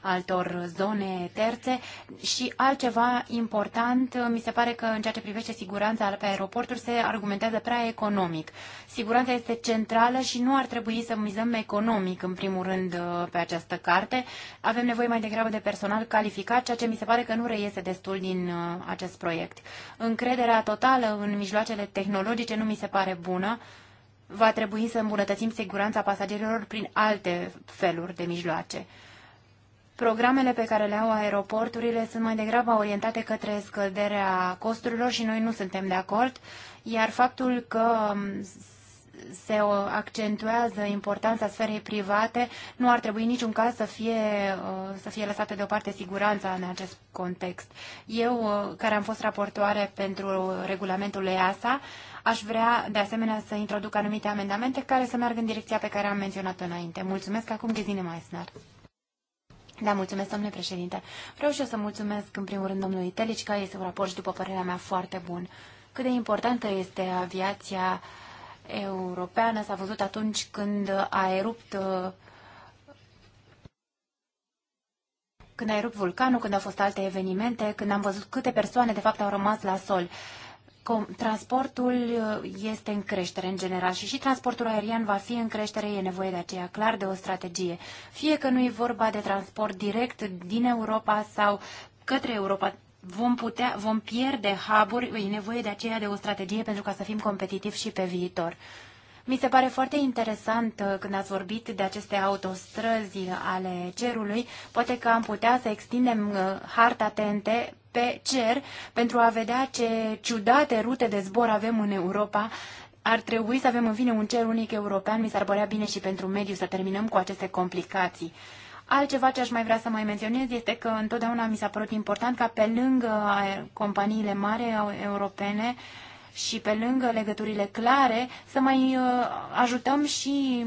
altor zone terțe și altceva important, mi se pare că în ceea ce privește siguranța pe aeroporturi se argumentează prea economic. Siguranța este centrală și nu ar trebui să mizăm economic în primul rând pe această carte. Avem nevoie mai degrabă de personal calificat, ceea ce mi se pare că nu reiese destul din uh, acest proiect. Încrederea totală în mijloacele tehnologice nu mi se pare bună va trebui să îmbunătățim siguranța pasagerilor prin alte feluri de mijloace. Programele pe care le au aeroporturile sunt mai degrabă orientate către scăderea costurilor și noi nu suntem de acord, iar faptul că um, se accentuează importanța sferei private, nu ar trebui niciun caz să fie, uh, să fie lăsată deoparte siguranța în acest context. Eu, uh, care am fost raportoare pentru regulamentul EASA, aș vrea de asemenea să introduc anumite amendamente care să meargă în direcția pe care am menționat-o înainte. Mulțumesc acum, Ghezine Maisner. Da, mulțumesc, domnule președinte. Vreau și eu să mulțumesc, în primul rând, domnului Telici, care este un raport și, după părerea mea, foarte bun. Cât de importantă este aviația europeană s-a văzut atunci când a erupt când a erupt vulcanul, când au fost alte evenimente, când am văzut câte persoane, de fapt, au rămas la sol transportul uh, este în creștere în general și și transportul aerian va fi în creștere, e nevoie de aceea clar de o strategie. Fie că nu e vorba de transport direct din Europa sau către Europa, vom, putea, vom pierde hub-uri, e nevoie de aceea de o strategie pentru ca să fim competitivi și pe viitor. Mi se pare foarte interesant uh, când ați vorbit de aceste autostrăzi ale cerului. Poate că am putea să extindem uh, harta TNT pe cer pentru a vedea ce ciudate rute de zbor avem în Europa. Ar trebui să avem în fine un cer unic european, mi s-ar părea bine și pentru mediu să terminăm cu aceste complicații. Altceva ce aș mai vrea să mai menționez este că întotdeauna mi s-a părut important ca pe lângă companiile mari europene și pe lângă legăturile clare să mai ajutăm și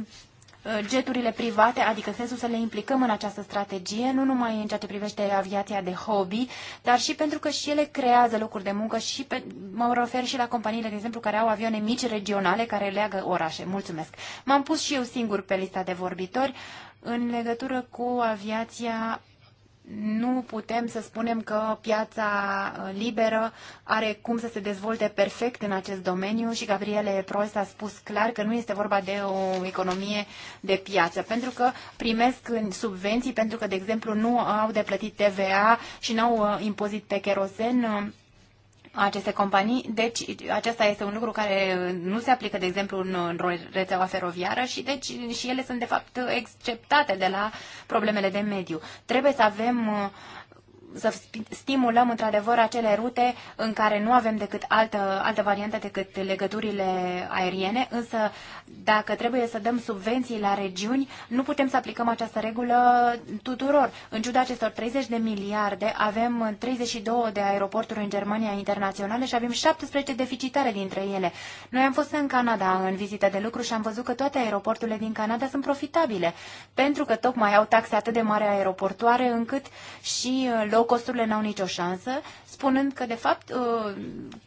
jeturile uh, private, adică sensul să le implicăm în această strategie, nu numai în ceea ce privește aviația de hobby, dar și pentru că și ele creează locuri de muncă și pe, mă refer și la companiile, de exemplu, care au avioane mici regionale care leagă orașe. Mulțumesc. M-am pus și eu singur pe lista de vorbitori în legătură cu aviația nu putem să spunem că piața uh, liberă are cum să se dezvolte perfect în acest domeniu și Gabriele Prost a spus clar că nu este vorba de o economie de piață, pentru că primesc subvenții, pentru că, de exemplu, nu au de plătit TVA și nu au uh, impozit pe kerosen uh, aceste companii. Deci acesta este un lucru care nu se aplică, de exemplu, în rețeaua feroviară și deci și ele sunt, de fapt, exceptate de la problemele de mediu. Trebuie să avem uh, să stimulăm într-adevăr acele rute în care nu avem decât altă, altă variantă decât legăturile aeriene, însă dacă trebuie să dăm subvenții la regiuni, nu putem să aplicăm această regulă tuturor. În ciuda acestor 30 de miliarde, avem 32 de aeroporturi în Germania internaționale și avem 17 deficitare dintre ele. Noi am fost în Canada în vizită de lucru și am văzut că toate aeroporturile din Canada sunt profitabile, pentru că tocmai au taxe atât de mari aeroportoare încât și low costurile n-au nicio șansă, spunând că, de fapt, uh,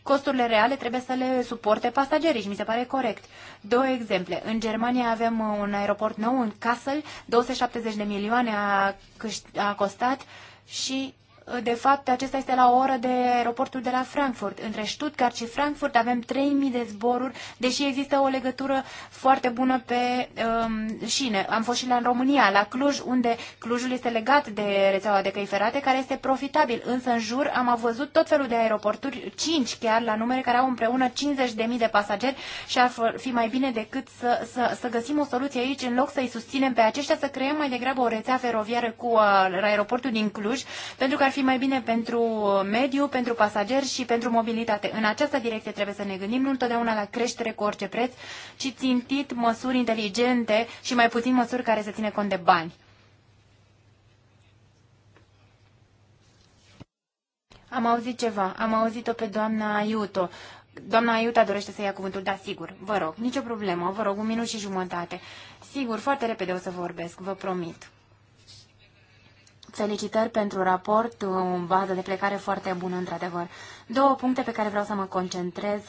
costurile reale trebuie să le suporte pasagerii și mi se pare corect. Două exemple. În Germania avem uh, un aeroport nou, în Kassel, 270 de milioane a, a costat și de fapt, acesta este la o oră de aeroportul de la Frankfurt. Între Stuttgart și Frankfurt avem 3.000 de zboruri, deși există o legătură foarte bună pe um, șine. Am fost și la în România, la Cluj, unde Clujul este legat de rețeaua de căi ferate, care este profitabil. Însă în jur am văzut tot felul de aeroporturi, 5 chiar la numere, care au împreună 50.000 de pasageri și ar fi mai bine decât să, să, să găsim o soluție aici, în loc să-i susținem pe aceștia, să creăm mai degrabă o rețea feroviară cu uh, aeroportul din Cluj, pentru că ar fi mai bine pentru uh, mediu, pentru pasageri și pentru mobilitate. În această direcție trebuie să ne gândim, nu întotdeauna la creștere cu orice preț, ci țintit măsuri inteligente și mai puțin măsuri care să ține cont de bani. Am auzit ceva, am auzit-o pe doamna Iuto. Doamna Iuta dorește să ia cuvântul, da, sigur, vă rog, nicio problemă, vă rog, un minut și jumătate. Sigur, foarte repede o să vorbesc, vă promit. Felicitări pentru raport, o bază de plecare foarte bună, într-adevăr. Două puncte pe care vreau să mă concentrez.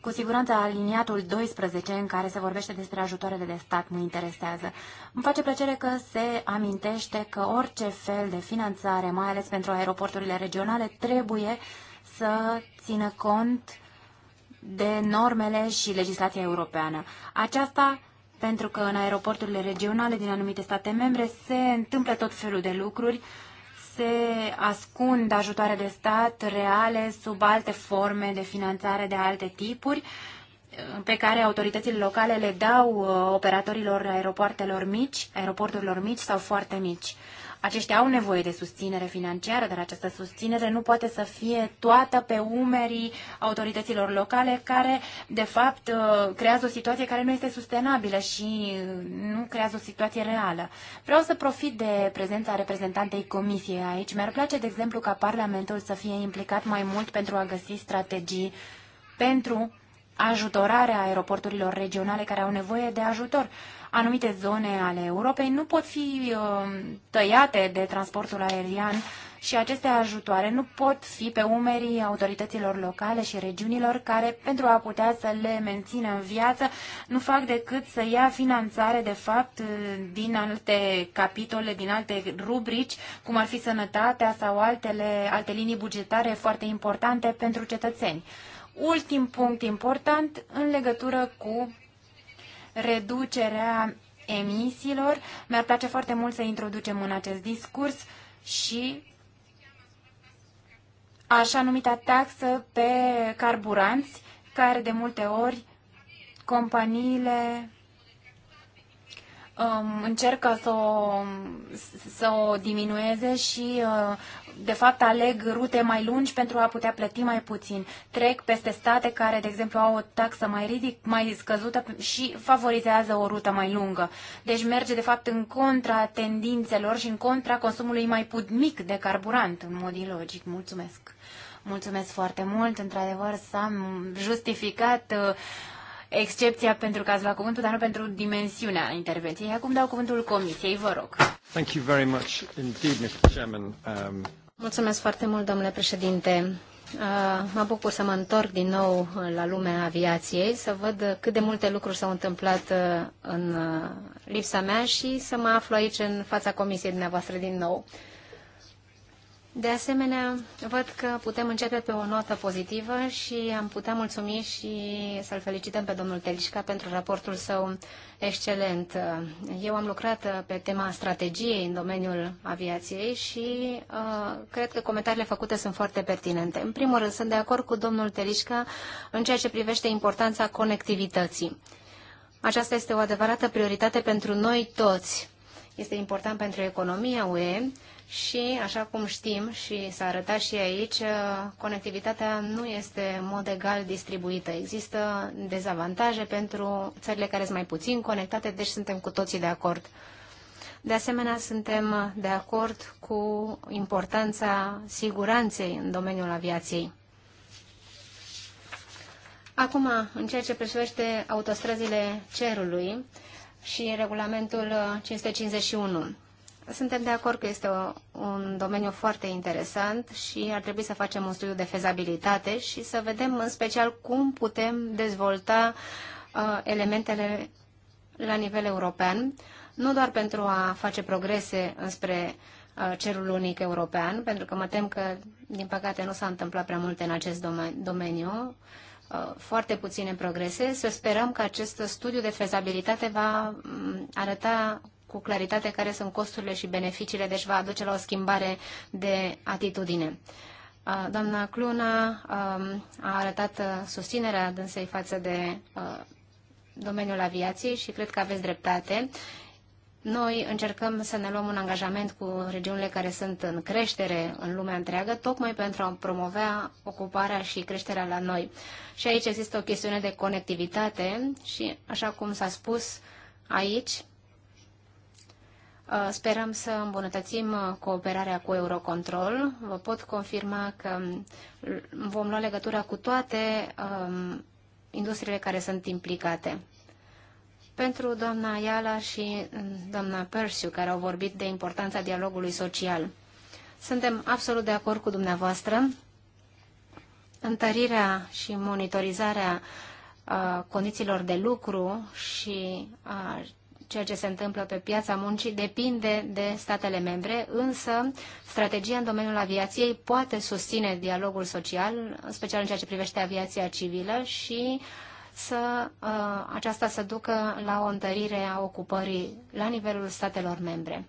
Cu siguranță aliniatul 12, în care se vorbește despre ajutoarele de stat, mă interesează. Îmi face plăcere că se amintește că orice fel de finanțare, mai ales pentru aeroporturile regionale, trebuie să țină cont de normele și legislația europeană. Aceasta pentru că în aeroporturile regionale din anumite state membre se întâmplă tot felul de lucruri, se ascund ajutoare de stat reale sub alte forme de finanțare de alte tipuri pe care autoritățile locale le dau uh, operatorilor aeroportelor mici, aeroporturilor mici sau foarte mici. Aceștia au nevoie de susținere financiară, dar această susținere nu poate să fie toată pe umerii autorităților locale care, de fapt, uh, creează o situație care nu este sustenabilă și uh, nu creează o situație reală. Vreau să profit de prezența reprezentantei Comisiei aici. Mi-ar place, de exemplu, ca Parlamentul să fie implicat mai mult pentru a găsi strategii pentru ajutorarea aeroporturilor regionale care au nevoie de ajutor anumite zone ale Europei nu pot fi um, tăiate de transportul aerian și aceste ajutoare nu pot fi pe umerii autorităților locale și regiunilor care, pentru a putea să le mențină în viață, nu fac decât să ia finanțare, de fapt, din alte capitole, din alte rubrici, cum ar fi sănătatea sau altele, alte linii bugetare foarte importante pentru cetățeni. Ultim punct important în legătură cu reducerea emisiilor. Mi-ar place foarte mult să introducem în acest discurs și așa numita taxă pe carburanți, care de multe ori companiile um, încercă să o, să o diminueze și, uh, de fapt, aleg rute mai lungi pentru a putea plăti mai puțin. Trec peste state care, de exemplu, au o taxă mai ridic, mai scăzută și favorizează o rută mai lungă. Deci merge, de fapt, în contra tendințelor și în contra consumului mai mic de carburant, în mod ilogic. Mulțumesc! Mulțumesc foarte mult, într-adevăr s am justificat uh, excepția pentru că ați luat cuvântul, dar nu pentru dimensiunea intervenției. Acum dau cuvântul Comisiei, vă rog. Thank you very much indeed, Mr. Chairman. Um... Mulțumesc foarte mult, domnule președinte. Uh, mă bucur să mă întorc din nou la lumea aviației, să văd cât de multe lucruri s-au întâmplat uh, în uh, lipsa mea și să mă aflu aici în fața comisiei dumneavoastră din nou. De asemenea, văd că putem începe pe o notă pozitivă și am putea mulțumi și să-l felicităm pe domnul Telișca pentru raportul său excelent. Eu am lucrat pe tema strategiei în domeniul aviației și uh, cred că comentariile făcute sunt foarte pertinente. În primul rând, sunt de acord cu domnul Telișca în ceea ce privește importanța conectivității. Aceasta este o adevărată prioritate pentru noi toți. Este important pentru economia UE, și, așa cum știm și s-a arătat și aici, conectivitatea nu este în mod egal distribuită. Există dezavantaje pentru țările care sunt mai puțin conectate, deci suntem cu toții de acord. De asemenea, suntem de acord cu importanța siguranței în domeniul aviației. Acum, în ceea ce privește autostrăzile cerului și regulamentul 551. Suntem de acord că este o, un domeniu foarte interesant și ar trebui să facem un studiu de fezabilitate și să vedem în special cum putem dezvolta uh, elementele la nivel european, nu doar pentru a face progrese înspre uh, cerul unic european, pentru că mă tem că, din păcate, nu s-a întâmplat prea multe în acest domeniu, uh, foarte puține progrese. Să sperăm că acest studiu de fezabilitate va mm, arăta cu claritate care sunt costurile și beneficiile, deci va aduce la o schimbare de atitudine. Uh, doamna Cluna um, a arătat uh, susținerea dânsei față de uh, domeniul aviației și cred că aveți dreptate. Noi încercăm să ne luăm un angajament cu regiunile care sunt în creștere în lumea întreagă, tocmai pentru a promovea ocuparea și creșterea la noi. Și aici există o chestiune de conectivitate și, așa cum s-a spus aici, Uh, sperăm să îmbunătățim uh, cooperarea cu Eurocontrol. Vă pot confirma că um, vom lua legătura cu toate um, industriile care sunt implicate. Pentru doamna Iala și um, doamna Persiu, care au vorbit de importanța dialogului social. Suntem absolut de acord cu dumneavoastră. Întărirea și monitorizarea uh, condițiilor de lucru și ceea ce se întâmplă pe piața muncii depinde de statele membre, însă strategia în domeniul aviației poate susține dialogul social, în special în ceea ce privește aviația civilă și să uh, aceasta să ducă la o întărire a ocupării la nivelul statelor membre.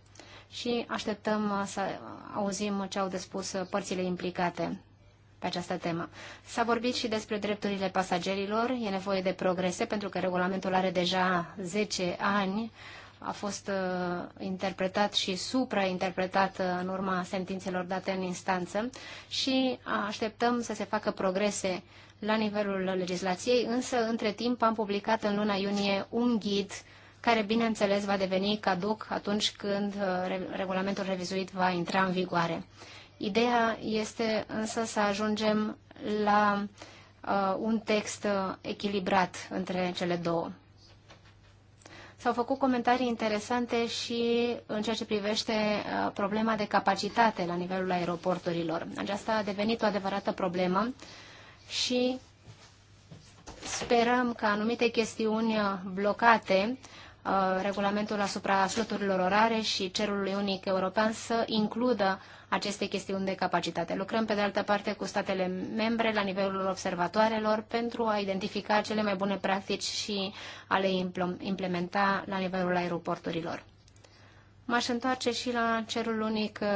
Și așteptăm uh, să auzim ce au de spus uh, părțile implicate pe această temă. S-a vorbit și despre drepturile pasagerilor. E nevoie de progrese pentru că regulamentul are deja 10 ani. A fost uh, interpretat și suprainterpretat uh, în urma sentințelor date în instanță și așteptăm să se facă progrese la nivelul legislației, însă între timp am publicat în luna iunie un ghid care, bineînțeles, va deveni caduc atunci când uh, regulamentul revizuit va intra în vigoare. Ideea este însă să ajungem la uh, un text uh, echilibrat între cele două. S-au făcut comentarii interesante și în ceea ce privește uh, problema de capacitate la nivelul aeroporturilor. Aceasta a devenit o adevărată problemă și sperăm că anumite chestiuni uh, blocate, uh, regulamentul asupra sloturilor orare și cerului unic european să includă aceste chestiuni de capacitate. Lucrăm, pe de altă parte, cu statele membre la nivelul observatoarelor pentru a identifica cele mai bune practici și a le implementa la nivelul aeroporturilor. M-aș întoarce și la cerul unic uh,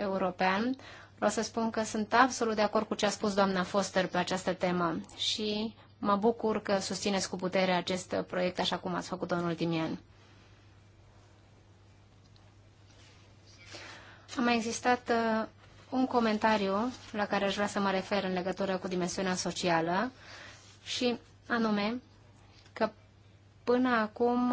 european. Vreau să spun că sunt absolut de acord cu ce a spus doamna Foster pe această temă și mă bucur că susțineți cu putere acest proiect așa cum ați făcut-o în ultimii ani. A mai existat uh, un comentariu la care aș vrea să mă refer în legătură cu dimensiunea socială și anume că până acum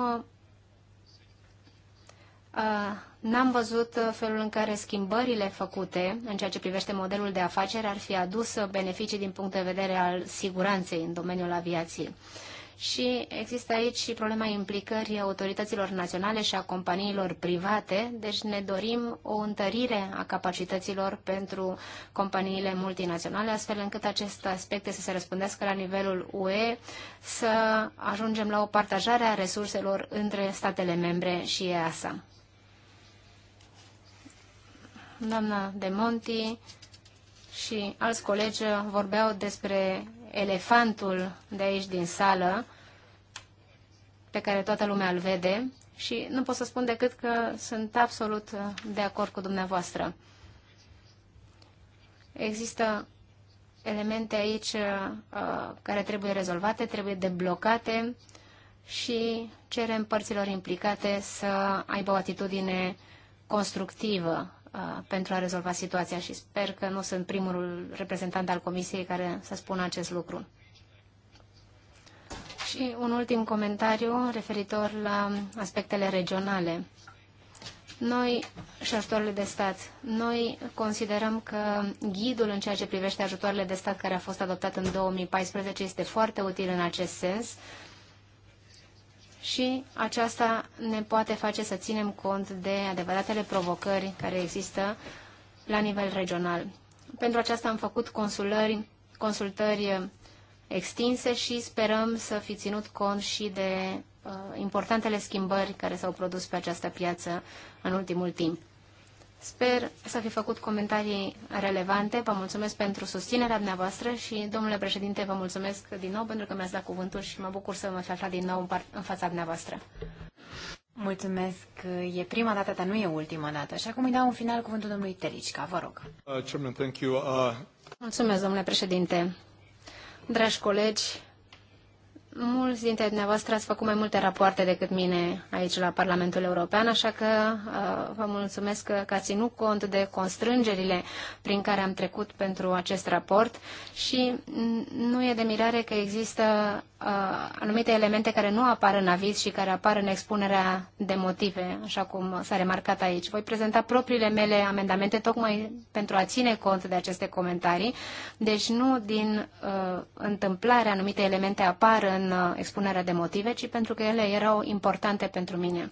uh, n-am văzut felul în care schimbările făcute în ceea ce privește modelul de afaceri ar fi adus beneficii din punct de vedere al siguranței în domeniul aviației și există aici și problema implicării autorităților naționale și a companiilor private, deci ne dorim o întărire a capacităților pentru companiile multinaționale, astfel încât aceste aspecte să se răspândească la nivelul UE, să ajungem la o partajare a resurselor între statele membre și EASA. Doamna De Monti și alți colegi vorbeau despre elefantul de aici din sală, pe care toată lumea îl vede și nu pot să spun decât că sunt absolut de acord cu dumneavoastră. Există elemente aici uh, care trebuie rezolvate, trebuie deblocate și cerem părților implicate să aibă o atitudine constructivă pentru a rezolva situația și sper că nu sunt primul reprezentant al Comisiei care să spună acest lucru. Și un ultim comentariu referitor la aspectele regionale. Noi și ajutoarele de stat, noi considerăm că ghidul în ceea ce privește ajutoarele de stat care a fost adoptat în 2014 este foarte util în acest sens și aceasta ne poate face să ținem cont de adevăratele provocări care există la nivel regional. Pentru aceasta am făcut consulări, consultări extinse și sperăm să fi ținut cont și de uh, importantele schimbări care s-au produs pe această piață în ultimul timp. Sper să fi făcut comentarii relevante. Vă mulțumesc pentru susținerea dumneavoastră și, domnule președinte, vă mulțumesc din nou pentru că mi-ați dat cuvântul și mă bucur să mă fi aflat din nou în, în fața dumneavoastră. Mulțumesc. E prima dată, dar nu e ultima dată. Și acum îi dau un final cuvântul domnului Telicica. Vă rog. Uh, chairman, thank you. Uh... Mulțumesc, domnule președinte. Dragi colegi, Mulți dintre dumneavoastră ați făcut mai multe rapoarte decât mine aici la Parlamentul European, așa că uh, vă mulțumesc că, că ați ținut cont de constrângerile prin care am trecut pentru acest raport și nu e de mirare că există uh, anumite elemente care nu apar în aviz și care apar în expunerea de motive, așa cum s-a remarcat aici. Voi prezenta propriile mele amendamente tocmai pentru a ține cont de aceste comentarii, deci nu din uh, întâmplare anumite elemente apar în în uh, expunerea de motive, ci pentru că ele erau importante pentru mine.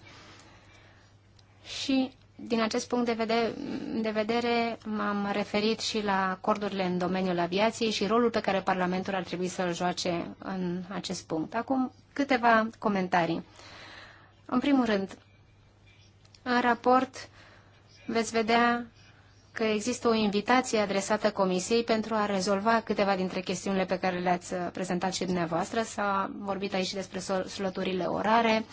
Și din acest punct de vedere, de vedere m-am referit și la acordurile în domeniul aviației și rolul pe care Parlamentul ar trebui să-l joace în acest punct. Acum câteva comentarii. În primul rând, în raport veți vedea că există o invitație adresată Comisiei pentru a rezolva câteva dintre chestiunile pe care le-ați uh, prezentat și dumneavoastră. S-a vorbit aici despre slăturile orare,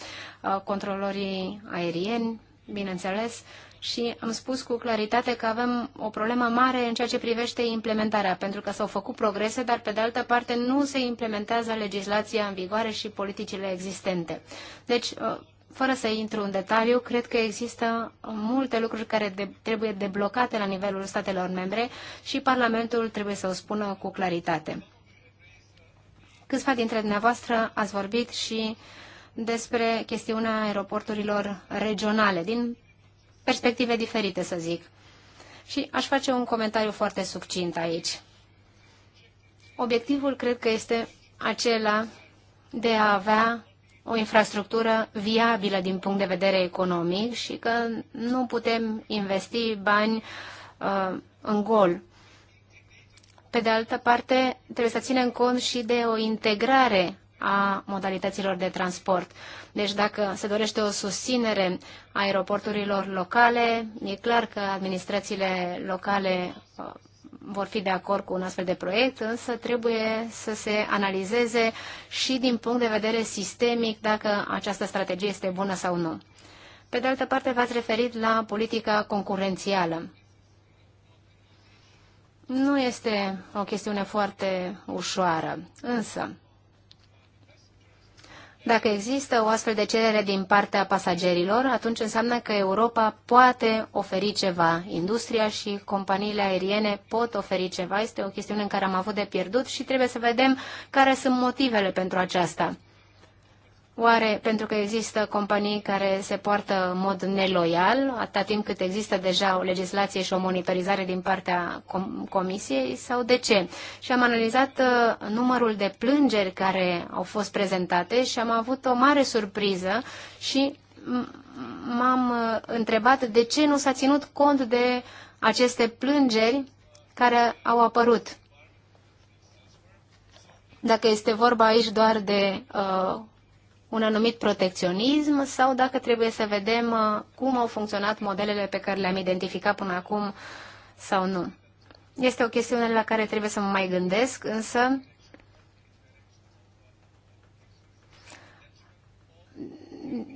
uh, controlorii aerieni, bineînțeles, și am spus cu claritate că avem o problemă mare în ceea ce privește implementarea, pentru că s-au făcut progrese, dar pe de altă parte nu se implementează legislația în vigoare și politicile existente. Deci uh, fără să intru în detaliu, cred că există multe lucruri care de, trebuie deblocate la nivelul statelor membre și Parlamentul trebuie să o spună cu claritate. Câțiva dintre dumneavoastră ați vorbit și despre chestiunea aeroporturilor regionale, din perspective diferite, să zic. Și aș face un comentariu foarte succint aici. Obiectivul cred că este acela de a avea o infrastructură viabilă din punct de vedere economic și că nu putem investi bani uh, în gol. Pe de altă parte, trebuie să ținem cont și de o integrare a modalităților de transport. Deci dacă se dorește o susținere a aeroporturilor locale, e clar că administrațiile locale uh, vor fi de acord cu un astfel de proiect, însă trebuie să se analizeze și din punct de vedere sistemic dacă această strategie este bună sau nu. Pe de altă parte, v-ați referit la politica concurențială. Nu este o chestiune foarte ușoară, însă dacă există o astfel de cerere din partea pasagerilor, atunci înseamnă că Europa poate oferi ceva. Industria și companiile aeriene pot oferi ceva. Este o chestiune în care am avut de pierdut și trebuie să vedem care sunt motivele pentru aceasta. Oare pentru că există companii care se poartă în mod neloial, atâta timp cât există deja o legislație și o monitorizare din partea com Comisiei, sau de ce? Și am analizat uh, numărul de plângeri care au fost prezentate și am avut o mare surpriză și m-am uh, întrebat de ce nu s-a ținut cont de aceste plângeri care au apărut. Dacă este vorba aici doar de uh, un anumit protecționism sau dacă trebuie să vedem uh, cum au funcționat modelele pe care le-am identificat până acum sau nu. Este o chestiune la care trebuie să mă mai gândesc, însă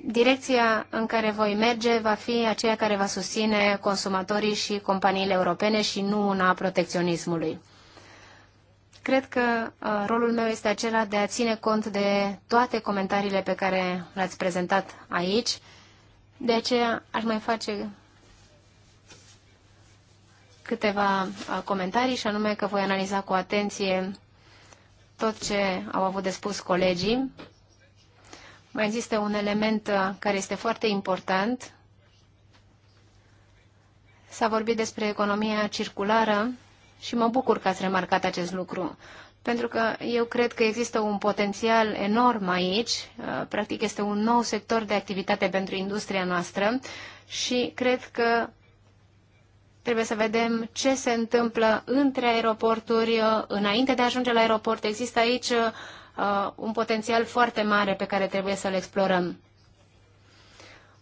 direcția în care voi merge va fi aceea care va susține consumatorii și companiile europene și nu una a protecționismului. Cred că uh, rolul meu este acela de a ține cont de toate comentariile pe care le-ați prezentat aici. De aceea aș mai face câteva uh, comentarii și anume că voi analiza cu atenție tot ce au avut de spus colegii. Mai există un element uh, care este foarte important. S-a vorbit despre economia circulară și mă bucur că ați remarcat acest lucru, pentru că eu cred că există un potențial enorm aici, uh, practic este un nou sector de activitate pentru industria noastră și cred că Trebuie să vedem ce se întâmplă între aeroporturi, uh, înainte de a ajunge la aeroport. Există aici uh, un potențial foarte mare pe care trebuie să-l explorăm.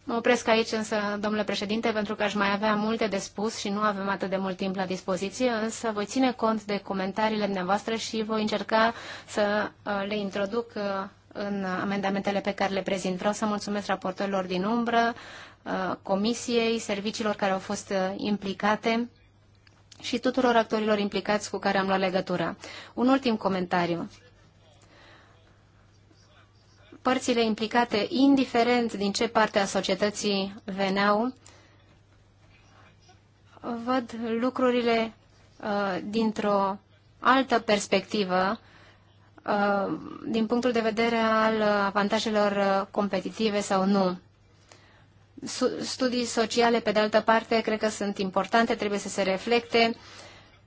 Mă opresc aici însă, domnule președinte, pentru că aș mai avea multe de spus și nu avem atât de mult timp la dispoziție, însă voi ține cont de comentariile dumneavoastră și voi încerca să uh, le introduc uh, în amendamentele pe care le prezint. Vreau să mulțumesc raportorilor din umbră, uh, comisiei, serviciilor care au fost implicate și tuturor actorilor implicați cu care am luat legătura. Un ultim comentariu părțile implicate, indiferent din ce parte a societății veneau, văd lucrurile uh, dintr-o altă perspectivă, uh, din punctul de vedere al uh, avantajelor uh, competitive sau nu. Studii sociale, pe de altă parte, cred că sunt importante, trebuie să se reflecte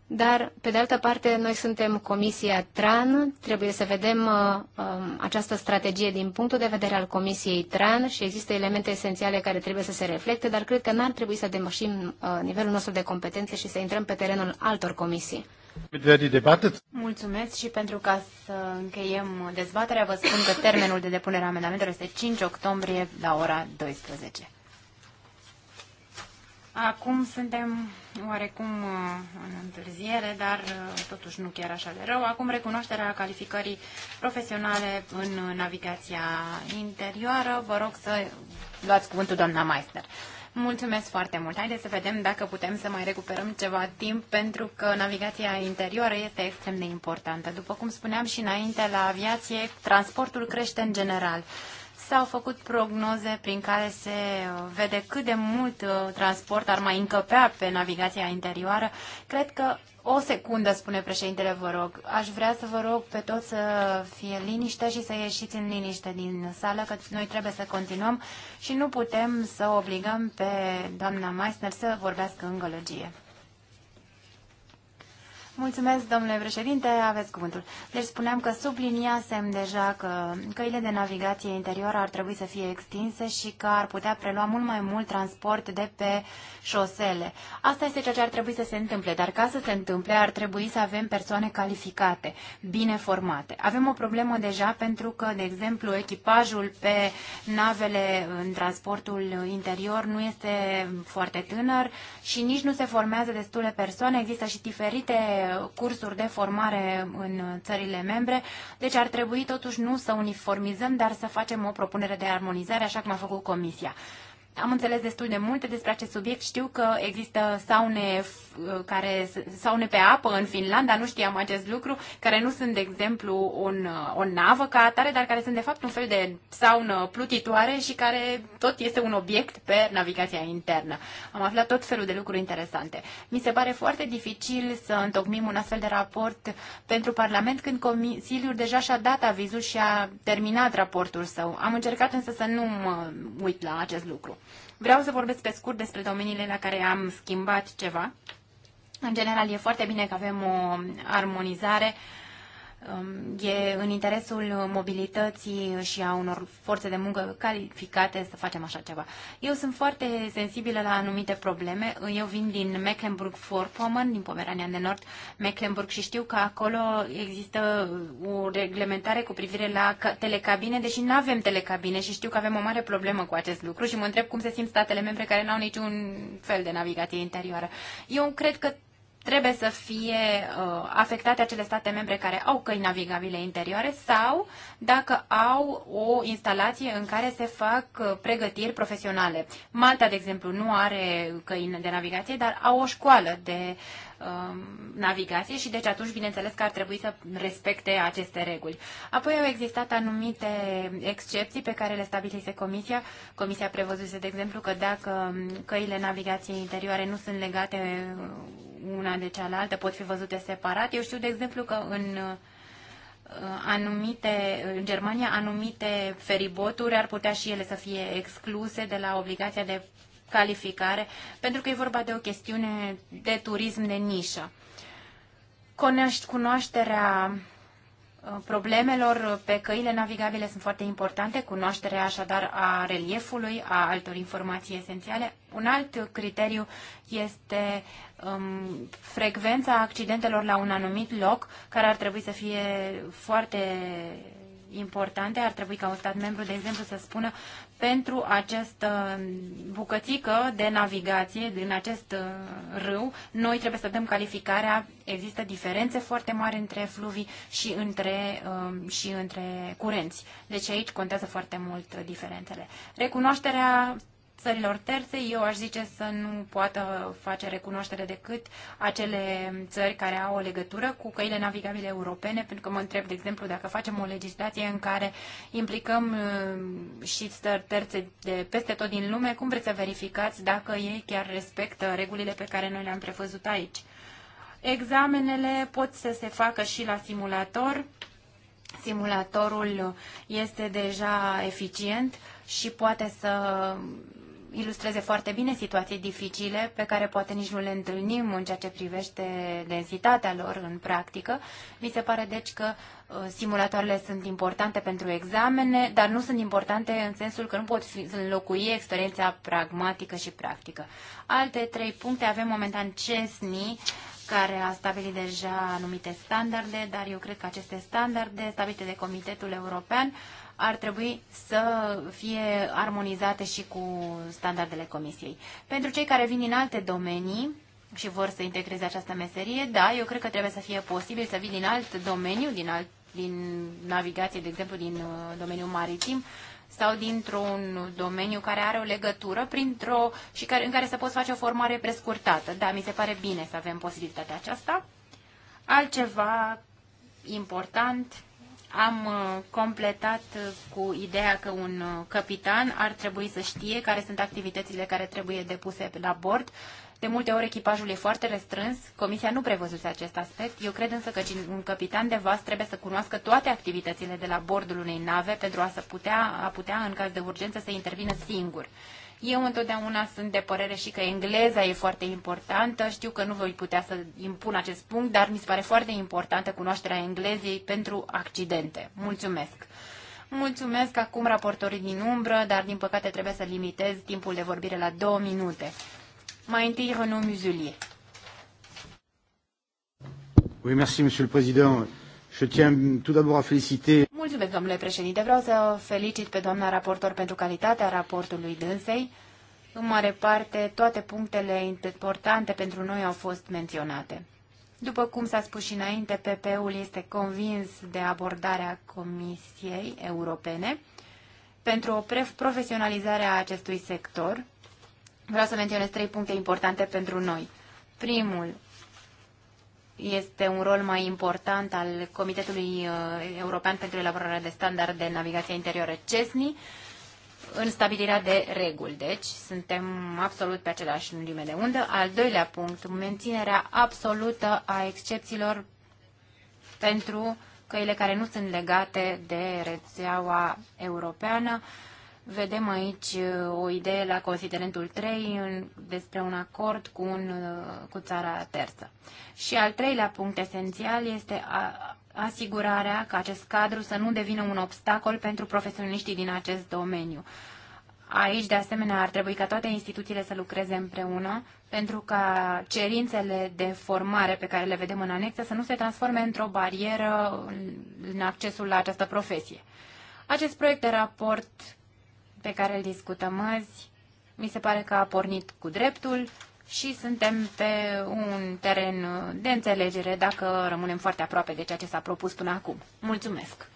dar, pe de altă parte, noi suntem Comisia TRAN, trebuie să vedem uh, um, această strategie din punctul de vedere al Comisiei TRAN și există elemente esențiale care trebuie să se reflecte, dar cred că n-ar trebui să demășim uh, nivelul nostru de competențe și să intrăm pe terenul altor comisii. Mulțumesc și pentru ca să încheiem dezbaterea, vă spun că termenul de depunere a amendamentelor este 5 octombrie la ora 12. Acum suntem oarecum uh, în întârziere, dar uh, totuși nu chiar așa de rău. Acum recunoașterea calificării profesionale în uh, navigația interioară. Vă rog să luați cuvântul doamna Meister. Mulțumesc foarte mult. Haideți să vedem dacă putem să mai recuperăm ceva timp, pentru că navigația interioară este extrem de importantă. După cum spuneam și înainte, la aviație, transportul crește în general. S-au făcut prognoze prin care se uh, vede cât de mult uh, transport ar mai încăpea pe navigația interioară. Cred că o secundă, spune președintele, vă rog. Aș vrea să vă rog pe toți să fie liniște și să ieșiți în liniște din sală, că noi trebuie să continuăm și nu putem să obligăm pe doamna Meissner să vorbească în gălăgie. Mulțumesc, domnule președinte, aveți cuvântul. Deci spuneam că subliniasem deja că căile de navigație interioară ar trebui să fie extinse și că ar putea prelua mult mai mult transport de pe șosele. Asta este ceea ce ar trebui să se întâmple, dar ca să se întâmple ar trebui să avem persoane calificate, bine formate. Avem o problemă deja pentru că, de exemplu, echipajul pe navele în transportul interior nu este foarte tânăr și nici nu se formează destule persoane. Există și diferite cursuri de formare în țările membre, deci ar trebui totuși nu să uniformizăm, dar să facem o propunere de armonizare, așa cum a făcut Comisia. Am înțeles destul de multe despre acest subiect. Știu că există saune, care, saune pe apă în Finlanda, nu știam acest lucru, care nu sunt, de exemplu, un, o navă ca atare, dar care sunt, de fapt, un fel de saună plutitoare și care tot este un obiect pe navigația internă. Am aflat tot felul de lucruri interesante. Mi se pare foarte dificil să întocmim un astfel de raport pentru Parlament când Consiliul deja și-a dat avizul și a terminat raportul său. Am încercat însă să nu mă uit la acest lucru. Vreau să vorbesc pe scurt despre domeniile la care am schimbat ceva. În general, e foarte bine că avem o armonizare uh, Um, e în interesul mobilității și a unor forțe de muncă calificate să facem așa ceva. Eu sunt foarte sensibilă la anumite probleme. Eu vin din Mecklenburg-Vorpommern, din Pomerania de Nord, Mecklenburg și știu că acolo există o reglementare cu privire la telecabine, deși nu avem telecabine și știu că avem o mare problemă cu acest lucru și mă întreb cum se simt statele membre care nu au niciun fel de navigație interioară. Eu cred că trebuie să fie uh, afectate acele state membre care au căi navigabile interioare sau dacă au o instalație în care se fac uh, pregătiri profesionale. Malta, de exemplu, nu are căi de navigație, dar au o școală de uh, Um, navigație și deci atunci bineînțeles că ar trebui să respecte aceste reguli. Apoi au existat anumite excepții pe care le stabilise Comisia. Comisia prevăzuse, de exemplu, că dacă căile navigației interioare nu sunt legate uh, una de cealaltă, pot fi văzute separat. Eu știu, de exemplu, că în uh, anumite, în Germania, anumite feriboturi ar putea și ele să fie excluse de la obligația de calificare, pentru că e vorba de o chestiune de turism de nișă. Cunoașterea uh, problemelor pe căile navigabile sunt foarte importante, cunoașterea așadar a reliefului, a altor informații esențiale. Un alt criteriu este um, frecvența accidentelor la un anumit loc, care ar trebui să fie foarte importante. Ar trebui ca un stat membru, de exemplu, să spună pentru această bucățică de navigație din acest uh, râu. Noi trebuie să dăm calificarea. Există diferențe foarte mari între fluvii și între, um, și între curenți. Deci aici contează foarte mult uh, diferențele. Recunoașterea țărilor terțe, eu aș zice să nu poată face recunoaștere decât acele țări care au o legătură cu căile navigabile europene, pentru că mă întreb, de exemplu, dacă facem o legislație în care implicăm uh, și țări terțe de peste tot din lume, cum vreți să verificați dacă ei chiar respectă regulile pe care noi le-am prevăzut aici? Examenele pot să se facă și la simulator. Simulatorul este deja eficient și poate să ilustreze foarte bine situații dificile pe care poate nici nu le întâlnim în ceea ce privește densitatea lor în practică. Mi se pare deci că uh, simulatoarele sunt importante pentru examene, dar nu sunt importante în sensul că nu pot înlocui experiența pragmatică și practică. Alte trei puncte avem momentan CESNI, care a stabilit deja anumite standarde, dar eu cred că aceste standarde stabilite de Comitetul European ar trebui să fie armonizate și cu standardele comisiei. Pentru cei care vin din alte domenii și vor să integreze această meserie, da, eu cred că trebuie să fie posibil să vii din alt domeniu, din, alt, din navigație, de exemplu, din uh, domeniul maritim, sau dintr-un domeniu care are o legătură printr-o și care, în care să poți face o formare prescurtată. Da, mi se pare bine să avem posibilitatea aceasta. Altceva important am uh, completat uh, cu ideea că un uh, capitan ar trebui să știe care sunt activitățile care trebuie depuse la bord. De multe ori echipajul e foarte restrâns, comisia nu prevăzuse acest aspect. Eu cred însă că un capitan de vas trebuie să cunoască toate activitățile de la bordul unei nave pentru a, să putea, a putea, în caz de urgență, să intervină singur. Eu întotdeauna sunt de părere și că engleza e foarte importantă. Știu că nu voi putea să impun acest punct, dar mi se pare foarte importantă cunoașterea englezei pentru accidente. Mulțumesc! Mulțumesc acum raportorii din umbră, dar din păcate trebuie să limitez timpul de vorbire la două minute. Mai întâi Renaud Muzulie. Oui, merci, Monsieur le Président. Je tiens tout d'abord à féliciter... Mulțumesc, domnule președinte. Vreau să felicit pe doamna raportor pentru calitatea raportului dânsei. În mare parte, toate punctele importante pentru noi au fost menționate. După cum s-a spus și înainte, PP-ul este convins de abordarea Comisiei Europene pentru o profesionalizare a acestui sector. Vreau să menționez trei puncte importante pentru noi. Primul, este un rol mai important al Comitetului uh, European pentru Elaborarea de Standard de Navigație interioră CESNI în stabilirea de reguli. Deci, suntem absolut pe același lume de undă. Al doilea punct, menținerea absolută a excepțiilor pentru căile care nu sunt legate de rețeaua europeană. Uh, Vedem aici uh, o idee la considerentul 3 în, despre un acord cu, un, uh, cu țara terță. Și al treilea punct esențial este a, asigurarea că acest cadru să nu devină un obstacol pentru profesioniștii din acest domeniu. Aici, de asemenea, ar trebui ca toate instituțiile să lucreze împreună pentru ca cerințele de formare pe care le vedem în anexă să nu se transforme într-o barieră în accesul la această profesie. Acest proiect de raport pe care îl discutăm azi mi se pare că a pornit cu dreptul și suntem pe un teren de înțelegere dacă rămânem foarte aproape de ceea ce s-a propus până acum. Mulțumesc!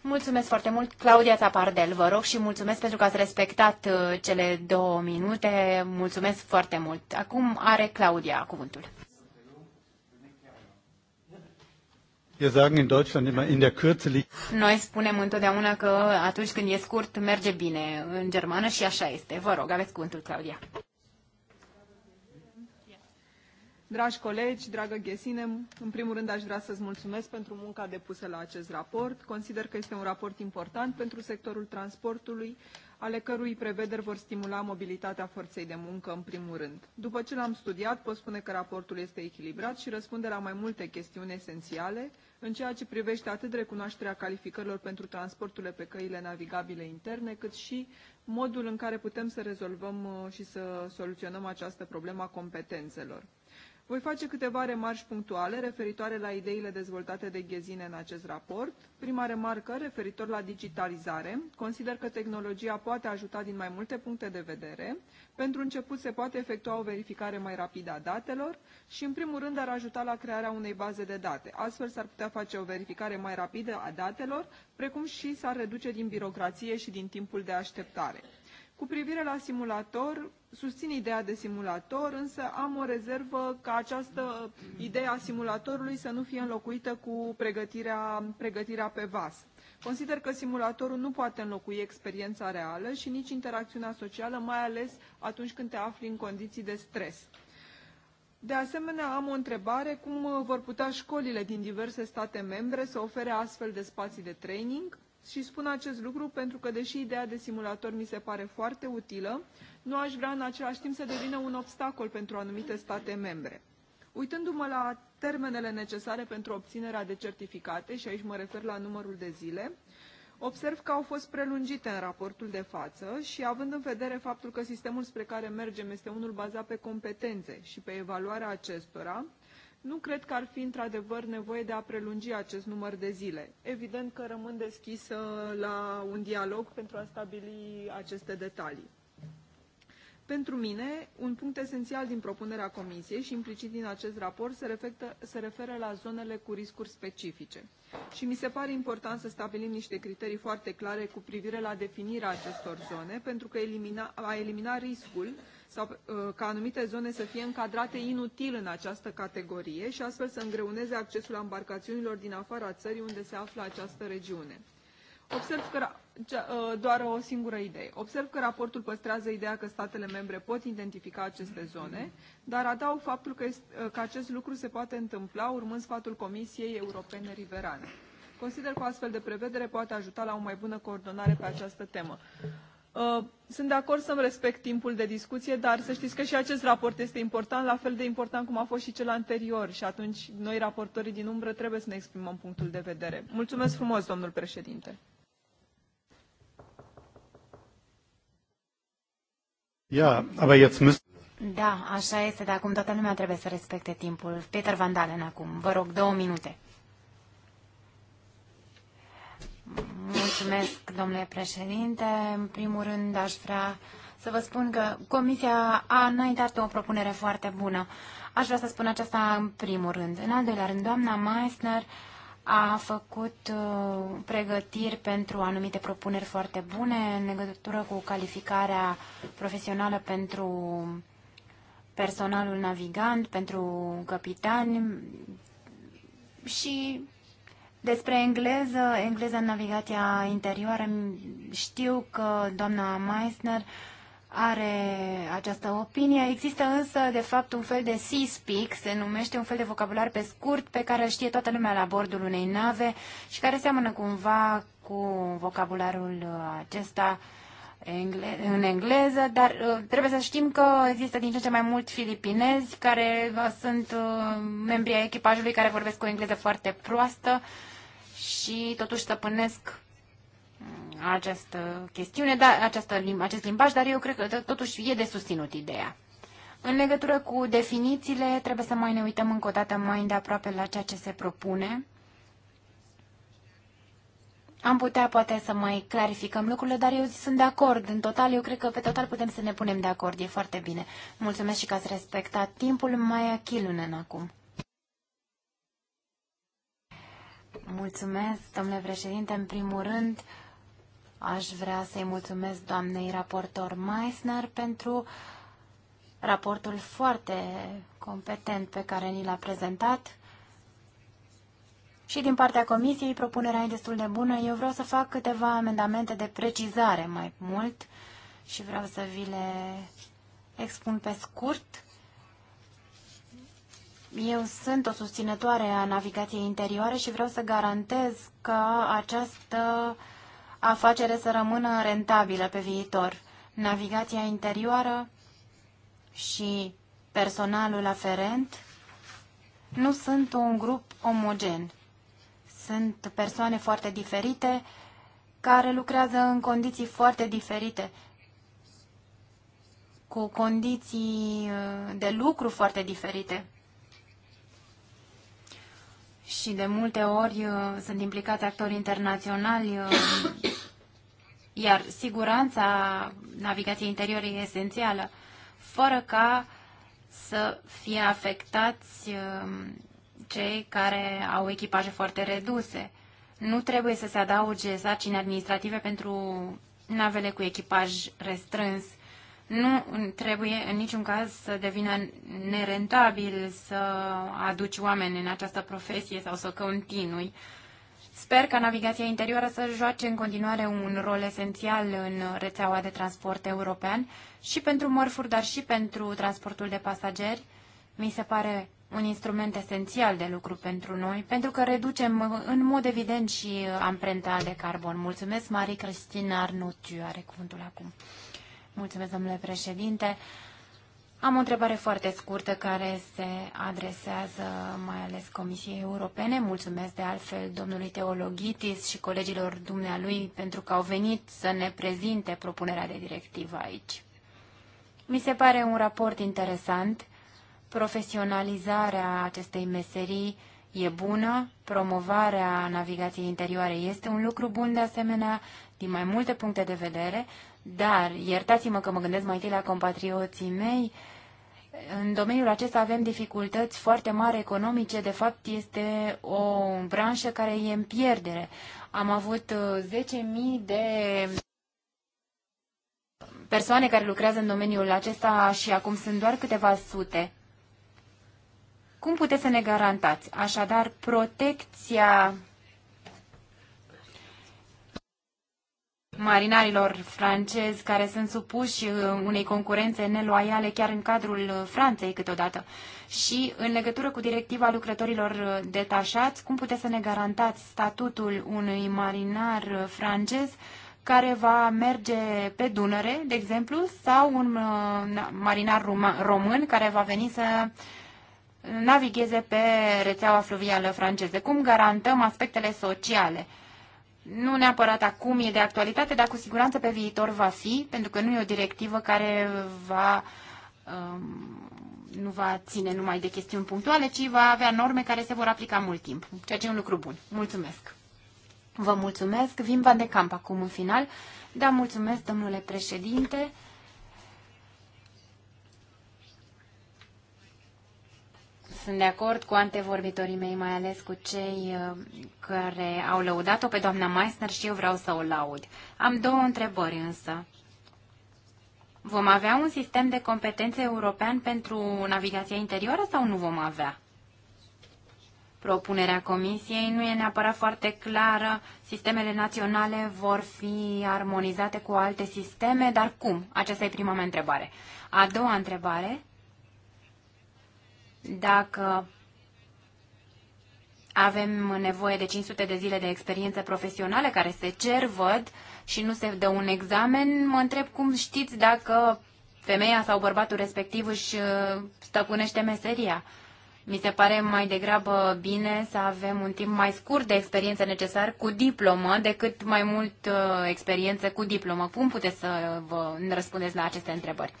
Mulțumesc foarte mult, Claudia Tapardel, vă rog și mulțumesc pentru că ați respectat uh, cele două minute. Mulțumesc foarte mult. Acum are Claudia cuvântul. Noi spunem întotdeauna că atunci când e scurt merge bine în germană și așa este. Vă rog, aveți cuvântul, Claudia. Dragi colegi, dragă Ghesine, în primul rând aș vrea să-ți mulțumesc pentru munca depusă la acest raport. Consider că este un raport important pentru sectorul transportului, ale cărui prevederi vor stimula mobilitatea forței de muncă în primul rând. După ce l-am studiat, pot spune că raportul este echilibrat și răspunde la mai multe chestiuni esențiale, în ceea ce privește atât recunoașterea calificărilor pentru transporturile pe căile navigabile interne, cât și modul în care putem să rezolvăm uh, și să soluționăm această problemă a competențelor. Voi face câteva remarci punctuale referitoare la ideile dezvoltate de Ghezine în acest raport. Prima remarcă, referitor la digitalizare, consider că tehnologia poate ajuta din mai multe puncte de vedere. Pentru început se poate efectua o verificare mai rapidă a datelor și, în primul rând, ar ajuta la crearea unei baze de date. Astfel s-ar putea face o verificare mai rapidă a datelor, precum și s-ar reduce din birocrație și din timpul de așteptare. Cu privire la simulator, susțin ideea de simulator, însă am o rezervă ca această idee a simulatorului să nu fie înlocuită cu pregătirea, pregătirea pe vas. Consider că simulatorul nu poate înlocui experiența reală și nici interacțiunea socială, mai ales atunci când te afli în condiții de stres. De asemenea, am o întrebare, cum vor putea școlile din diverse state membre să ofere astfel de spații de training? și spun acest lucru pentru că, deși ideea de simulator mi se pare foarte utilă, nu aș vrea în același timp să devină un obstacol pentru anumite state membre. Uitându-mă la termenele necesare pentru obținerea de certificate, și aici mă refer la numărul de zile, observ că au fost prelungite în raportul de față și având în vedere faptul că sistemul spre care mergem este unul bazat pe competențe și pe evaluarea acestora, nu cred că ar fi într-adevăr nevoie de a prelungi acest număr de zile. Evident că rămân deschisă la un dialog pentru a stabili aceste detalii. Pentru mine, un punct esențial din propunerea Comisiei și implicit din acest raport se, reflectă, se referă la zonele cu riscuri specifice. Și mi se pare important să stabilim niște criterii foarte clare cu privire la definirea acestor zone, pentru că elimina, a elimina riscul sau uh, ca anumite zone să fie încadrate inutil în această categorie și astfel să îngreuneze accesul ambarcațiunilor din afara țării unde se află această regiune. Observ că uh, doar o singură idee. Observ că raportul păstrează ideea că statele membre pot identifica aceste zone, dar adaug faptul că, este, uh, că acest lucru se poate întâmpla urmând sfatul Comisiei Europene Riverane. Consider că o astfel de prevedere poate ajuta la o mai bună coordonare pe această temă. Uh, sunt de acord să-mi respect timpul de discuție, dar să știți că și acest raport este important, la fel de important cum a fost și cel anterior. Și atunci noi, raportorii din umbră, trebuie să ne exprimăm punctul de vedere. Mulțumesc frumos, domnul președinte. Da, așa este, dar acum toată lumea trebuie să respecte timpul. Peter Van Dalen acum, vă rog, două minute. Mulțumesc, domnule președinte. În primul rând, aș vrea să vă spun că Comisia a înaintat o propunere foarte bună. Aș vrea să spun aceasta în primul rând. În al doilea rând, doamna Meissner a făcut uh, pregătiri pentru anumite propuneri foarte bune în legătură cu calificarea profesională pentru personalul navigant, pentru capitani și despre engleză, engleză în navigația interioară, știu că doamna Meissner are această opinie. Există însă, de fapt, un fel de sea speak, se numește un fel de vocabular pe scurt, pe care îl știe toată lumea la bordul unei nave și care seamănă cumva cu vocabularul acesta în engleză, dar uh, trebuie să știm că există din ce în ce mai mulți filipinezi care uh, sunt uh, membri ai echipajului care vorbesc cu o engleză foarte proastă și totuși stăpânesc mm, această chestiune, da, această, acest limbaj, dar eu cred că totuși e de susținut ideea. În legătură cu definițiile, trebuie să mai ne uităm încă o dată mai îndeaproape la ceea ce se propune. Am putea poate să mai clarificăm lucrurile, dar eu sunt de acord. În total, eu cred că pe total putem să ne punem de acord. E foarte bine. Mulțumesc și că ați respectat timpul. Mai Chilunen acum. Mulțumesc, domnule președinte. În primul rând, aș vrea să-i mulțumesc doamnei raportor Meissner pentru raportul foarte competent pe care ni l-a prezentat. Și din partea comisiei, propunerea e destul de bună. Eu vreau să fac câteva amendamente de precizare mai mult și vreau să vi le expun pe scurt. Eu sunt o susținătoare a navigației interioare și vreau să garantez că această afacere să rămână rentabilă pe viitor. Navigația interioară și personalul aferent nu sunt un grup omogen. Sunt persoane foarte diferite care lucrează în condiții foarte diferite, cu condiții uh, de lucru foarte diferite și de multe ori uh, sunt implicați actori internaționali, uh, [coughs] iar siguranța navigației interioare e esențială, fără ca să fie afectați uh, cei care au echipaje foarte reduse. Nu trebuie să se adauge sarcini administrative pentru navele cu echipaj restrâns nu trebuie în niciun caz să devină nerentabil să aduci oameni în această profesie sau să continui. Sper ca navigația interioară să joace în continuare un rol esențial în rețeaua de transport european și pentru mărfuri, dar și pentru transportul de pasageri. Mi se pare un instrument esențial de lucru pentru noi, pentru că reducem în mod evident și amprenta de carbon. Mulțumesc, Marie Cristina Arnuțiu are cuvântul acum. Mulțumesc, domnule președinte. Am o întrebare foarte scurtă care se adresează mai ales Comisiei Europene. Mulțumesc de altfel domnului Teologhitis și colegilor dumnealui pentru că au venit să ne prezinte propunerea de directivă aici. Mi se pare un raport interesant. Profesionalizarea acestei meserii e bună, promovarea navigației interioare este un lucru bun de asemenea din mai multe puncte de vedere, dar, iertați-mă că mă gândesc mai întâi la compatrioții mei, în domeniul acesta avem dificultăți foarte mari economice, de fapt este o branșă care e în pierdere. Am avut 10.000 uh, de persoane care lucrează în domeniul acesta și acum sunt doar câteva sute. Cum puteți să ne garantați? Așadar, protecția marinarilor francezi care sunt supuși uh, unei concurențe neloiale chiar în cadrul uh, Franței câteodată. Și în legătură cu directiva lucrătorilor uh, detașați, cum puteți să ne garantați statutul unui marinar francez care va merge pe Dunăre, de exemplu, sau un marinar român care va veni să navigheze pe rețeaua fluvială franceză? Cum garantăm aspectele sociale? nu neapărat acum e de actualitate, dar cu siguranță pe viitor va fi, pentru că nu e o directivă care va, um, nu va ține numai de chestiuni punctuale, ci va avea norme care se vor aplica mult timp, ceea ce e un lucru bun. Mulțumesc! Vă mulțumesc, Vim Van de Camp acum în final. Da, mulțumesc, domnule președinte. Sunt de acord cu antevorbitorii mei, mai ales cu cei uh, care au lăudat-o pe doamna Meissner și eu vreau să o laud. Am două întrebări însă. Vom avea un sistem de competențe european pentru navigația interioară sau nu vom avea? Propunerea Comisiei nu e neapărat foarte clară. Sistemele naționale vor fi armonizate cu alte sisteme, dar cum? Aceasta e prima mea întrebare. A doua întrebare dacă avem nevoie de 500 de zile de experiență profesională care se cer, văd, și nu se dă un examen, mă întreb cum știți dacă femeia sau bărbatul respectiv își uh, stăpânește meseria. Mi se pare mai degrabă bine să avem un timp mai scurt de experiență necesar cu diplomă decât mai mult uh, experiență cu diplomă. Cum puteți să vă răspundeți la aceste întrebări?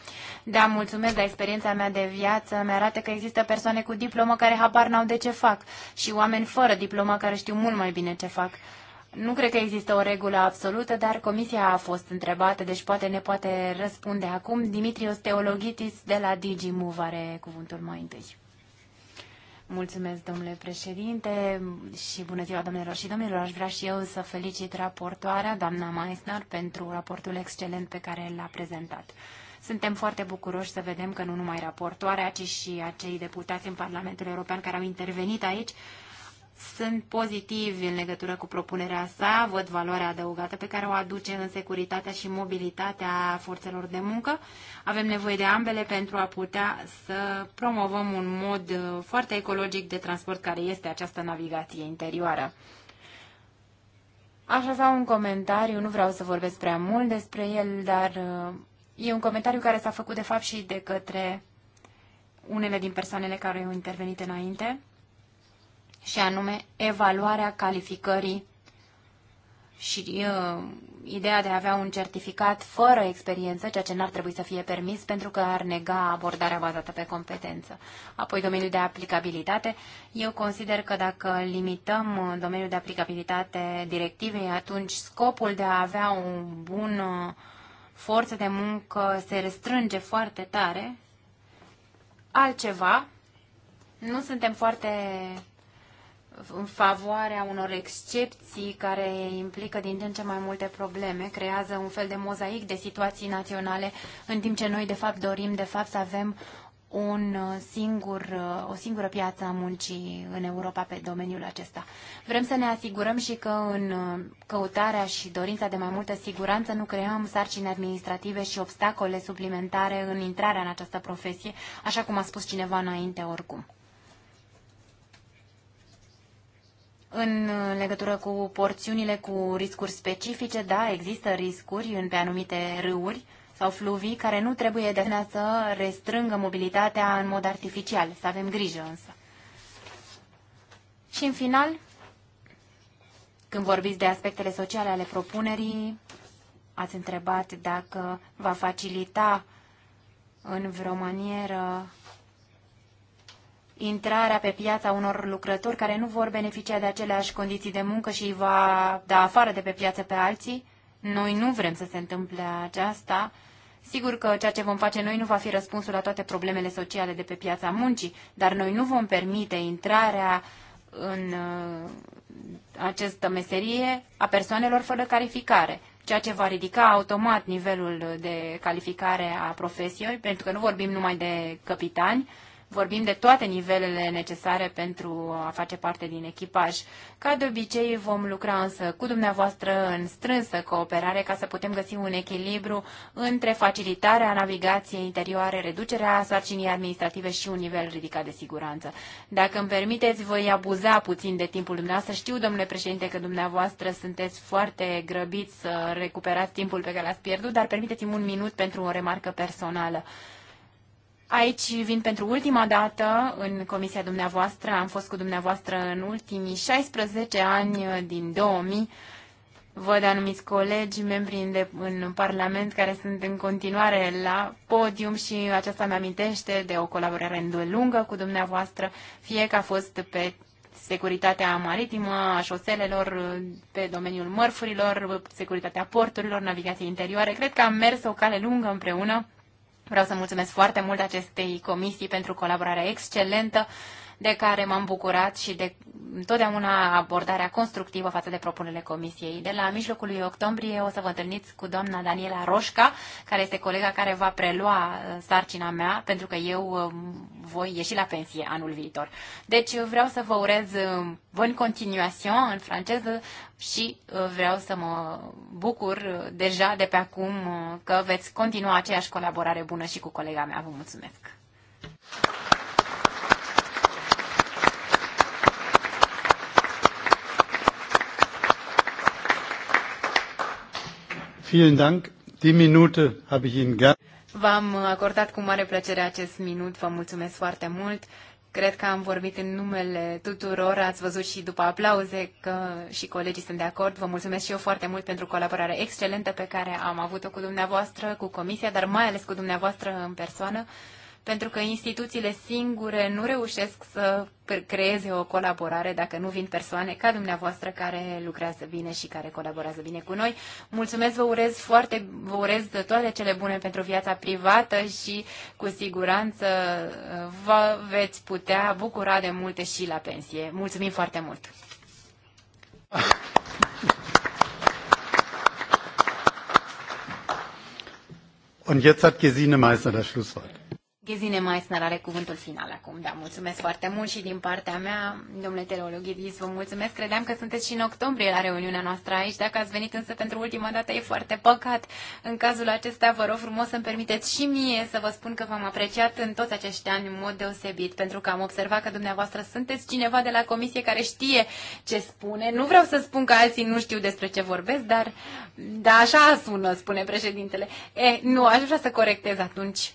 Da, mulțumesc, dar experiența mea de viață mi arată că există persoane cu diplomă care habar n-au de ce fac și oameni fără diplomă care știu mult mai bine ce fac. Nu cred că există o regulă absolută, dar comisia a fost întrebată, deci poate ne poate răspunde acum. Dimitrios Teologitis de la DigiMove are cuvântul mai întâi. Mulțumesc, domnule președinte, și bună ziua, domnilor și domnilor. Aș vrea și eu să felicit raportoarea, doamna Meissner, pentru raportul excelent pe care l-a prezentat. Suntem foarte bucuroși să vedem că nu numai raportoarea, ci și acei deputați în Parlamentul European care au intervenit aici sunt pozitivi în legătură cu propunerea sa, văd valoarea adăugată pe care o aduce în securitatea și mobilitatea forțelor de muncă. Avem nevoie de ambele pentru a putea să promovăm un mod uh, foarte ecologic de transport care este această navigație interioară. Aș avea un comentariu, nu vreau să vorbesc prea mult despre el, dar uh, e un comentariu care s-a făcut de fapt și de către unele din persoanele care au intervenit înainte și anume evaluarea calificării și uh, ideea de a avea un certificat fără experiență, ceea ce n-ar trebui să fie permis pentru că ar nega abordarea bazată pe competență. Apoi domeniul de aplicabilitate. Eu consider că dacă limităm uh, domeniul de aplicabilitate directivei, atunci scopul de a avea o bună forță de muncă se restrânge foarte tare. Altceva, nu suntem foarte în favoarea unor excepții care implică din ce în ce mai multe probleme, creează un fel de mozaic de situații naționale, în timp ce noi de fapt dorim de fapt să avem un uh, singur, uh, o singură piață a muncii în Europa pe domeniul acesta. Vrem să ne asigurăm și că în uh, căutarea și dorința de mai multă siguranță nu creăm sarcini administrative și obstacole suplimentare în intrarea în această profesie, așa cum a spus cineva înainte oricum. În legătură cu porțiunile cu riscuri specifice, da, există riscuri în pe anumite râuri sau fluvii care nu trebuie de asemenea să restrângă mobilitatea în mod artificial, să avem grijă însă. Și în final, când vorbiți de aspectele sociale ale propunerii, ați întrebat dacă va facilita în vreo manieră intrarea pe piața unor lucrători care nu vor beneficia de aceleași condiții de muncă și îi va da afară de pe piață pe alții. Noi nu vrem să se întâmple aceasta. Sigur că ceea ce vom face noi nu va fi răspunsul la toate problemele sociale de pe piața muncii, dar noi nu vom permite intrarea în uh, această meserie a persoanelor fără calificare, ceea ce va ridica automat nivelul de calificare a profesiei, pentru că nu vorbim numai de capitani, vorbim de toate nivelele necesare pentru a face parte din echipaj. Ca de obicei, vom lucra însă cu dumneavoastră în strânsă cooperare ca să putem găsi un echilibru între facilitarea navigației interioare, reducerea sarcinii administrative și un nivel ridicat de siguranță. Dacă îmi permiteți, voi abuza puțin de timpul dumneavoastră. Știu, domnule președinte, că dumneavoastră sunteți foarte grăbiți să recuperați timpul pe care l-ați pierdut, dar permiteți-mi un minut pentru o remarcă personală. Aici vin pentru ultima dată în comisia dumneavoastră. Am fost cu dumneavoastră în ultimii 16 ani din 2000. Văd anumiți colegi, membri în, de, în Parlament care sunt în continuare la podium și aceasta mi amintește de o colaborare îndelungă cu dumneavoastră, fie că a fost pe securitatea maritimă, a șoselelor, pe domeniul mărfurilor, securitatea porturilor, navigației interioare. Cred că am mers o cale lungă împreună Vreau să mulțumesc foarte mult acestei comisii pentru colaborarea excelentă de care m-am bucurat și de întotdeauna abordarea constructivă față de propunerile comisiei. De la mijlocul lui octombrie o să vă întâlniți cu doamna Daniela Roșca, care este colega care va prelua uh, sarcina mea, pentru că eu uh, voi ieși la pensie anul viitor. Deci uh, vreau să vă urez bun continuation în franceză și vreau să mă bucur deja de pe acum că veți continua aceeași colaborare bună și cu colega mea. Vă mulțumesc! Vielen Dank. Die Minute habe ich Ihnen gern. V-am acordat cu mare plăcere acest minut, vă mulțumesc foarte mult. Cred că am vorbit în numele tuturor, ați văzut și după aplauze că și colegii sunt de acord. Vă mulțumesc și eu foarte mult pentru colaborarea excelentă pe care am avut-o cu dumneavoastră, cu comisia, dar mai ales cu dumneavoastră în persoană pentru că instituțiile singure nu reușesc să creeze o colaborare dacă nu vin persoane ca dumneavoastră care lucrează bine și care colaborează bine cu noi. Mulțumesc, vă urez foarte, vă urez toate cele bune pentru viața privată și cu siguranță vă veți putea bucura de multe și la pensie. Mulțumim foarte mult! Und jetzt hat Gesine Meister das Schlusswort. Ghezine Meissner are cuvântul final acum. Da, mulțumesc foarte mult și din partea mea, domnule teleologhidis, vă mulțumesc. Credeam că sunteți și în octombrie la reuniunea noastră aici. Dacă ați venit însă pentru ultima dată, e foarte păcat. În cazul acesta, vă rog frumos să-mi permiteți și mie să vă spun că v-am apreciat în toți acești ani în mod deosebit, pentru că am observat că dumneavoastră sunteți cineva de la comisie care știe ce spune. Nu vreau să spun că alții nu știu despre ce vorbesc, dar da, așa sună, spune președintele. E, nu, aș vrea să corectez atunci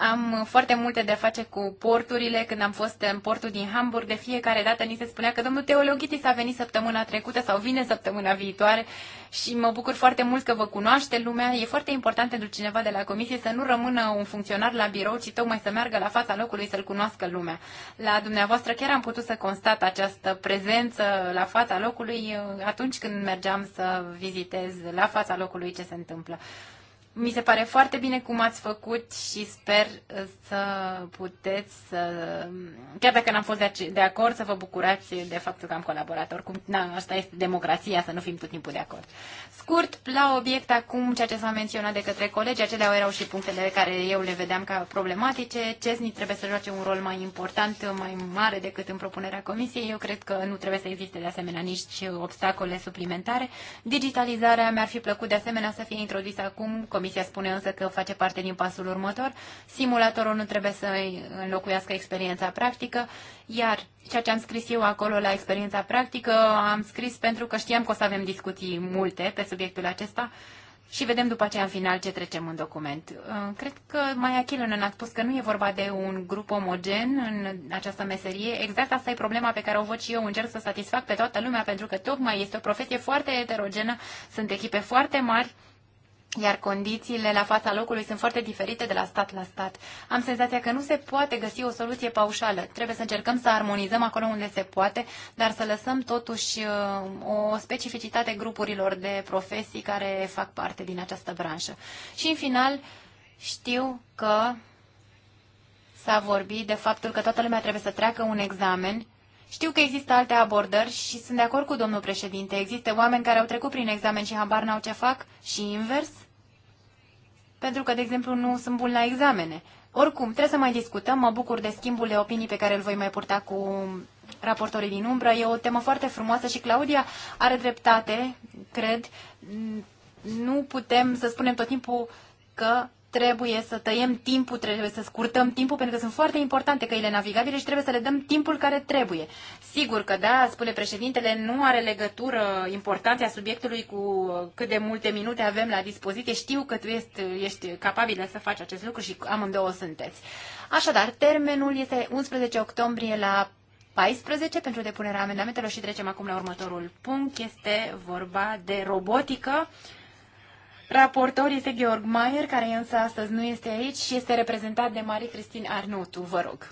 am foarte multe de face cu porturile. Când am fost în portul din Hamburg, de fiecare dată ni se spunea că domnul Teologhitis a venit săptămâna trecută sau vine săptămâna viitoare și mă bucur foarte mult că vă cunoaște lumea. E foarte important pentru cineva de la comisie să nu rămână un funcționar la birou, ci tocmai să meargă la fața locului să-l cunoască lumea. La dumneavoastră chiar am putut să constat această prezență la fața locului uh, atunci când mergeam să vizitez la fața locului ce se întâmplă. Mi se pare foarte bine cum ați făcut și sper uh, să puteți să... Uh, chiar dacă n-am fost de acord, să vă bucurați de faptul că am colaborat. Oricum, na, asta este democrația, să nu fim tot timpul de acord. Scurt, la obiect acum, ceea ce s-a menționat de către colegi, acelea erau și punctele care eu le vedeam ca problematice. CESNI trebuie să joace un rol mai important, mai mare decât în propunerea comisiei. Eu cred că nu trebuie să existe de asemenea nici obstacole suplimentare. Digitalizarea mi-ar fi plăcut de asemenea să fie introdusă acum. Comisia Comisia spune însă că face parte din pasul următor. Simulatorul nu trebuie să înlocuiască experiența practică, iar ceea ce am scris eu acolo la experiența practică am scris pentru că știam că o să avem discuții multe pe subiectul acesta și vedem după aceea în final ce trecem în document. Uh, cred că Maia Chilunen a spus că nu e vorba de un grup omogen în această meserie. Exact asta e problema pe care o văd și eu. Încerc să satisfac pe toată lumea pentru că tocmai este o profesie foarte heterogenă, sunt echipe foarte mari iar condițiile la fața locului sunt foarte diferite de la stat la stat. Am senzația că nu se poate găsi o soluție paușală. Trebuie să încercăm să armonizăm acolo unde se poate, dar să lăsăm totuși uh, o specificitate grupurilor de profesii care fac parte din această branșă. Și în final, știu că s-a vorbit de faptul că toată lumea trebuie să treacă un examen știu că există alte abordări și sunt de acord cu domnul președinte. Există oameni care au trecut prin examen și habar n-au ce fac și invers pentru că, de exemplu, nu sunt bun la examene. Oricum, trebuie să mai discutăm, mă bucur de schimbul de opinii pe care îl voi mai purta cu raportorii din umbră. E o temă foarte frumoasă și Claudia are dreptate, cred. Nu putem să spunem tot timpul că trebuie să tăiem timpul, trebuie să scurtăm timpul, pentru că sunt foarte importante căile navigabile și trebuie să le dăm timpul care trebuie. Sigur că da, spune președintele, nu are legătură importanța subiectului cu cât de multe minute avem la dispoziție. Știu că tu ești, ești capabilă să faci acest lucru și amândouă sunteți. Așadar, termenul este 11 octombrie la 14 pentru depunerea amendamentelor și trecem acum la următorul punct. Este vorba de robotică Raportor este Georg Mayer, care însă astăzi nu este aici și este reprezentat de marie Cristin Arnotu. Vă rog.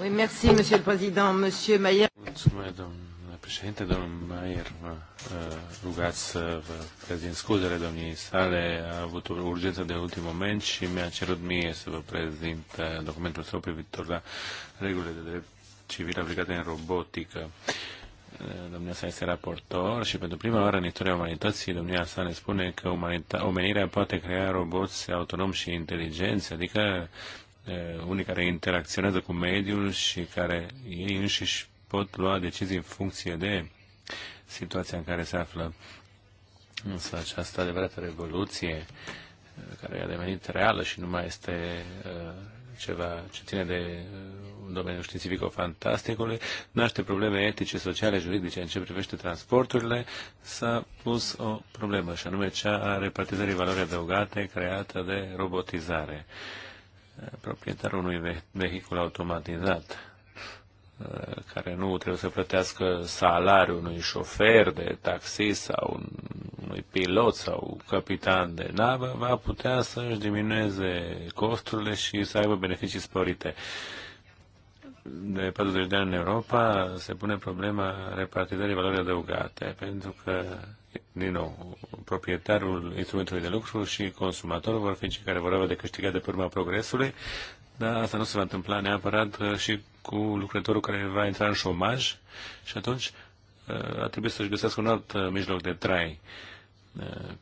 Oui, merci, monsieur le président, monsieur Mayer. Mulțumesc, domnule președinte, domnul Mayer, mă uh, rugați să vă prezint scuzele domniei sale. A avut o urgență de ultim moment și mi-a cerut mie să vă prezint uh, documentul său privitor la regulile de drept civil aplicate în robotică. Uh, domnia sa este raportor și pentru prima oară în istoria umanității domnia sa ne spune că omenirea poate crea roboți autonomi și inteligenți, adică unii care interacționează cu mediul și care ei înșiși pot lua decizii în funcție de situația în care se află. Însă această adevărată revoluție care a devenit reală și nu mai este ceva ce ține de domeniul științifico-fantasticului, naște probleme etice, sociale, juridice în ce privește transporturile, s-a pus o problemă, și anume cea a repartizării valori adăugate creată de robotizare. Proprietarul unui vehicul automatizat care nu trebuie să plătească salariul unui șofer de taxi sau unui pilot sau capitan de navă, va putea să-și diminueze costurile și să aibă beneficii sporite de 40 de ani în Europa se pune problema repartizării valorii adăugate, pentru că, din nou, proprietarul instrumentului de lucru și consumatorul vor fi cei care vor avea de câștigat de pe urma progresului, dar asta nu se va întâmpla neapărat uh, și cu lucrătorul care va intra în șomaj și atunci uh, a trebuit să-și găsească un alt uh, mijloc de trai. Uh,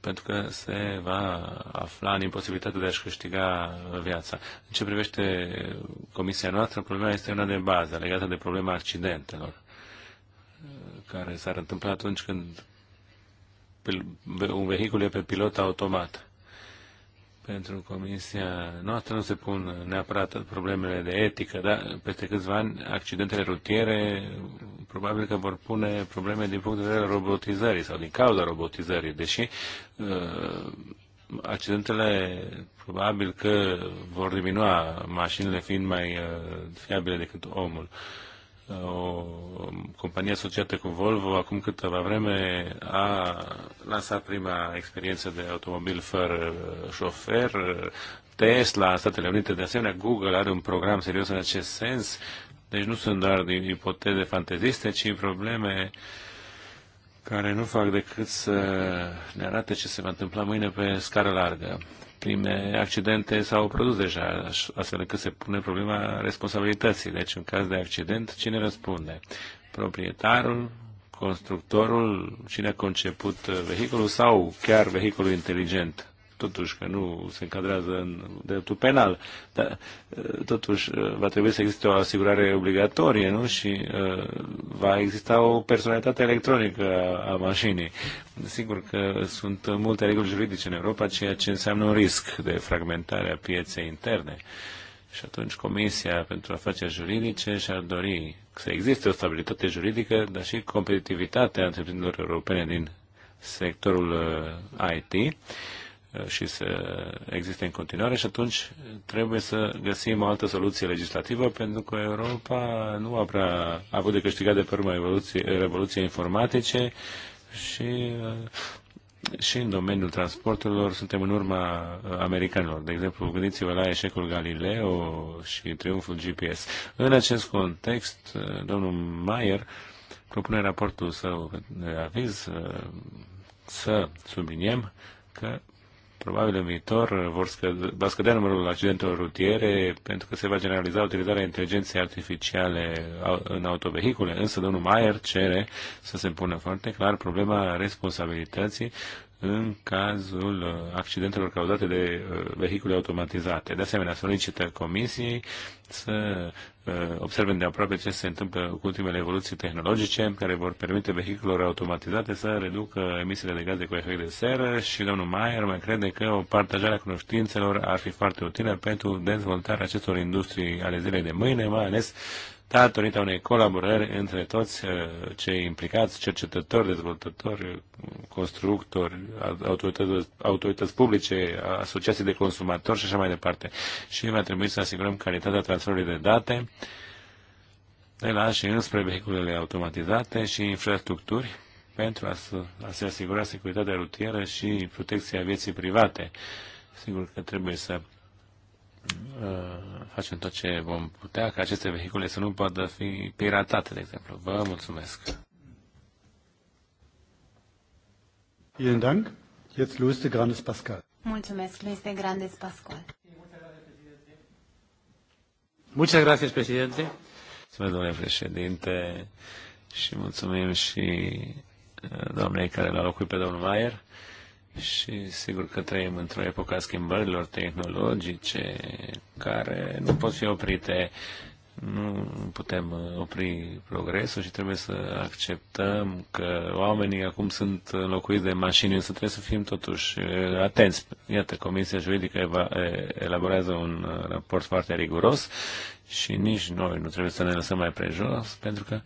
pentru că se va afla în imposibilitatea de a-și câștiga viața. În ce privește comisia noastră, problema este una de bază, legată de problema accidentelor care s-ar întâmpla atunci când un vehicul e pe pilot automat. Pentru comisia noastră nu se pun neapărat problemele de etică, dar peste câțiva ani accidentele rutiere probabil că vor pune probleme din punct de vedere robotizării sau din cauza robotizării, deși uh, accidentele probabil că vor diminua mașinile fiind mai uh, fiabile decât omul. O companie asociată cu Volvo acum câteva vreme a lansat prima experiență de automobil fără uh, șofer, Tesla, Statele Unite, de asemenea Google are un program serios în acest sens deci nu sunt doar din ipoteze fanteziste, ci probleme care nu fac decât să ne arate ce se va întâmpla mâine pe scară largă. Prime accidente s-au produs deja, astfel încât se pune problema responsabilității. Deci, în caz de accident, cine răspunde? Proprietarul, constructorul, cine a conceput vehiculul sau chiar vehiculul inteligent? totuși că nu se încadrează în dreptul penal, dar totuși va trebui să existe o asigurare obligatorie, nu? Și va exista o personalitate electronică a mașinii. Sigur că sunt multe reguli juridice în Europa, ceea ce înseamnă un risc de fragmentare a pieței interne. Și atunci Comisia pentru Afaceri Juridice și-ar dori să existe o stabilitate juridică, dar și competitivitatea întreprinderilor europene din sectorul IT Uh, și să existe în continuare și atunci trebuie să găsim o altă soluție legislativă pentru că Europa nu a prea a avut de câștigat de pe urmă evoluție revoluție informatice și uh, și în domeniul transporturilor suntem în urma uh, americanilor. De exemplu, gândiți-vă la eșecul Galileo și triumful GPS. În acest context, domnul Mayer propune raportul său de aviz să subliniem că probabil în viitor vor scăde, va scădea numărul accidentelor rutiere pentru că se va generaliza utilizarea inteligenței artificiale în autovehicule, însă domnul Maier cere să se pună foarte clar problema responsabilității în cazul uh, accidentelor cauzate de uh, vehicule automatizate. De asemenea, solicită Comisiei să uh, observe de aproape ce se întâmplă cu ultimele evoluții tehnologice care vor permite vehiculelor automatizate să reducă emisiile de gaze cu efect de seră și domnul Maier mai crede că o partajare a cunoștințelor ar fi foarte utilă pentru dezvoltarea acestor industrii ale zilei de mâine, mai ales datorită unei colaborări între toți uh, cei implicați, cercetători, dezvoltători, constructori, autorități, autorități publice, asociații de consumatori și așa mai departe. Și va trebui să asigurăm calitatea transferului de date de la și înspre vehiculele automatizate și infrastructuri pentru a, a se asigura securitatea rutieră și protecția vieții private. Sigur că trebuie să Uh, facem tot ce vom putea ca aceste vehicule să nu poată fi piratate, de exemplu. Vă mulțumesc! Vielen Dank. Jetzt Luis de Grandes Pascal. Mulțumesc, Luis de Grandes Pascal. Muchas gracias, presidente. Mulțumesc, domnule președinte, și mulțumim și uh, domnei care l-a locuit pe domnul Maier. Și sigur că trăim într-o epocă a schimbărilor tehnologice care nu pot fi oprite. Nu putem uh, opri progresul și trebuie să acceptăm că oamenii acum sunt înlocuiți de mașini, însă trebuie să fim totuși uh, atenți. Iată, Comisia Juridică uh, elaborează un raport foarte riguros și nici noi nu trebuie să ne lăsăm mai prejos, pentru că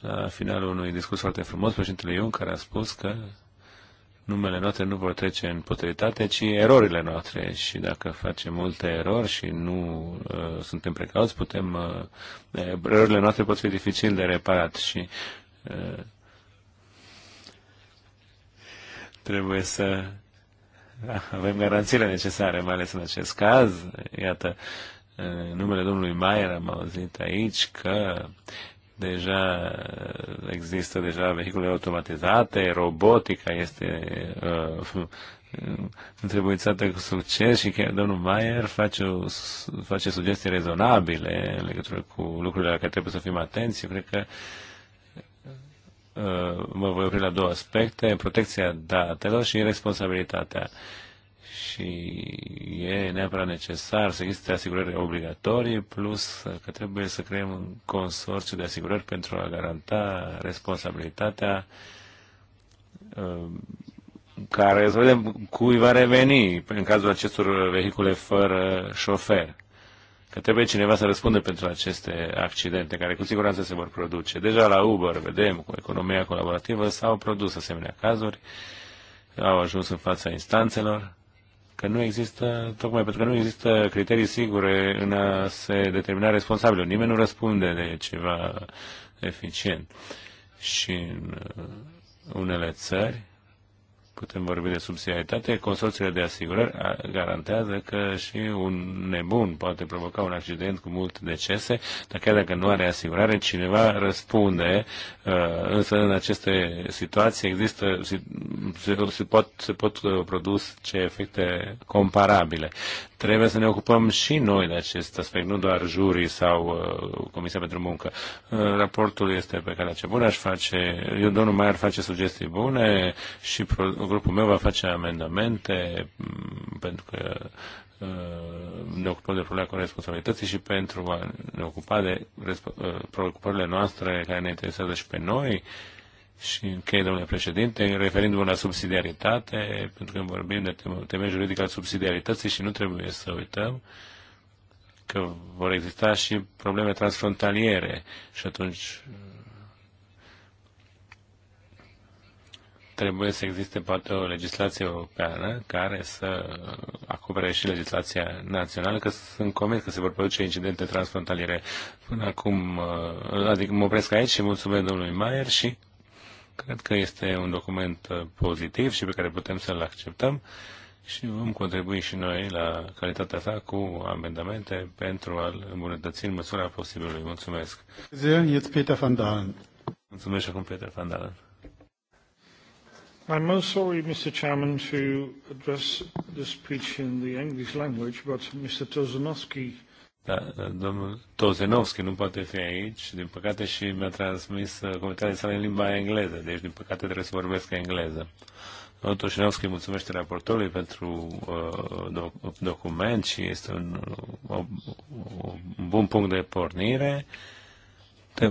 la finalul unui discurs foarte frumos, președintele Juncker a spus că numele noastre nu vor trece în posteritate, ci erorile noastre. Și dacă facem multe erori și nu uh, suntem precauți, putem, uh, erorile noastre pot fi dificil de reparat și uh, trebuie să avem garanțiile necesare, mai ales în acest caz. Iată, uh, numele domnului Maier am auzit aici că deja există deja vehicule automatizate, robotica este uh, întrebuițată cu succes și chiar domnul Mayer face, face sugestii rezonabile în legătură cu lucrurile la care trebuie să fim atenți. Eu cred că uh, mă voi opri la două aspecte, protecția datelor și responsabilitatea. Uh, și e neapărat necesar să existe asigurări obligatorii, plus că trebuie să creăm un consorțiu de asigurări pentru a garanta responsabilitatea um, care să vedem cui va reveni în cazul acestor vehicule fără șofer. Că trebuie cineva să răspundă pentru aceste accidente care cu siguranță se vor produce. Deja la Uber vedem cu economia colaborativă s-au produs asemenea cazuri, au ajuns în fața instanțelor că nu există, tocmai pentru că nu există criterii sigure în a se determina responsabilul. Nimeni nu răspunde de ceva eficient. Și în uh, unele țări, putem vorbi de subsidiaritate, consorțiile de asigurări garantează că și un nebun poate provoca un accident cu multe decese, dar chiar dacă nu are asigurare, cineva răspunde. Uh, însă în aceste situații există, se, pot, se pot uh, produce efecte comparabile trebuie să ne ocupăm și noi de acest aspect, nu doar jurii sau uh, Comisia pentru Muncă. Uh, raportul este pe care ce bun aș face, eu, domnul Maier, face sugestii bune și pro, grupul meu va face amendamente mm, pentru că uh, ne ocupăm de problema cu responsabilității și pentru a ne ocupa de uh, preocupările noastre care ne interesează și pe noi și închei, domnule președinte, referindu mă la subsidiaritate, pentru că vorbim de teme juridică al subsidiarității și nu trebuie să uităm că vor exista și probleme transfrontaliere și atunci trebuie să existe poate o legislație europeană care să acopere și legislația națională, că sunt convins că se vor produce incidente transfrontaliere. Până acum, uh, adică mă opresc aici și mulțumesc domnului Maier și Cred că este un document uh, pozitiv și pe care putem să-l acceptăm și vom contribui și noi la calitatea sa cu amendamente pentru a-l îmbunătăți în măsura posibilului. Mulțumesc. Peter van Dalen. Mulțumesc și acum Peter van Dalen. I'm most sorry, Mr. Chairman, to address this speech in the English language, but Mr. Tozanovsky da, da, domnul Tozenovski nu poate fi aici, din păcate, și mi-a transmis uh, comentariile sale în limba engleză, deci, din păcate, trebuie să vorbesc engleză. Domnul Tozenovski mulțumește raportorului pentru uh, doc document și este un, o, un bun punct de pornire. Uh,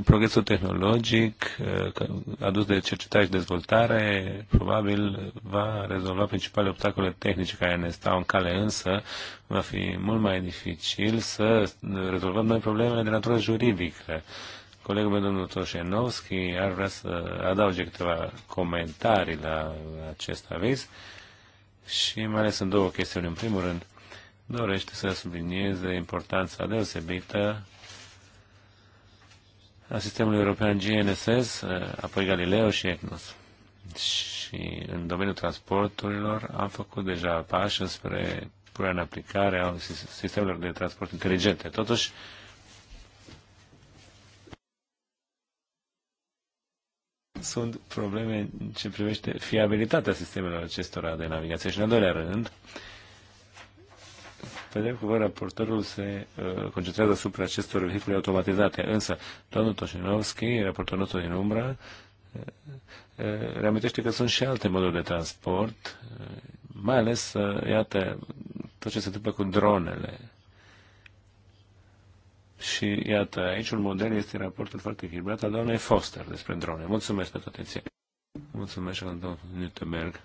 progresul tehnologic uh, adus de cercetare și dezvoltare probabil va rezolva principalele obstacole tehnice care ne stau în cale, însă va fi mult mai dificil să rezolvăm noi problemele de natură juridică. Colegul meu, domnul Toșenovski, ar vrea să adauge câteva comentarii la acest aviz și mai ales în două chestiuni. În primul rând, dorește să sublinieze importanța deosebită a sistemului european GNSS, eh, apoi Galileo și ECNOS. Și în domeniul transporturilor am făcut deja pași spre punerea în aplicare a sistemelor de transport inteligente. Totuși, sunt probleme în ce privește fiabilitatea sistemelor acestora de navigație. Și în al doilea rând, uh, Vedem că vă raportorul se uh, concentrează asupra acestor vehicule automatizate, însă domnul Toșinovski, raportorul nostru din Umbra, uh, uh, reamintește că sunt și alte moduri de transport, uh, mai ales, uh, iată, tot ce se întâmplă cu dronele. Și iată, aici un model este raportul foarte echilibrat al doamnei Foster despre drone. Mulțumesc pentru atenție. Mulțumesc, domnul Newtonberg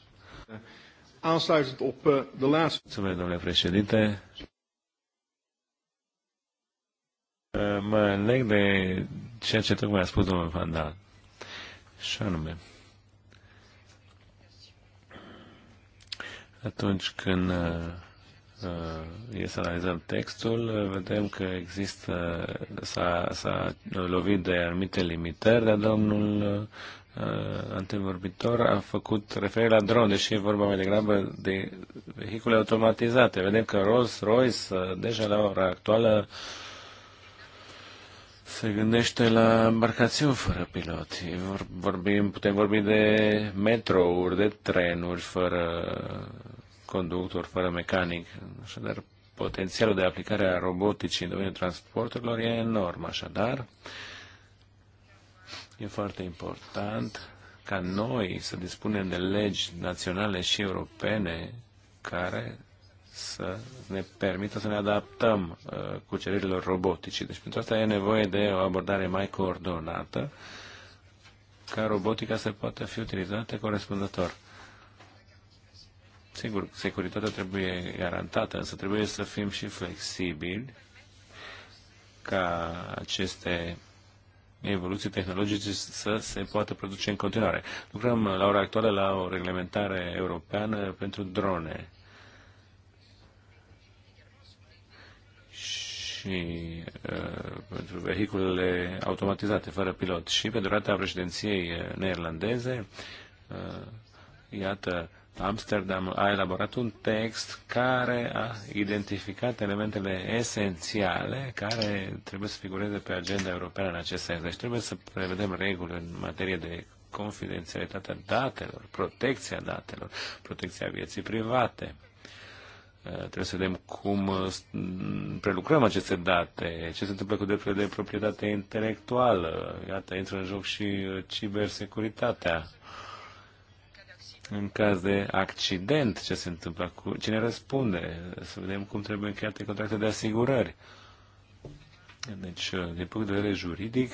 aansluitend op eh, de laatste... Mulțumesc, domnule președinte. Eh, mă leg de ceea ce tocmai a spus domnul Vandal. Și anume, atunci când uh, e să analizăm textul, vedem că există, s-a, s-a lovit de anumite limitări, de domnul Uh, antevorbitor a făcut referire la drone, deși e vorba mai degrabă de vehicule automatizate. Vedem că Rolls-Royce, uh, deja la ora actuală, se gândește la embarcațiuni fără pilot. Vorbim, putem vorbi de metrouri, de trenuri fără conductor, fără mecanic. Așadar, potențialul de aplicare a roboticii în domeniul transporturilor e enorm. Așadar, uh, E foarte important ca noi să dispunem de legi naționale și europene care să ne permită să ne adaptăm uh, cuceririlor robotice. Deci pentru asta e nevoie de o abordare mai coordonată ca robotica să poată fi utilizată corespunzător. Sigur, securitatea trebuie garantată, însă trebuie să fim și flexibili ca aceste evoluții tehnologice să se poată produce în continuare. Lucrăm la ora actuală la o reglementare europeană pentru drone. și uh, pentru vehiculele automatizate fără pilot. Și pe durata președinției uh, neerlandeze, uh, iată, Amsterdam a elaborat un text care a identificat elementele esențiale care trebuie să figureze pe agenda europeană în acest sens. Deci trebuie să prevedem reguli în materie de confidențialitatea datelor, protecția datelor, protecția vieții private. Uh, trebuie să vedem cum uh, prelucrăm aceste date, ce se întâmplă cu drepturile de proprietate intelectuală. Iată, intră în joc și uh, cibersecuritatea în caz de accident, ce se întâmplă cu... Cine răspunde? Să vedem cum trebuie încheiate contracte de asigurări. Deci, uh, din punct de vedere juridic,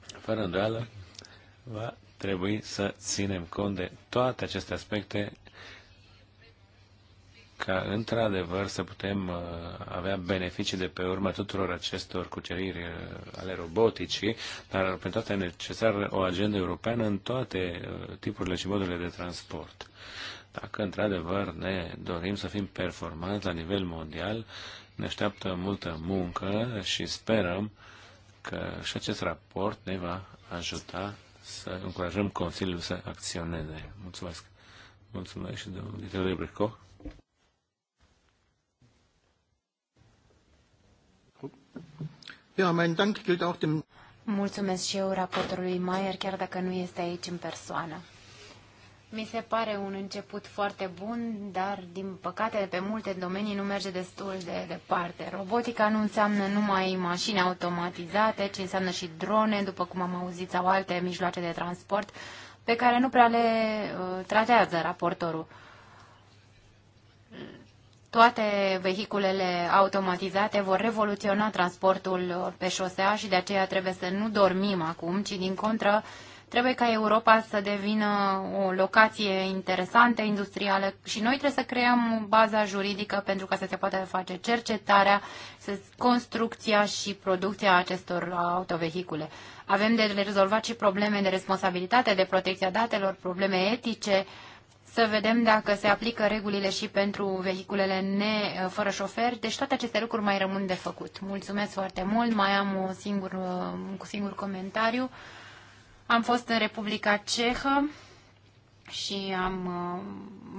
fără îndoială, va trebui să ținem cont de toate aceste aspecte ca într-adevăr să putem uh, avea beneficii de pe urma tuturor acestor cuceriri uh, ale roboticii, dar pentru toate e necesară o agendă europeană în toate uh, tipurile și modurile de transport. Dacă într-adevăr ne dorim să fim performanți la nivel mondial, ne așteaptă multă muncă și sperăm că și acest raport ne va ajuta să încurajăm Consiliul să acționeze. Mulțumesc! Mulțumesc și domnul Dieter Rebrico. Mulțumesc și eu raportorului Maier, chiar dacă nu este aici în persoană. Mi se pare un început foarte bun, dar din păcate pe multe domenii nu merge destul de departe. Robotica nu înseamnă numai mașini automatizate, ci înseamnă și drone, după cum am auzit, sau alte mijloace de transport pe care nu prea le uh, tratează raportorul. Toate vehiculele automatizate vor revoluționa transportul pe șosea și de aceea trebuie să nu dormim acum, ci din contră trebuie ca Europa să devină o locație interesantă, industrială și noi trebuie să creăm baza juridică pentru ca să se poată face cercetarea, construcția și producția acestor autovehicule. Avem de rezolvat și probleme de responsabilitate, de protecția datelor, probleme etice, uh, să vedem dacă se aplică regulile și pentru vehiculele ne, fără șofer. Deci toate aceste lucruri mai rămân de făcut. Mulțumesc foarte mult. Mai am un singur, un singur comentariu. Am fost în Republica Cehă și am uh,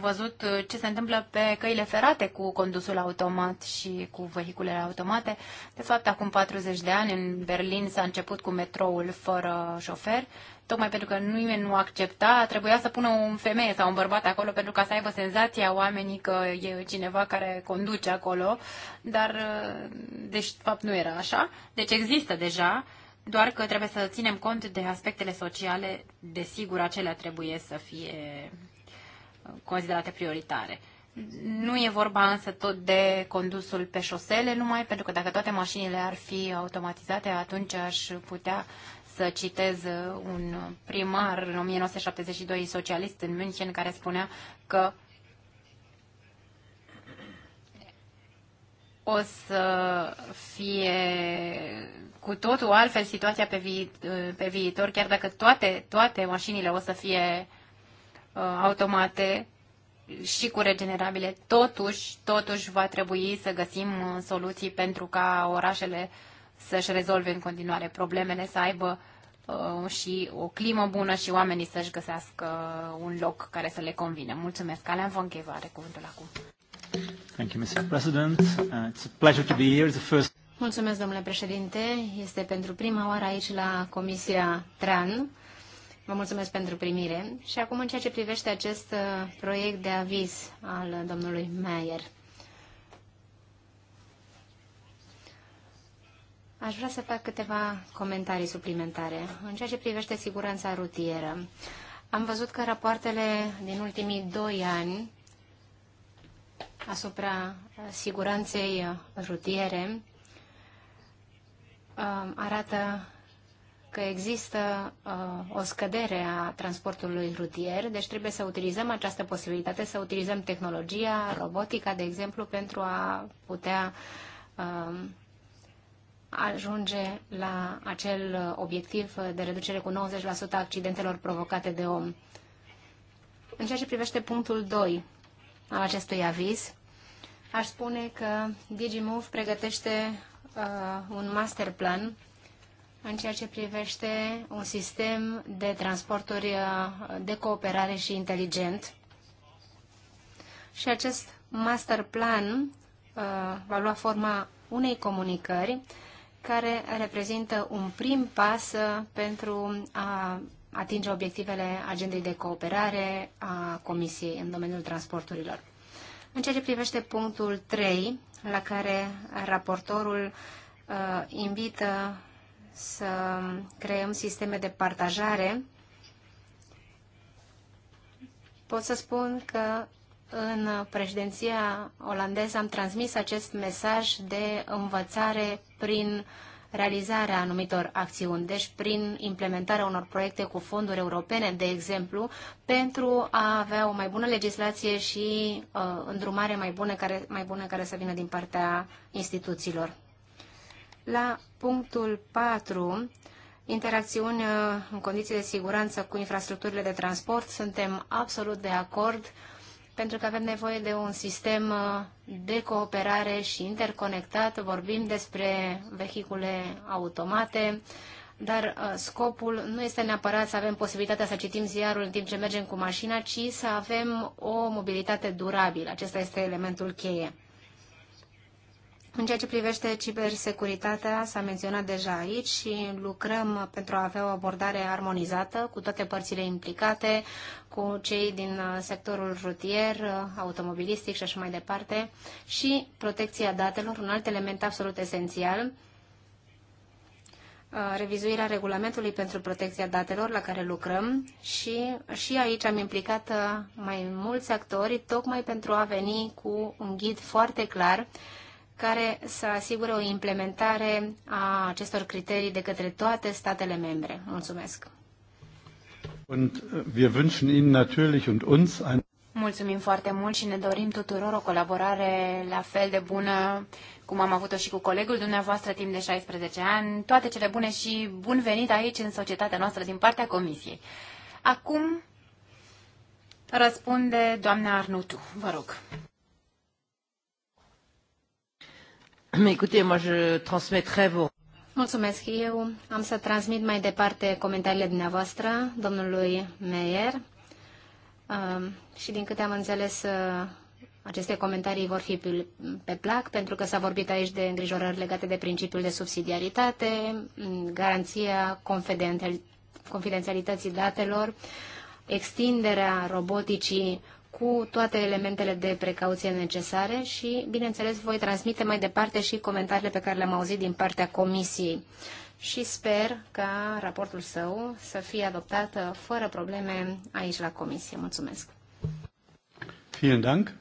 văzut uh, ce se întâmplă pe căile ferate cu condusul automat și cu vehiculele automate. De fapt, acum 40 de ani în Berlin s-a început cu metroul fără șofer, tocmai pentru că nimeni nu accepta, trebuia să pună o femeie sau un bărbat acolo pentru ca să aibă senzația oamenii că e cineva care conduce acolo, dar uh, deci de fapt nu era așa. Deci există deja doar că trebuie să ținem cont de aspectele sociale, desigur, acelea trebuie să fie uh, considerate prioritare. Nu e vorba însă tot de condusul pe șosele numai, pentru că dacă toate mașinile ar fi automatizate, atunci aș putea să citez uh, un primar în 1972 socialist în München care spunea că o să fie cu totul altfel situația pe, vi- uh, pe viitor, chiar dacă toate, toate mașinile o să fie uh, automate și cu regenerabile, totuși, totuși va trebui să găsim uh, soluții pentru ca orașele să-și rezolve în continuare problemele, să aibă uh, și o climă bună și oamenii să-și găsească un loc care să le convine. Mulțumesc. Alean von Cheva are cuvântul acum. Thank you, Mr. President. Uh, it's a pleasure to be here. It's the first Mulțumesc, domnule președinte. Este pentru prima oară aici la Comisia TRAN. Vă mulțumesc pentru primire. Și acum în ceea ce privește acest uh, proiect de aviz al domnului Meyer. Aș vrea să fac câteva comentarii suplimentare. În ceea ce privește siguranța rutieră, am văzut că rapoartele din ultimii doi ani asupra uh, siguranței rutiere Um, arată că există uh, o scădere a transportului rutier, deci trebuie să utilizăm această posibilitate, să utilizăm tehnologia, robotica, de exemplu, pentru a putea uh, ajunge la acel obiectiv de reducere cu 90% a accidentelor provocate de om. În ceea ce privește punctul 2 al acestui aviz, aș spune că DigiMove pregătește uh, un master plan în ceea ce privește un sistem de transporturi uh, de cooperare și inteligent. Și acest master plan uh, va lua forma unei comunicări care reprezintă un prim pas uh, pentru a atinge obiectivele agendei de cooperare a Comisiei în domeniul transporturilor. În ceea ce privește punctul 3, la care raportorul uh, invită să creăm sisteme de partajare, pot să spun că în președinția olandeză am transmis acest mesaj de învățare prin uh, realizarea anumitor acțiuni, deci prin implementarea unor proiecte cu fonduri europene, de exemplu, pentru a avea o mai bună legislație și uh, îndrumare mai bună, care, mai bună care să vină din partea instituțiilor. La punctul 4, interacțiuni uh, în condiții de siguranță cu infrastructurile de transport, suntem absolut de acord pentru că avem nevoie de un sistem uh, de cooperare și interconectat. Vorbim despre vehicule automate, dar uh, scopul nu este neapărat să avem posibilitatea să citim ziarul în timp ce mergem cu mașina, ci să avem o mobilitate durabilă. Acesta este elementul cheie. În ceea ce privește cibersecuritatea, s-a menționat deja aici și lucrăm pentru a avea o abordare armonizată cu toate părțile implicate, cu cei din uh, sectorul rutier, uh, automobilistic și așa mai departe, și protecția datelor, un alt element absolut esențial, uh, revizuirea regulamentului pentru protecția datelor la care lucrăm și, și aici am implicat mai mulți actori tocmai pentru a veni cu un ghid foarte clar care să asigure o implementare a acestor criterii de către toate statele membre. Mulțumesc! Und uh, wir wünschen Ihnen natürlich und uns ein Mulțumim foarte mult și ne dorim tuturor o colaborare la fel de bună cum am avut-o și cu colegul dumneavoastră timp de 16 ani. Toate cele bune și bun venit aici în societatea noastră din partea Comisiei. Acum răspunde doamna Arnutu. Vă rog. Écoutez, moi je transmettrai vos... Mulțumesc. Eu am să transmit mai departe comentariile dumneavoastră, domnului Meyer. Și din câte am înțeles, ă, aceste comentarii vor fi pe plac, pentru că s-a vorbit aici de îngrijorări legate de principiul de subsidiaritate, garanția confidențialității datelor, extinderea roboticii cu toate elementele de precauție necesare și, bineînțeles, voi transmite mai departe și comentariile pe care le-am auzit din partea Comisiei. Și sper ca raportul său să fie adoptat uh, fără probleme aici la Comisie. Mulțumesc! Vielen Dank!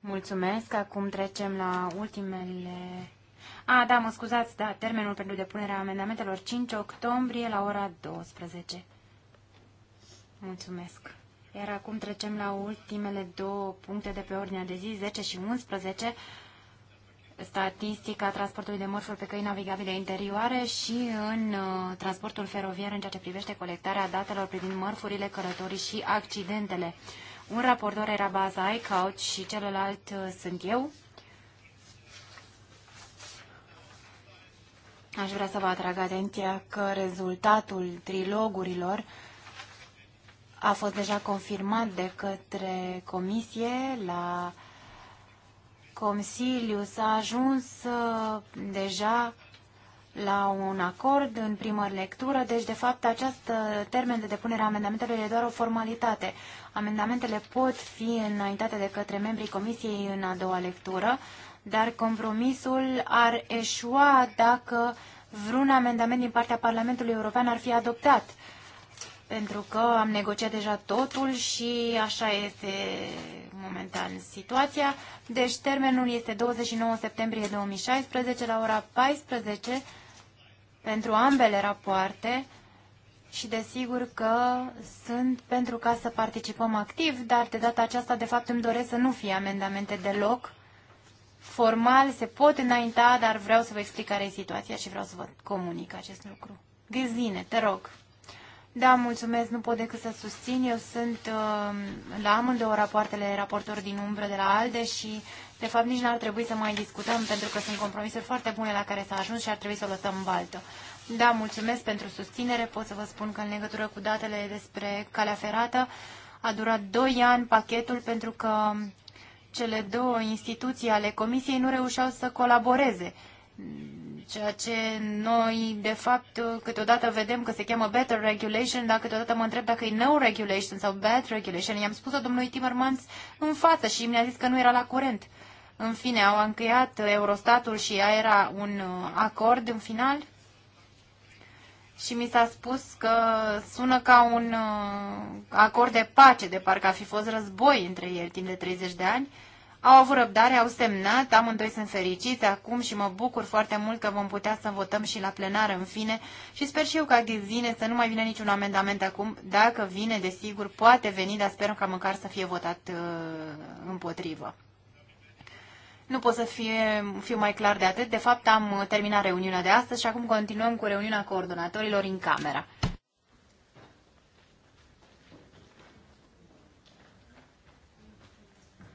Mulțumesc! Acum trecem la ultimele... A, da, mă scuzați, da, termenul pentru depunerea amendamentelor 5 octombrie la ora 12. Mulțumesc! Iar acum trecem la ultimele două puncte de pe ordinea de zi, 10 și 11, statistica transportului de mărfuri pe căi navigabile interioare și în uh, transportul feroviar în ceea ce privește colectarea datelor privind mărfurile, călătorii și accidentele. Un raportor era baza iCouch și celălalt uh, sunt eu. Aș vrea să vă atrag atenția că rezultatul trilogurilor uh, a fost deja confirmat de către comisie la Consiliu. S-a ajuns uh, deja la un acord în primă lectură, deci de fapt acest uh, termen de depunere a amendamentelor e doar o formalitate. Amendamentele pot fi înaintate de către membrii comisiei în a doua lectură, dar compromisul ar eșua dacă vreun amendament din partea Parlamentului European ar fi adoptat pentru că am negociat deja totul și așa este momentan situația. Deci termenul este 29 septembrie 2016 la ora 14 pentru ambele rapoarte și desigur că sunt pentru ca să participăm activ, dar de data aceasta de fapt îmi doresc să nu fie amendamente deloc. Formal se pot înainta, dar vreau să vă explic care e situația și vreau să vă comunic acest lucru. Găzine, te rog. Da, mulțumesc, nu pot decât să susțin. Eu sunt uh, la amândouă rapoartele raportori din umbră de la ALDE și, de fapt, nici n-ar trebui să mai discutăm, pentru că sunt compromisuri foarte bune la care s-a ajuns și ar trebui să o lăsăm în baltă. Da, mulțumesc pentru susținere. Pot să vă spun că în legătură cu datele despre calea ferată a durat 2 ani pachetul pentru că cele două instituții ale Comisiei nu reușeau să colaboreze. Ceea ce noi, de fapt, câteodată vedem că se cheamă better regulation, dar câteodată mă întreb dacă e no regulation sau bad regulation. I-am spus-o domnului Timmermans în față și mi-a zis că nu era la curent. În fine, au încheiat Eurostatul și ea era un acord în final și mi s-a spus că sună ca un uh, acord de pace, de parcă ar fi fost război între ei timp de 30 de ani au avut răbdare, au semnat, amândoi sunt fericiți acum și mă bucur foarte mult că vom putea să votăm și la plenar în fine și sper și eu ca vine să nu mai vină niciun amendament acum. Dacă vine, desigur, poate veni, dar sperăm ca măcar să fie votat uh, împotrivă. Nu pot să fie, fiu mai clar de atât. De fapt, am terminat reuniunea de astăzi și acum continuăm cu reuniunea coordonatorilor în camera.